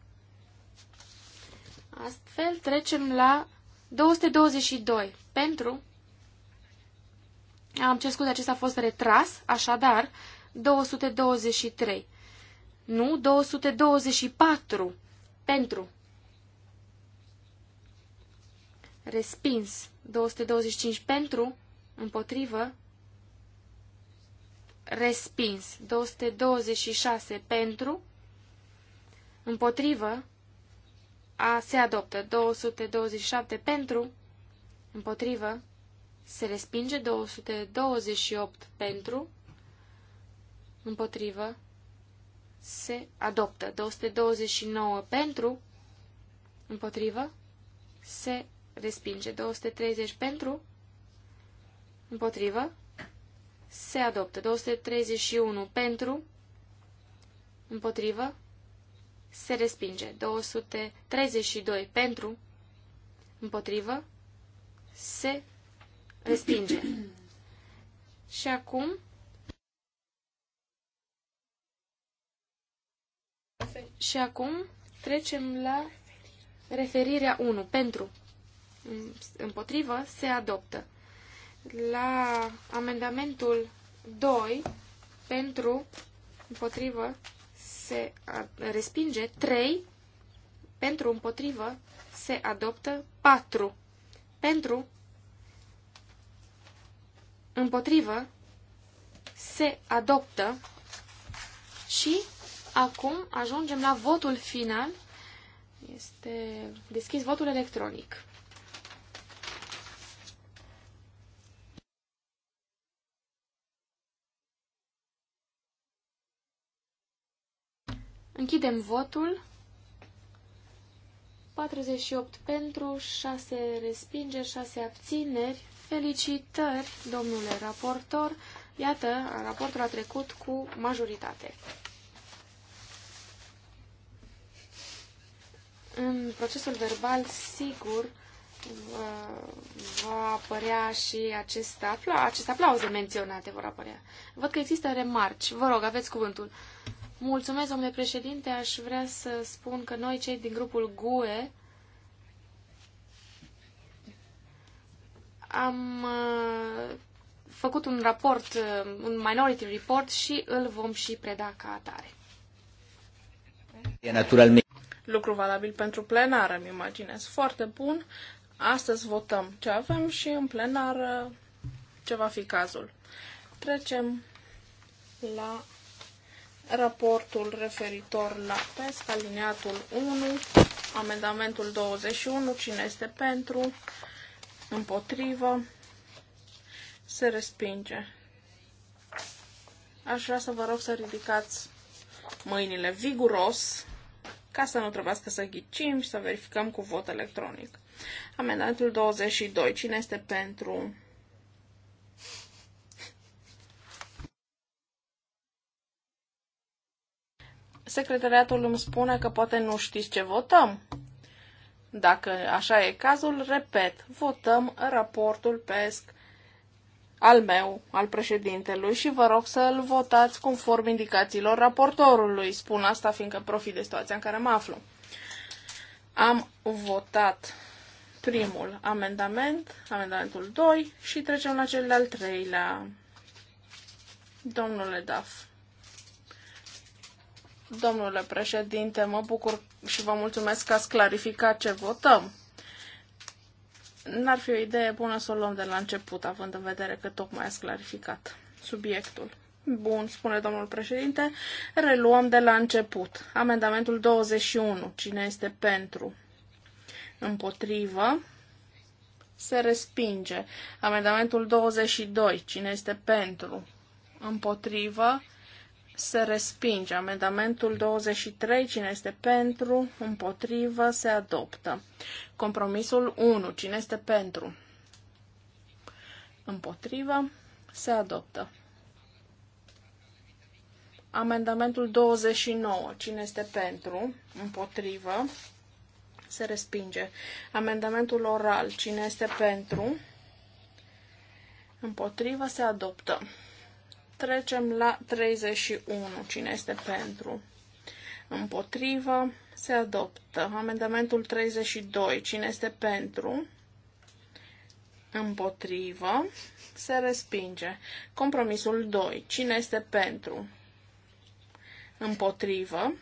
Astfel trecem la 222. Pentru, am cer scuze, acesta a fost retras, așadar 223. Nu, 224. Pentru. Respins. 225 pentru, împotrivă, respins. 226 pentru, împotrivă, a, se adoptă. 227 pentru, împotrivă, se respinge. 228 pentru, împotrivă, se adoptă. 229 pentru, împotrivă, se respinge. 230 pentru, împotrivă, se adoptă. 231 pentru, împotrivă, se respinge. 232 pentru, împotrivă, se respinge. [COUGHS] Și acum... Și acum trecem la referirea 1. Pentru, împotrivă, se adoptă la amendamentul 2 pentru, împotrivă, se respinge, 3 pentru, împotrivă, se adoptă, 4 pentru, împotrivă, se adoptă și acum ajungem la votul final. Este deschis votul electronic. Închidem votul. 48 pentru, 6 respingeri, 6 abțineri. Felicitări, domnule raportor. Iată, raportul a trecut cu majoritate. În procesul verbal, sigur, va apărea și acest apla aceste aplauze menționate vor apărea. Văd că există remarci. Vă rog, aveți cuvântul. Mulțumesc, domnule președinte. Aș vrea să spun că noi, cei din grupul GUE, am uh, făcut un raport, uh, un minority report și îl vom și preda ca atare. E naturalmente. Lucru valabil pentru plenară, îmi imaginez. Foarte bun. Astăzi votăm ce avem și în plenară ce va fi cazul. Trecem la raportul referitor la PESC, aliniatul 1, amendamentul 21, cine este pentru, împotrivă, se respinge. Aș vrea să vă rog să ridicați mâinile viguros ca să nu trebuiască să ghicim și să verificăm cu vot electronic. Amendamentul 22. Cine este pentru? Secretariatul îmi spune că poate nu știți ce votăm. Dacă așa e cazul, repet, votăm raportul PESC al meu, al președintelui și vă rog să-l votați conform indicațiilor raportorului. Spun asta fiindcă profit de situația în care mă aflu. Am votat primul amendament, amendamentul 2 și trecem la cel de-al treilea. Domnule Daf, Domnule președinte, mă bucur și vă mulțumesc că ați clarificat ce votăm. N-ar fi o idee bună să o luăm de la început, având în vedere că tocmai ați clarificat subiectul. Bun, spune domnul președinte, reluăm de la început. Amendamentul 21. Cine este pentru? Împotrivă. Se respinge. Amendamentul 22. Cine este pentru? Împotrivă se respinge. Amendamentul 23, cine este pentru, împotrivă, se adoptă. Compromisul 1, cine este pentru, împotrivă, se adoptă. Amendamentul 29, cine este pentru, împotrivă, se respinge. Amendamentul oral, cine este pentru, împotrivă, se adoptă. Trecem la 31. Cine este pentru? Împotrivă. Se adoptă. Amendamentul 32. Cine este pentru? Împotrivă. Se respinge. Compromisul 2. Cine este pentru? Împotrivă.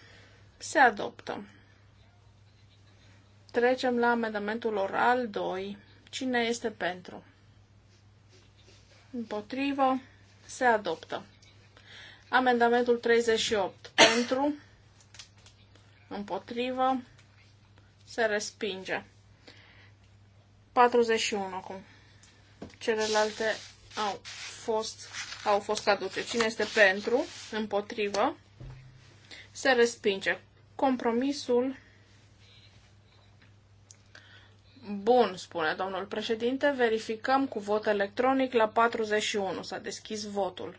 Se adoptă. Trecem la amendamentul oral 2. Cine este pentru? Împotrivă. Se adoptă. Amendamentul 38 pentru, împotrivă, se respinge. 41 acum. Celelalte au fost, au fost caduce. Cine este pentru, împotrivă, se respinge. Compromisul Bun, spune domnul președinte, verificăm cu vot electronic la 41. S-a deschis votul.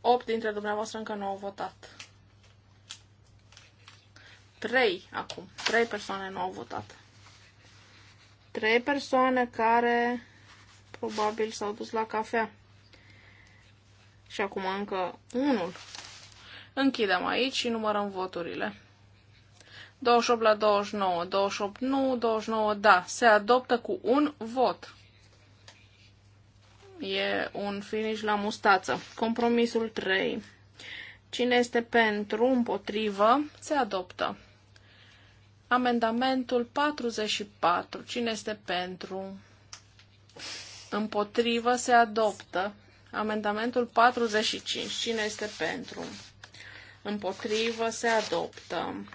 Opt dintre dumneavoastră încă nu au votat. Trei acum. Trei persoane nu au votat. Trei persoane care probabil s-au dus la cafea. Și acum încă unul Închidem aici și numărăm voturile. 28 la 29, 28 nu, 29 da. Se adoptă cu un vot. E un finish la mustață. Compromisul 3. Cine este pentru, împotrivă, se adoptă. Amendamentul 44. Cine este pentru? Împotrivă se adoptă. Amendamentul 45. Cine este pentru? împotrivă, se adoptă.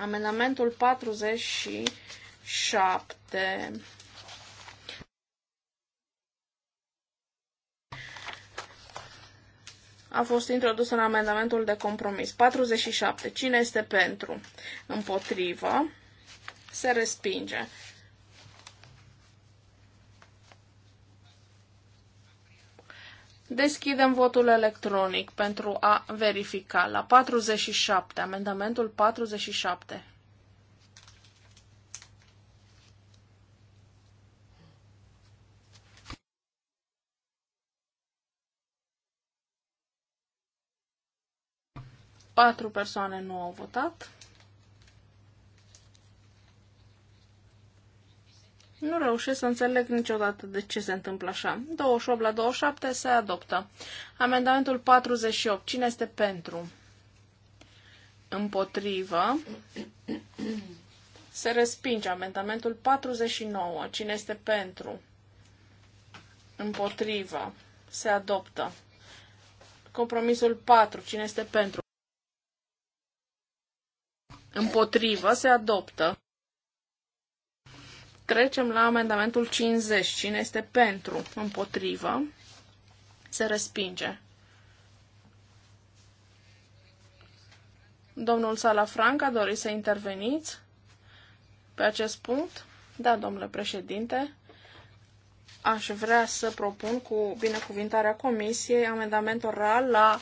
Amendamentul 47. a fost introdus în amendamentul de compromis. 47. Cine este pentru? Împotrivă. Se respinge. Deschidem votul electronic pentru a verifica. La 47, amendamentul 47. Patru persoane nu au votat. Nu reușesc să înțeleg niciodată de ce se întâmplă așa. 28 la 27 se adoptă. Amendamentul 48. Cine este pentru? Împotrivă. Se respinge amendamentul 49. Cine este pentru? Împotrivă. Se adoptă. Compromisul 4. Cine este pentru? Împotrivă. Se adoptă. Trecem la amendamentul 50. Cine este pentru? Împotrivă. Se respinge. Domnul Salafranca, doriți să interveniți pe acest punct? Da, domnule președinte. Aș vrea să propun cu binecuvintarea comisiei amendament oral la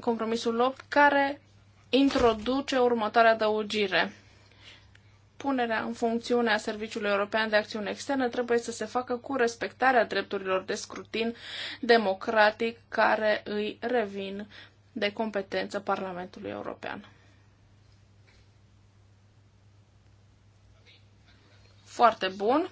compromisul 8 care introduce următoarea adăugire Punerea în funcțiune a Serviciului European de Acțiune Externă trebuie să se facă cu respectarea drepturilor de scrutin democratic care îi revin de competență Parlamentului European. Foarte bun.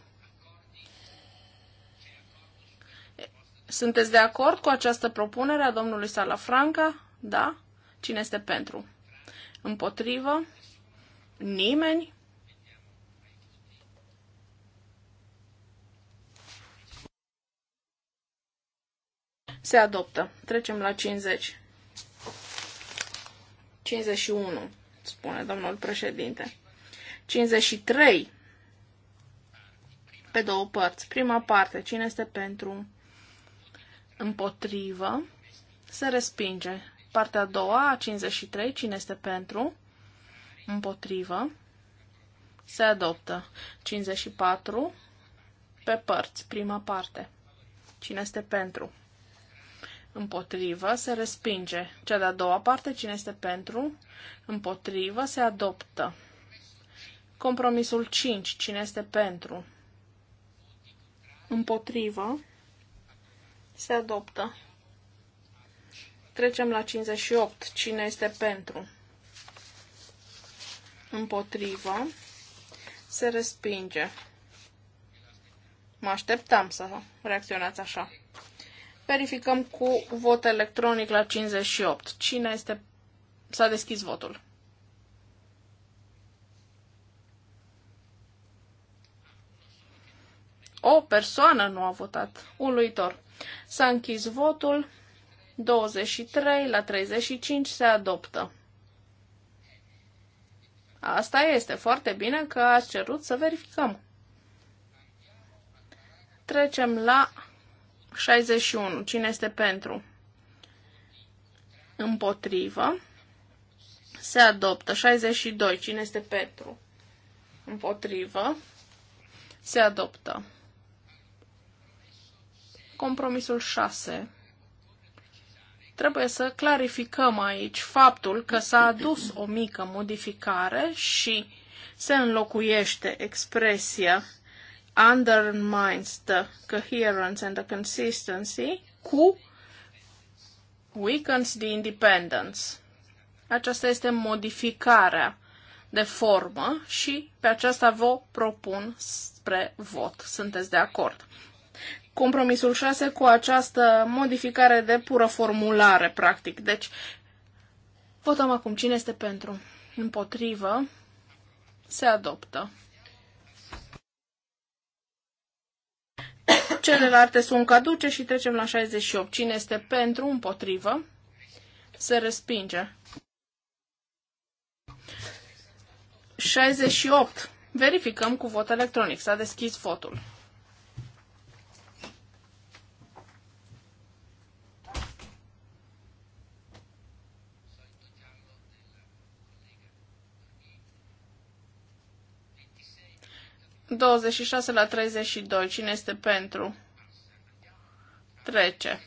Sunteți de acord cu această propunere a domnului Salafranca? Da? Cine este pentru? Împotrivă? Nimeni? Se adoptă. Trecem la 50. 51, spune domnul președinte. 53 pe două părți. Prima parte, cine este pentru împotrivă, se respinge. Partea a doua, 53, cine este pentru împotrivă, se adoptă. 54 pe părți, prima parte. Cine este pentru? împotrivă, se respinge. Cea de-a doua parte, cine este pentru, împotrivă, se adoptă. Compromisul 5, cine este pentru, împotrivă, se adoptă. Trecem la 58, cine este pentru, împotrivă, se respinge. Mă așteptam să reacționați așa. Verificăm cu vot electronic la 58. Cine este... S-a deschis votul. O persoană nu a votat. Uluitor. S-a închis votul. 23 la 35 se adoptă. Asta este foarte bine că ați cerut să verificăm. Trecem la 61. Cine este pentru? Împotrivă. Se adoptă. 62. Cine este pentru? Împotrivă. Se adoptă. Compromisul 6. Trebuie să clarificăm aici faptul că s-a adus o mică modificare și se înlocuiește expresia undermines the coherence and the consistency cu weakens the independence. Aceasta este modificarea de formă și pe aceasta vă propun spre vot. Sunteți de acord? Compromisul 6 cu această modificare de pură formulare, practic. Deci, votăm acum cine este pentru. Împotrivă, se adoptă. Celelalte sunt caduce și trecem la 68. Cine este pentru, împotrivă, se respinge. 68. Verificăm cu vot electronic. S-a deschis votul. 26 la 32. Cine este pentru? Trece.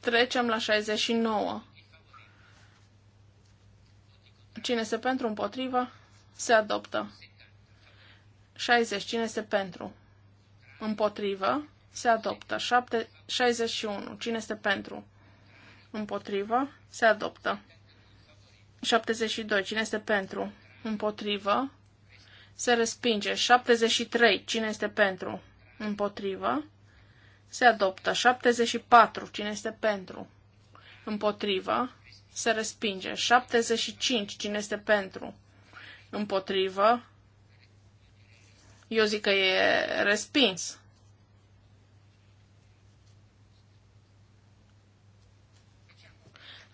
Trecem la 69. Cine este pentru împotriva? Se adoptă. 60. Cine este pentru? Împotrivă. Se adoptă. 7, 61. Cine este pentru? Împotrivă. Se adoptă. 72. Cine este pentru? Împotrivă se respinge. 73. Cine este pentru? Împotrivă. Se adoptă. 74. Cine este pentru? Împotrivă. Se respinge. 75. Cine este pentru? Împotrivă. Eu zic că e respins.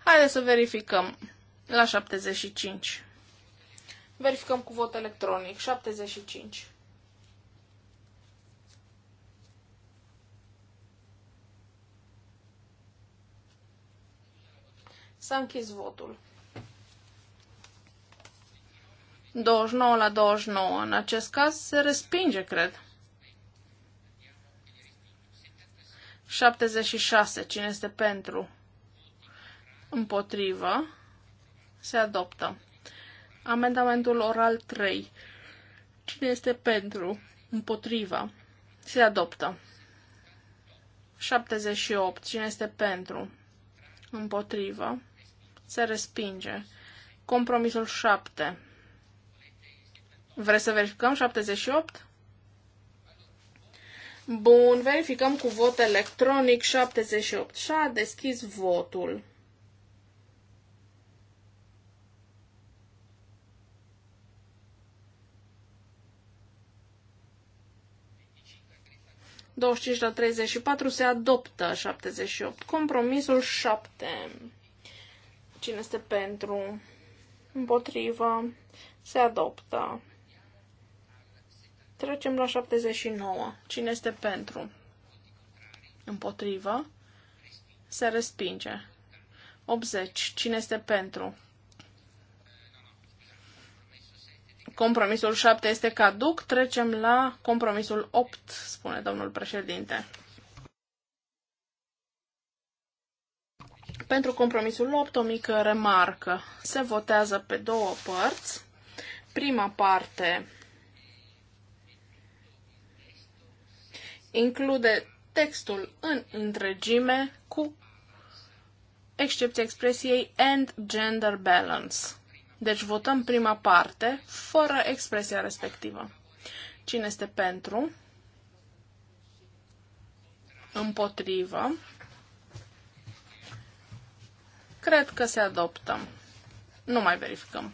Haideți să verificăm la 75. Verificăm cu vot electronic. 75. S-a închis votul. 29 la 29. În acest caz se respinge, cred. 76. Cine este pentru? Împotrivă. Se adoptă. Amendamentul oral 3. Cine este pentru? Împotriva. Se adoptă. 78. Cine este pentru? Împotriva. Se respinge. Compromisul 7. Vreți să verificăm 78? Bun, verificăm cu vot electronic 78. Și-a deschis votul. 25 la 34 se adoptă 78. Compromisul 7. Cine este pentru? Împotrivă. Se adoptă. Trecem la 79. Cine este pentru? Împotrivă. Se respinge. 80. Cine este pentru? Compromisul 7 este caduc. Trecem la compromisul 8, spune domnul președinte. Pentru compromisul 8, o mică remarcă. Se votează pe două părți. Prima parte include textul în întregime cu excepția expresiei and gender balance. Deci votăm prima parte fără expresia respectivă. Cine este pentru? Împotrivă. Cred că se adoptă. Nu mai verificăm.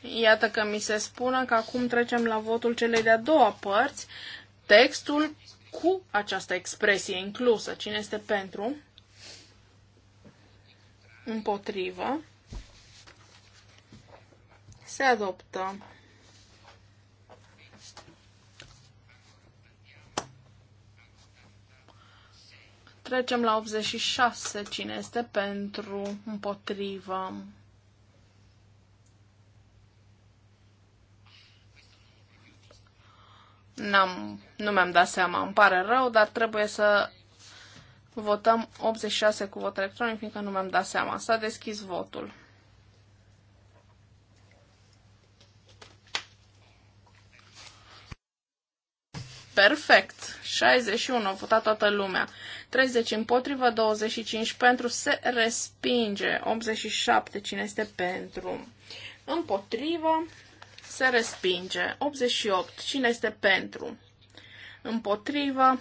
Iată că mi se spune că acum trecem la votul celei de-a doua părți. Textul cu această expresie inclusă. Cine este pentru? Împotrivă. Se adoptă. Trecem la 86. Cine este pentru? Împotrivă. N-am, nu mi-am dat seama, îmi pare rău, dar trebuie să votăm 86 cu vot electronic, fiindcă nu mi-am dat seama. S-a deschis votul. Perfect. 61. A votat toată lumea. 30 împotrivă, 25 pentru. Se respinge. 87. Cine este pentru? Împotrivă. Se respinge. 88. Cine este pentru? Împotrivă.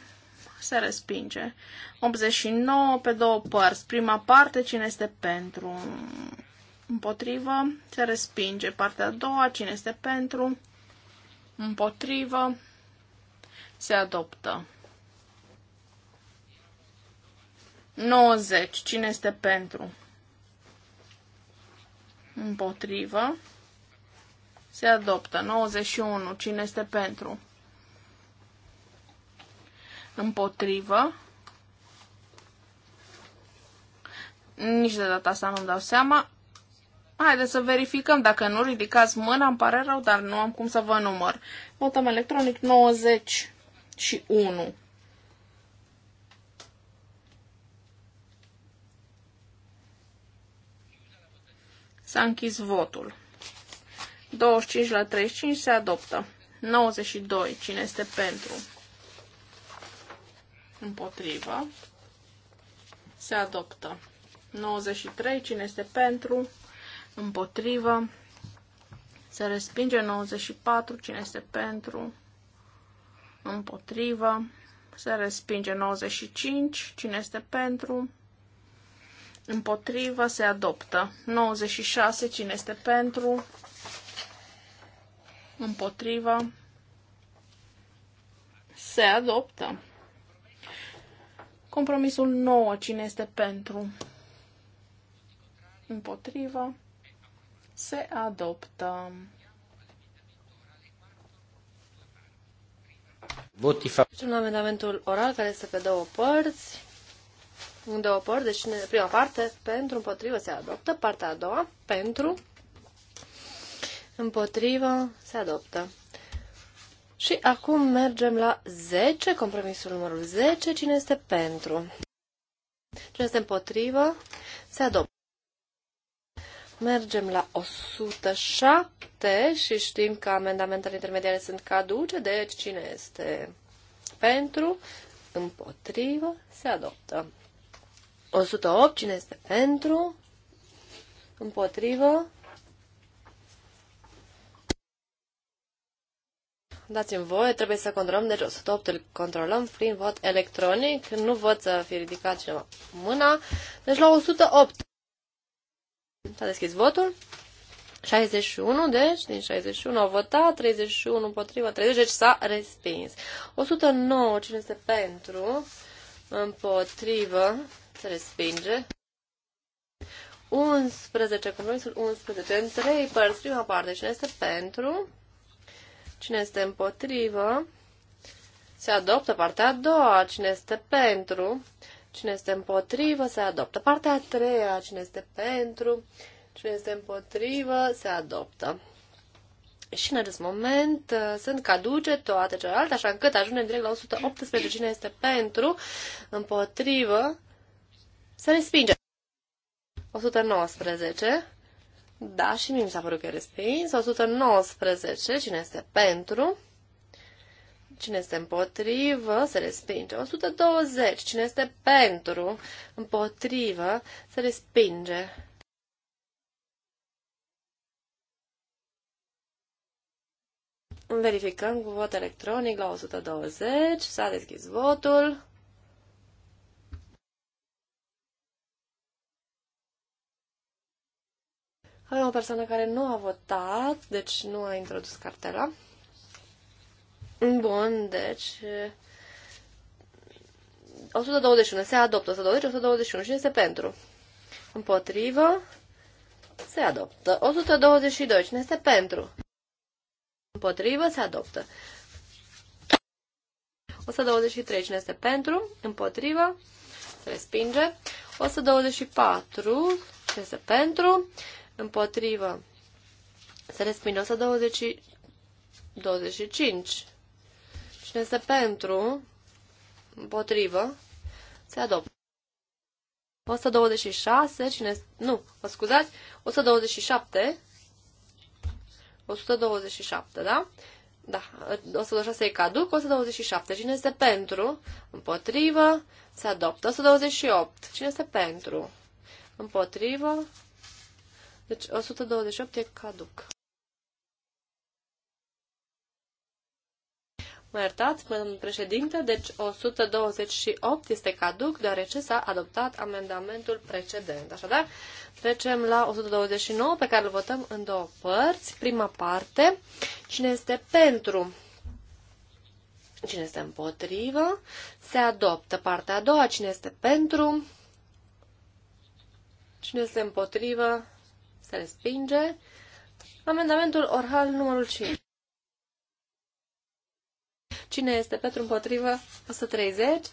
Se respinge. 89 pe două părți. Prima parte, cine este pentru? Împotrivă. Se respinge. Partea a doua, cine este pentru? Împotrivă se adoptă. 90. Cine este pentru? Împotrivă. Se adoptă. 91. Cine este pentru? Împotrivă. Nici de data asta nu-mi dau seama. Haideți să verificăm. Dacă nu ridicați mâna, îmi pare rău, dar nu am cum să vă număr. Votăm electronic 90 și 1. S-a închis votul. 25 la 35 se adoptă. 92. Cine este pentru? Împotrivă. Se adoptă. 93. Cine este pentru? Împotrivă. Se respinge. 94. Cine este pentru? împotrivă, se respinge 95, cine este pentru, împotrivă, se adoptă 96, cine este pentru, împotrivă, se adoptă. Compromisul 9, cine este pentru, împotrivă, se adoptă. Facem la amendamentul oral, care este pe două părți. În două părți, deci în prima parte, pentru, împotrivă, se adoptă. Partea a doua, pentru, împotrivă, se adoptă. Și acum mergem la 10, compromisul numărul 10, cine este pentru. Cine este împotrivă, se adoptă. Mergem la 107 și știm că amendamentele intermediare sunt caduce, deci cine este pentru, împotrivă, se adoptă. 108, cine este pentru, împotrivă, dați-mi voie, trebuie să controlăm, deci 108 îl controlăm prin vot electronic, nu văd să fi ridicat cineva mâna, deci la 108. S-a deschis votul. 61, deci, din 61 au votat, 31 împotriva, 30, deci s-a respins. 109, cine este pentru, împotrivă, se respinge. 11, compromisul 11, în 3 părți, prima parte, cine este pentru, cine este împotrivă, se adoptă partea a doua, cine este pentru, Cine este împotrivă, se adoptă. Partea a treia, cine este pentru, cine este împotrivă, se adoptă. Și în acest moment uh, sunt caduce toate celelalte, așa încât ajungem direct la 118. Cine este pentru, împotrivă, se respinge. 119. Da, și mie mi s-a părut că e respins. 119. Cine este pentru? Cine este împotrivă, se respinge. 120. Cine este pentru, împotrivă, se respinge. Verificăm cu vot electronic la 120. S-a deschis votul. Avem o persoană care nu a votat, deci nu a introdus cartela. Bun, deci... 121. Se adoptă 120, 121. Și este pentru. Împotrivă. Se adoptă. 122. Cine este pentru? Împotrivă. Se adoptă. 123. Cine este pentru? Împotrivă. Se respinge. 124. Cine este pentru? Împotrivă. Se respinge. 125. Cine este pentru, împotrivă, se adoptă. 126, cine... Nu, mă scuzați, 127. 127, da? Da, 126 e caduc, 127. Cine este pentru? Împotrivă. Se adoptă. 128. Cine este pentru? Împotrivă. Deci 128 e caduc. Mă iertați, domnul președinte, deci 128 este caduc, deoarece s-a adoptat amendamentul precedent. Așadar, trecem la 129, pe care îl votăm în două părți. Prima parte, cine este pentru? Cine este împotrivă? Se adoptă. Partea a doua, cine este pentru? Cine este împotrivă? Se respinge. Amendamentul oral numărul 5. Cine este pentru împotrivă? 130.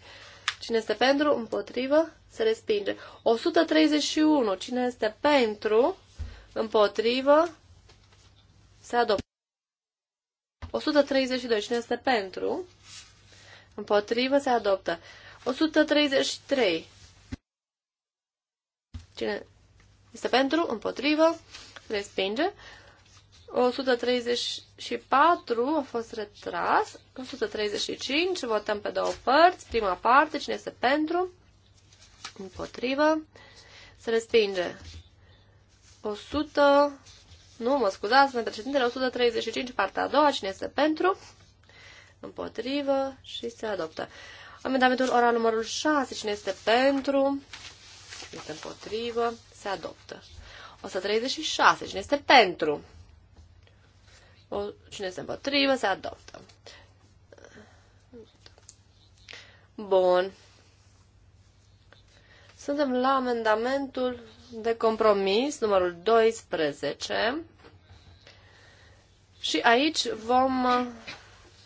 Cine este pentru împotrivă? Se respinge. 131. Cine este pentru împotrivă? Se adoptă. 132. Cine este pentru? Împotrivă se adoptă. 133. Cine este pentru? Împotrivă. Respinge. 134 a fost retras, 135, votăm pe două părți, prima parte, cine este pentru, împotrivă, se respinge. 100, nu mă scuzați, sunt președintele, 135, partea a doua, cine este pentru, împotrivă și se adoptă. Amendamentul oral numărul 6, cine este pentru, cine este împotrivă, se adoptă. 136, cine este pentru, o, cine se împotrivă, se adoptă. Bun. Suntem la amendamentul de compromis numărul 12 și aici vom uh,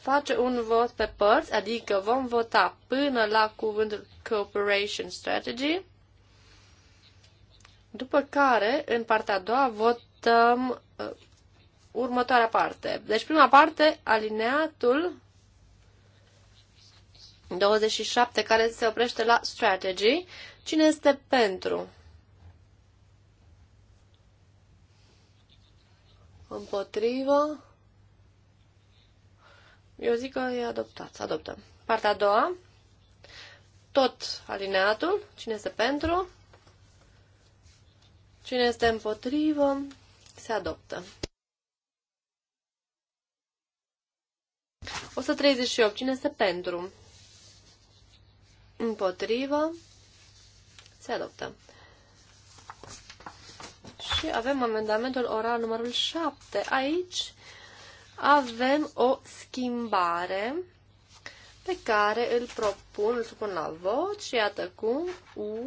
face un vot pe părți, adică vom vota până la cuvântul Cooperation Strategy, după care, în partea a doua, votăm uh, următoarea parte. Deci prima parte, alineatul 27 care se oprește la strategy. Cine este pentru? Împotrivă. Eu zic că e adoptat. Adoptăm. Partea a doua. Tot alineatul. Cine este pentru? Cine este împotrivă? Se adoptă. 138. Cine este pentru? Împotrivă. Se adoptă. Și avem amendamentul oral numărul 7. Aici avem o schimbare pe care îl propun, îl supun la vot și iată cum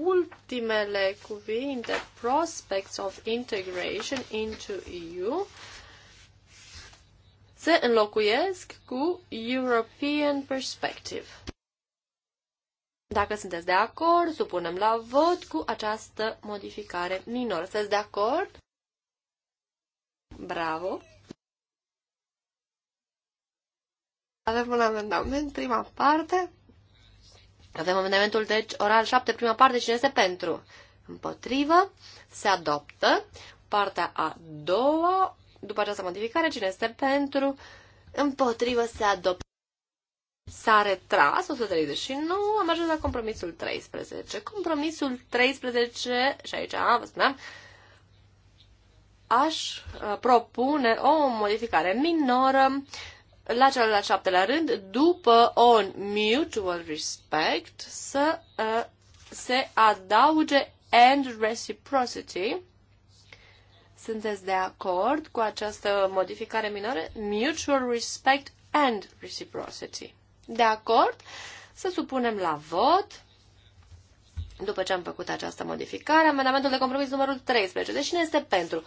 ultimele cuvinte Prospects of Integration into EU se înlocuiesc cu European Perspective. Dacă sunteți de acord, supunem la vot cu această modificare minoră. Sunteți de acord? Bravo! Avem un amendament, prima parte. Avem amendamentul, deci, oral 7, prima parte, cine este pentru? Împotrivă, se adoptă. Partea a doua, după această modificare, cine este pentru, împotrivă se adoptă. S-a retras 139, am ajuns la compromisul 13. Compromisul 13, și aici vă spuneam, aș uh, propune o modificare minoră la celălalt șaptelea rând, după on mutual respect, să uh, se adauge and reciprocity, sunteți de acord cu această modificare minoră? Mutual respect and reciprocity. De acord? Să supunem la vot. După ce am făcut această modificare, amendamentul de compromis numărul 13. Deci cine este pentru?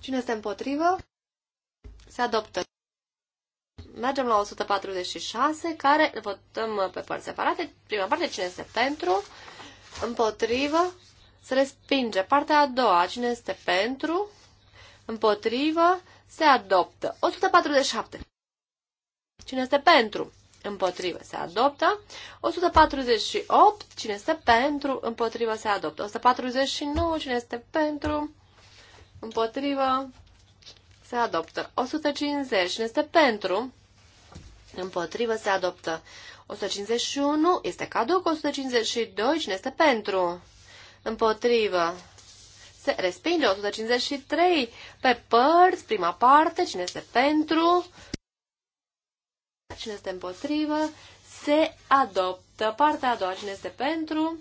Cine este împotrivă? Se adoptă. Mergem la 146, care votăm pe părți separate. Prima parte, cine este pentru? Împotrivă? se respinge. Partea a doua, cine este pentru, împotrivă, se adoptă. 147. Cine este pentru, împotrivă, se adoptă. 148. Cine este pentru, împotrivă, se adoptă. 149. Cine este pentru, împotrivă, se adoptă. 150. Cine este pentru, împotrivă, se adoptă. 151 este caduc, 152, cine este pentru? împotrivă, se respinge 153 pe părți, prima parte, cine este pentru, cine este împotrivă, se adoptă. Partea a doua, cine este pentru,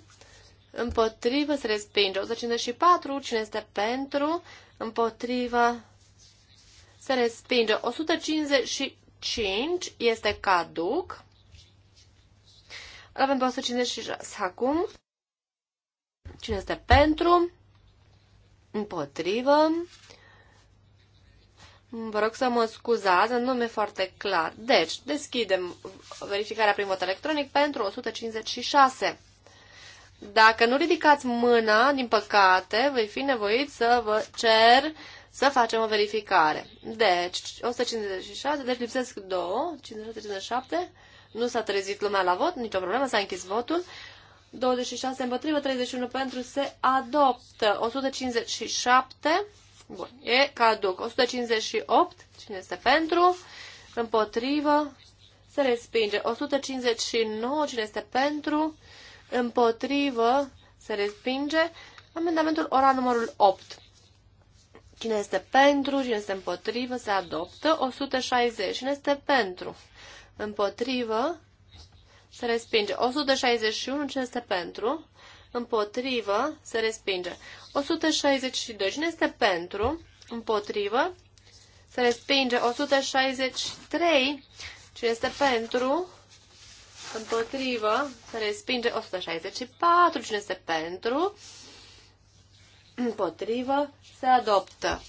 împotrivă, se respinge 154, cine este pentru, împotrivă, se respinge 155, este caduc. avem 156 acum. Cine este pentru? Împotrivă. Vă rog să mă scuzați, nu mi-e foarte clar. Deci, deschidem verificarea prin vot electronic pentru 156. Dacă nu ridicați mâna, din păcate, voi fi nevoit să vă cer să facem o verificare. Deci, 156, deci lipsesc 2, 57. Nu s-a trezit lumea la vot, nicio problemă, s-a închis votul. 26 împotrivă, 31 pentru, se adoptă. 157, bun, e caduc. 158, cine este pentru, împotrivă, se respinge. 159, cine este pentru, împotrivă, se respinge. Amendamentul ora numărul 8. Cine este pentru, cine este împotrivă, se adoptă. 160, cine este pentru, împotrivă, se respinge. 161, cine este pentru? Împotrivă, se respinge. 162, cine este pentru? Împotrivă, se respinge. 163, cine este pentru? Împotrivă, se respinge. 164, cine este pentru? Împotrivă, se adoptă.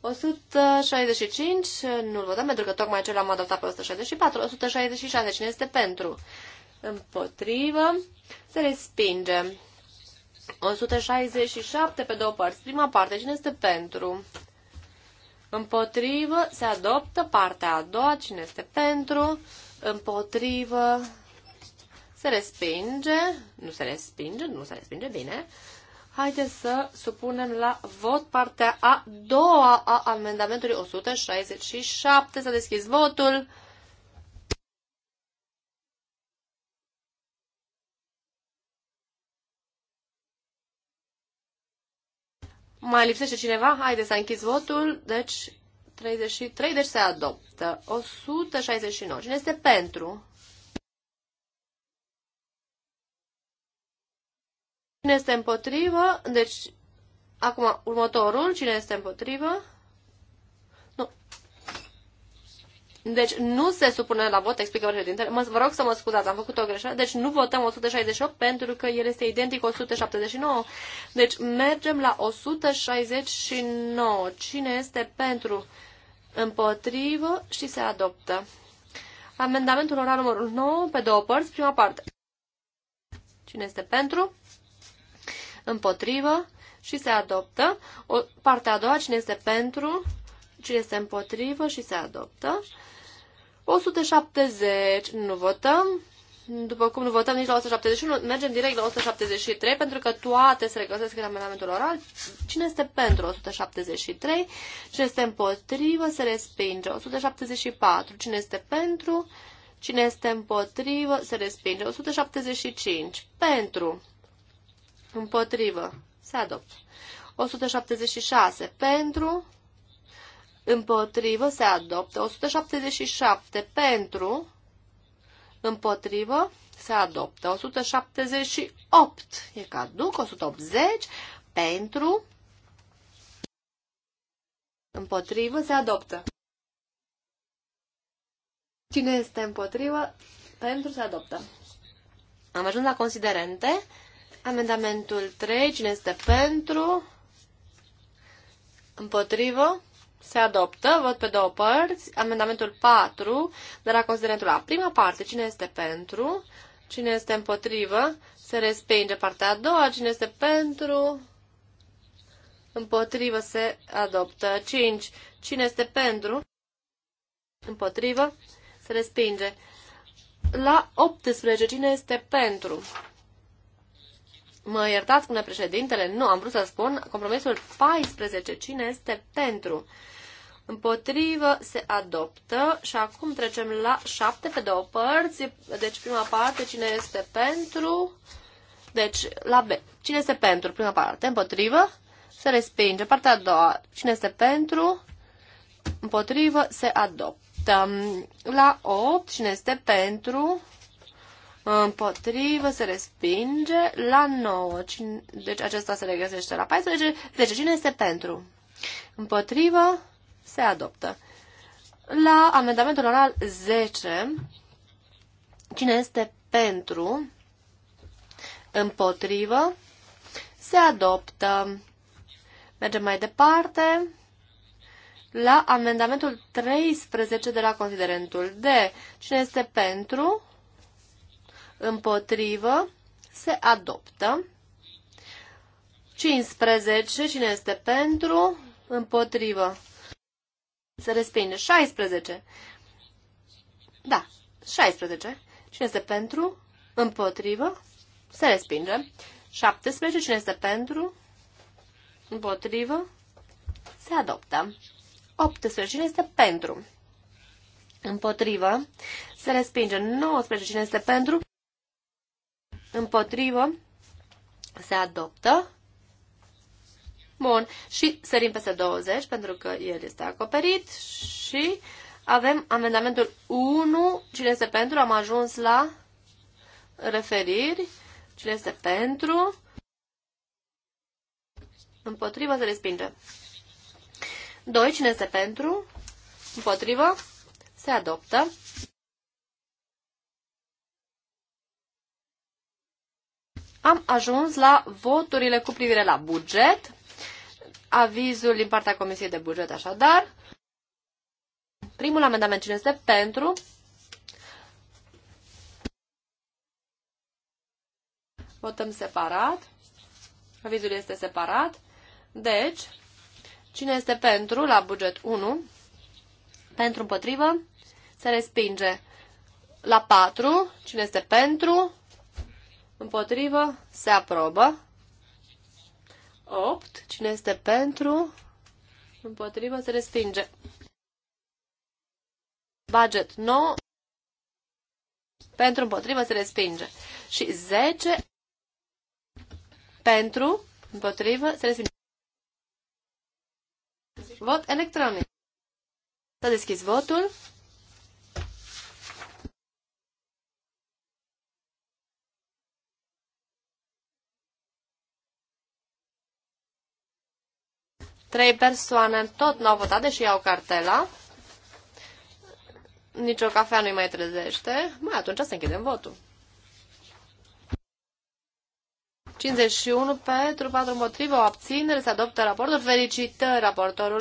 165, nu-l votăm pentru că tocmai cel am adoptat pe 164. 166, cine este pentru? împotrivă, se respinge. 167 pe două părți. Prima parte, cine este pentru? Împotrivă, se adoptă partea a doua, cine este pentru? Împotrivă, se respinge, nu se respinge, nu se respinge, bine. Haideți să supunem la vot partea a doua a amendamentului 167. S-a deschis votul. Mai lipsește cineva? Haideți să închis votul. Deci, 33, deci se adoptă. 169. Cine este pentru? Cine este împotrivă? Deci, acum, următorul. Cine este împotrivă? Deci nu se supune la vot, explică președintele. Mă, vă rog să mă scuzați, am făcut o greșeală. Deci nu votăm 168 pentru că el este identic 179. Deci mergem la 169. Cine este pentru? Împotrivă și se adoptă. Amendamentul oral numărul 9 pe două părți, prima parte. Cine este pentru? Împotrivă și se adoptă. O, partea a doua, cine este pentru? Cine este împotrivă și se adoptă? 170. Nu votăm. După cum nu votăm nici la 171, mergem direct la 173, pentru că toate se regăsesc în amendamentul oral. Cine este pentru 173? Cine este împotrivă? Se respinge. 174. Cine este pentru? Cine este împotrivă? Se respinge. 175. Pentru. Împotrivă. Se adoptă. 176. Pentru împotrivă se adoptă. 177 pentru, împotrivă se adoptă. 178 e caduc, 180 pentru, împotrivă se adoptă. Cine este împotrivă, pentru se adoptă. Am ajuns la considerente. Amendamentul 3, cine este pentru, împotrivă, se adoptă, vot pe două părți, amendamentul 4 de la considerentul A. Prima parte, cine este pentru, cine este împotrivă, se respinge partea a doua, cine este pentru, împotrivă, se adoptă. 5. Cine este pentru, împotrivă, se respinge. La 18, cine este pentru, Mă iertați, spune președintele, nu, am vrut să spun, compromisul 14, cine este pentru? Împotrivă se adoptă și acum trecem la 7 pe două părți, deci prima parte, cine este pentru? Deci, la B, cine este pentru? Prima parte, împotrivă, se respinge. Partea a doua, cine este pentru? Împotrivă se adoptă. La 8, cine este pentru? împotrivă, se respinge la 9. Deci acesta se regăsește la 14. Deci cine este pentru? Împotrivă, se adoptă. La amendamentul oral 10, cine este pentru? Împotrivă, se adoptă. Mergem mai departe la amendamentul 13 de la considerentul D. Cine este pentru? împotrivă, se adoptă. 15, cine este pentru, împotrivă, se respinge. 16, da, 16, cine este pentru, împotrivă, se respinge. 17, cine este pentru, împotrivă, se adoptă. 18, cine este pentru, împotrivă, se respinge. 19, cine este pentru, Împotrivă. Se adoptă. Bun. Și sărim peste 20 pentru că el este acoperit și avem amendamentul 1. Cine este pentru? Am ajuns la referiri. Cine este pentru? Împotrivă se respinge. 2. Cine este pentru? Împotrivă se adoptă. am ajuns la voturile cu privire la buget, avizul din partea Comisiei de Buget așadar. Primul amendament cine este pentru? Votăm separat. Avizul este separat. Deci, cine este pentru la buget 1? Pentru împotrivă? Se respinge. La 4, cine este pentru? Împotrivă. Se aprobă. 8. Cine este pentru? Împotrivă. Se respinge. Budget No. Pentru împotrivă se respinge. Și 10 pentru împotrivă se respinge. Vot electronic. să a deschis votul. Trei persoane tot nu au votat, deși iau cartela. Nici o cafea nu-i mai trezește. Mai atunci să închidem votul. 51 pentru, 4 împotrivă, o abținere, se adoptă raportul. Felicitări raportorul.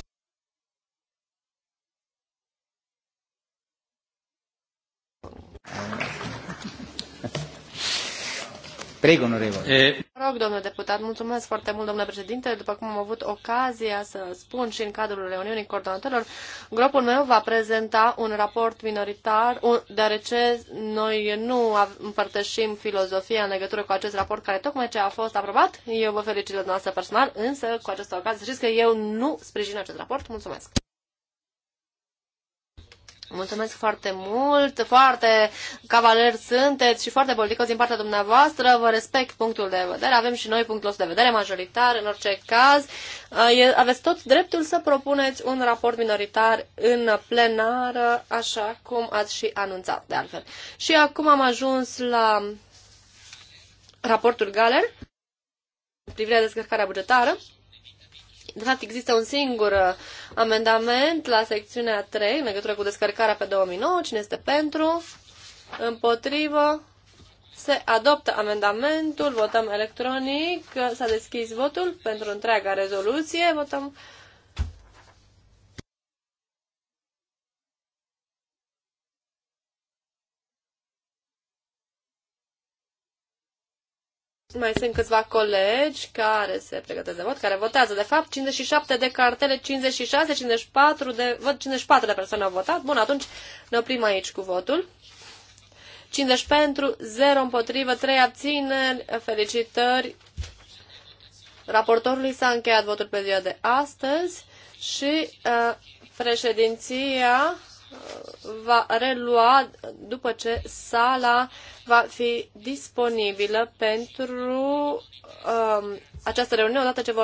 Preg, onorevole. Eh, rog, domnule deputat, mulțumesc foarte mult, domnule președinte. După cum am avut ocazia să spun și în cadrul reuniunii coordonatorilor, grupul meu va prezenta un raport minoritar, deoarece noi nu împărtășim filozofia în legătură cu acest raport care tocmai ce a fost aprobat. Eu vă felicit de dumneavoastră personal, însă cu această ocazie știți că eu nu sprijin acest raport. Mulțumesc. Mulțumesc foarte mult, foarte cavaler sunteți și foarte politicos din partea dumneavoastră, vă respect punctul de vedere, avem și noi punctul de vedere majoritar în orice caz. Uh, aveți tot dreptul să propuneți un raport minoritar în plenară, așa cum ați și anunțat de altfel. Și acum am ajuns la raportul Galer, privirea descărcarea bugetară. De fapt, există un singur uh, amendament la secțiunea 3, în legătură cu descărcarea pe 2009. Cine este pentru? Împotrivă? Se adoptă amendamentul, votăm electronic, s-a deschis votul pentru întreaga rezoluție, votăm Mai sunt câțiva colegi care se pregătesc de vot, care votează. De fapt, 57 de cartele, 56, 54 de... Văd, 54 de persoane au votat. Bun, atunci ne oprim aici cu votul. 50 pentru, 0 împotrivă, 3 abțineri. Felicitări! Raportorului s-a încheiat votul pe ziua de astăzi și uh, președinția va relua după ce sala va fi disponibilă pentru um, această reuniune odată ce vor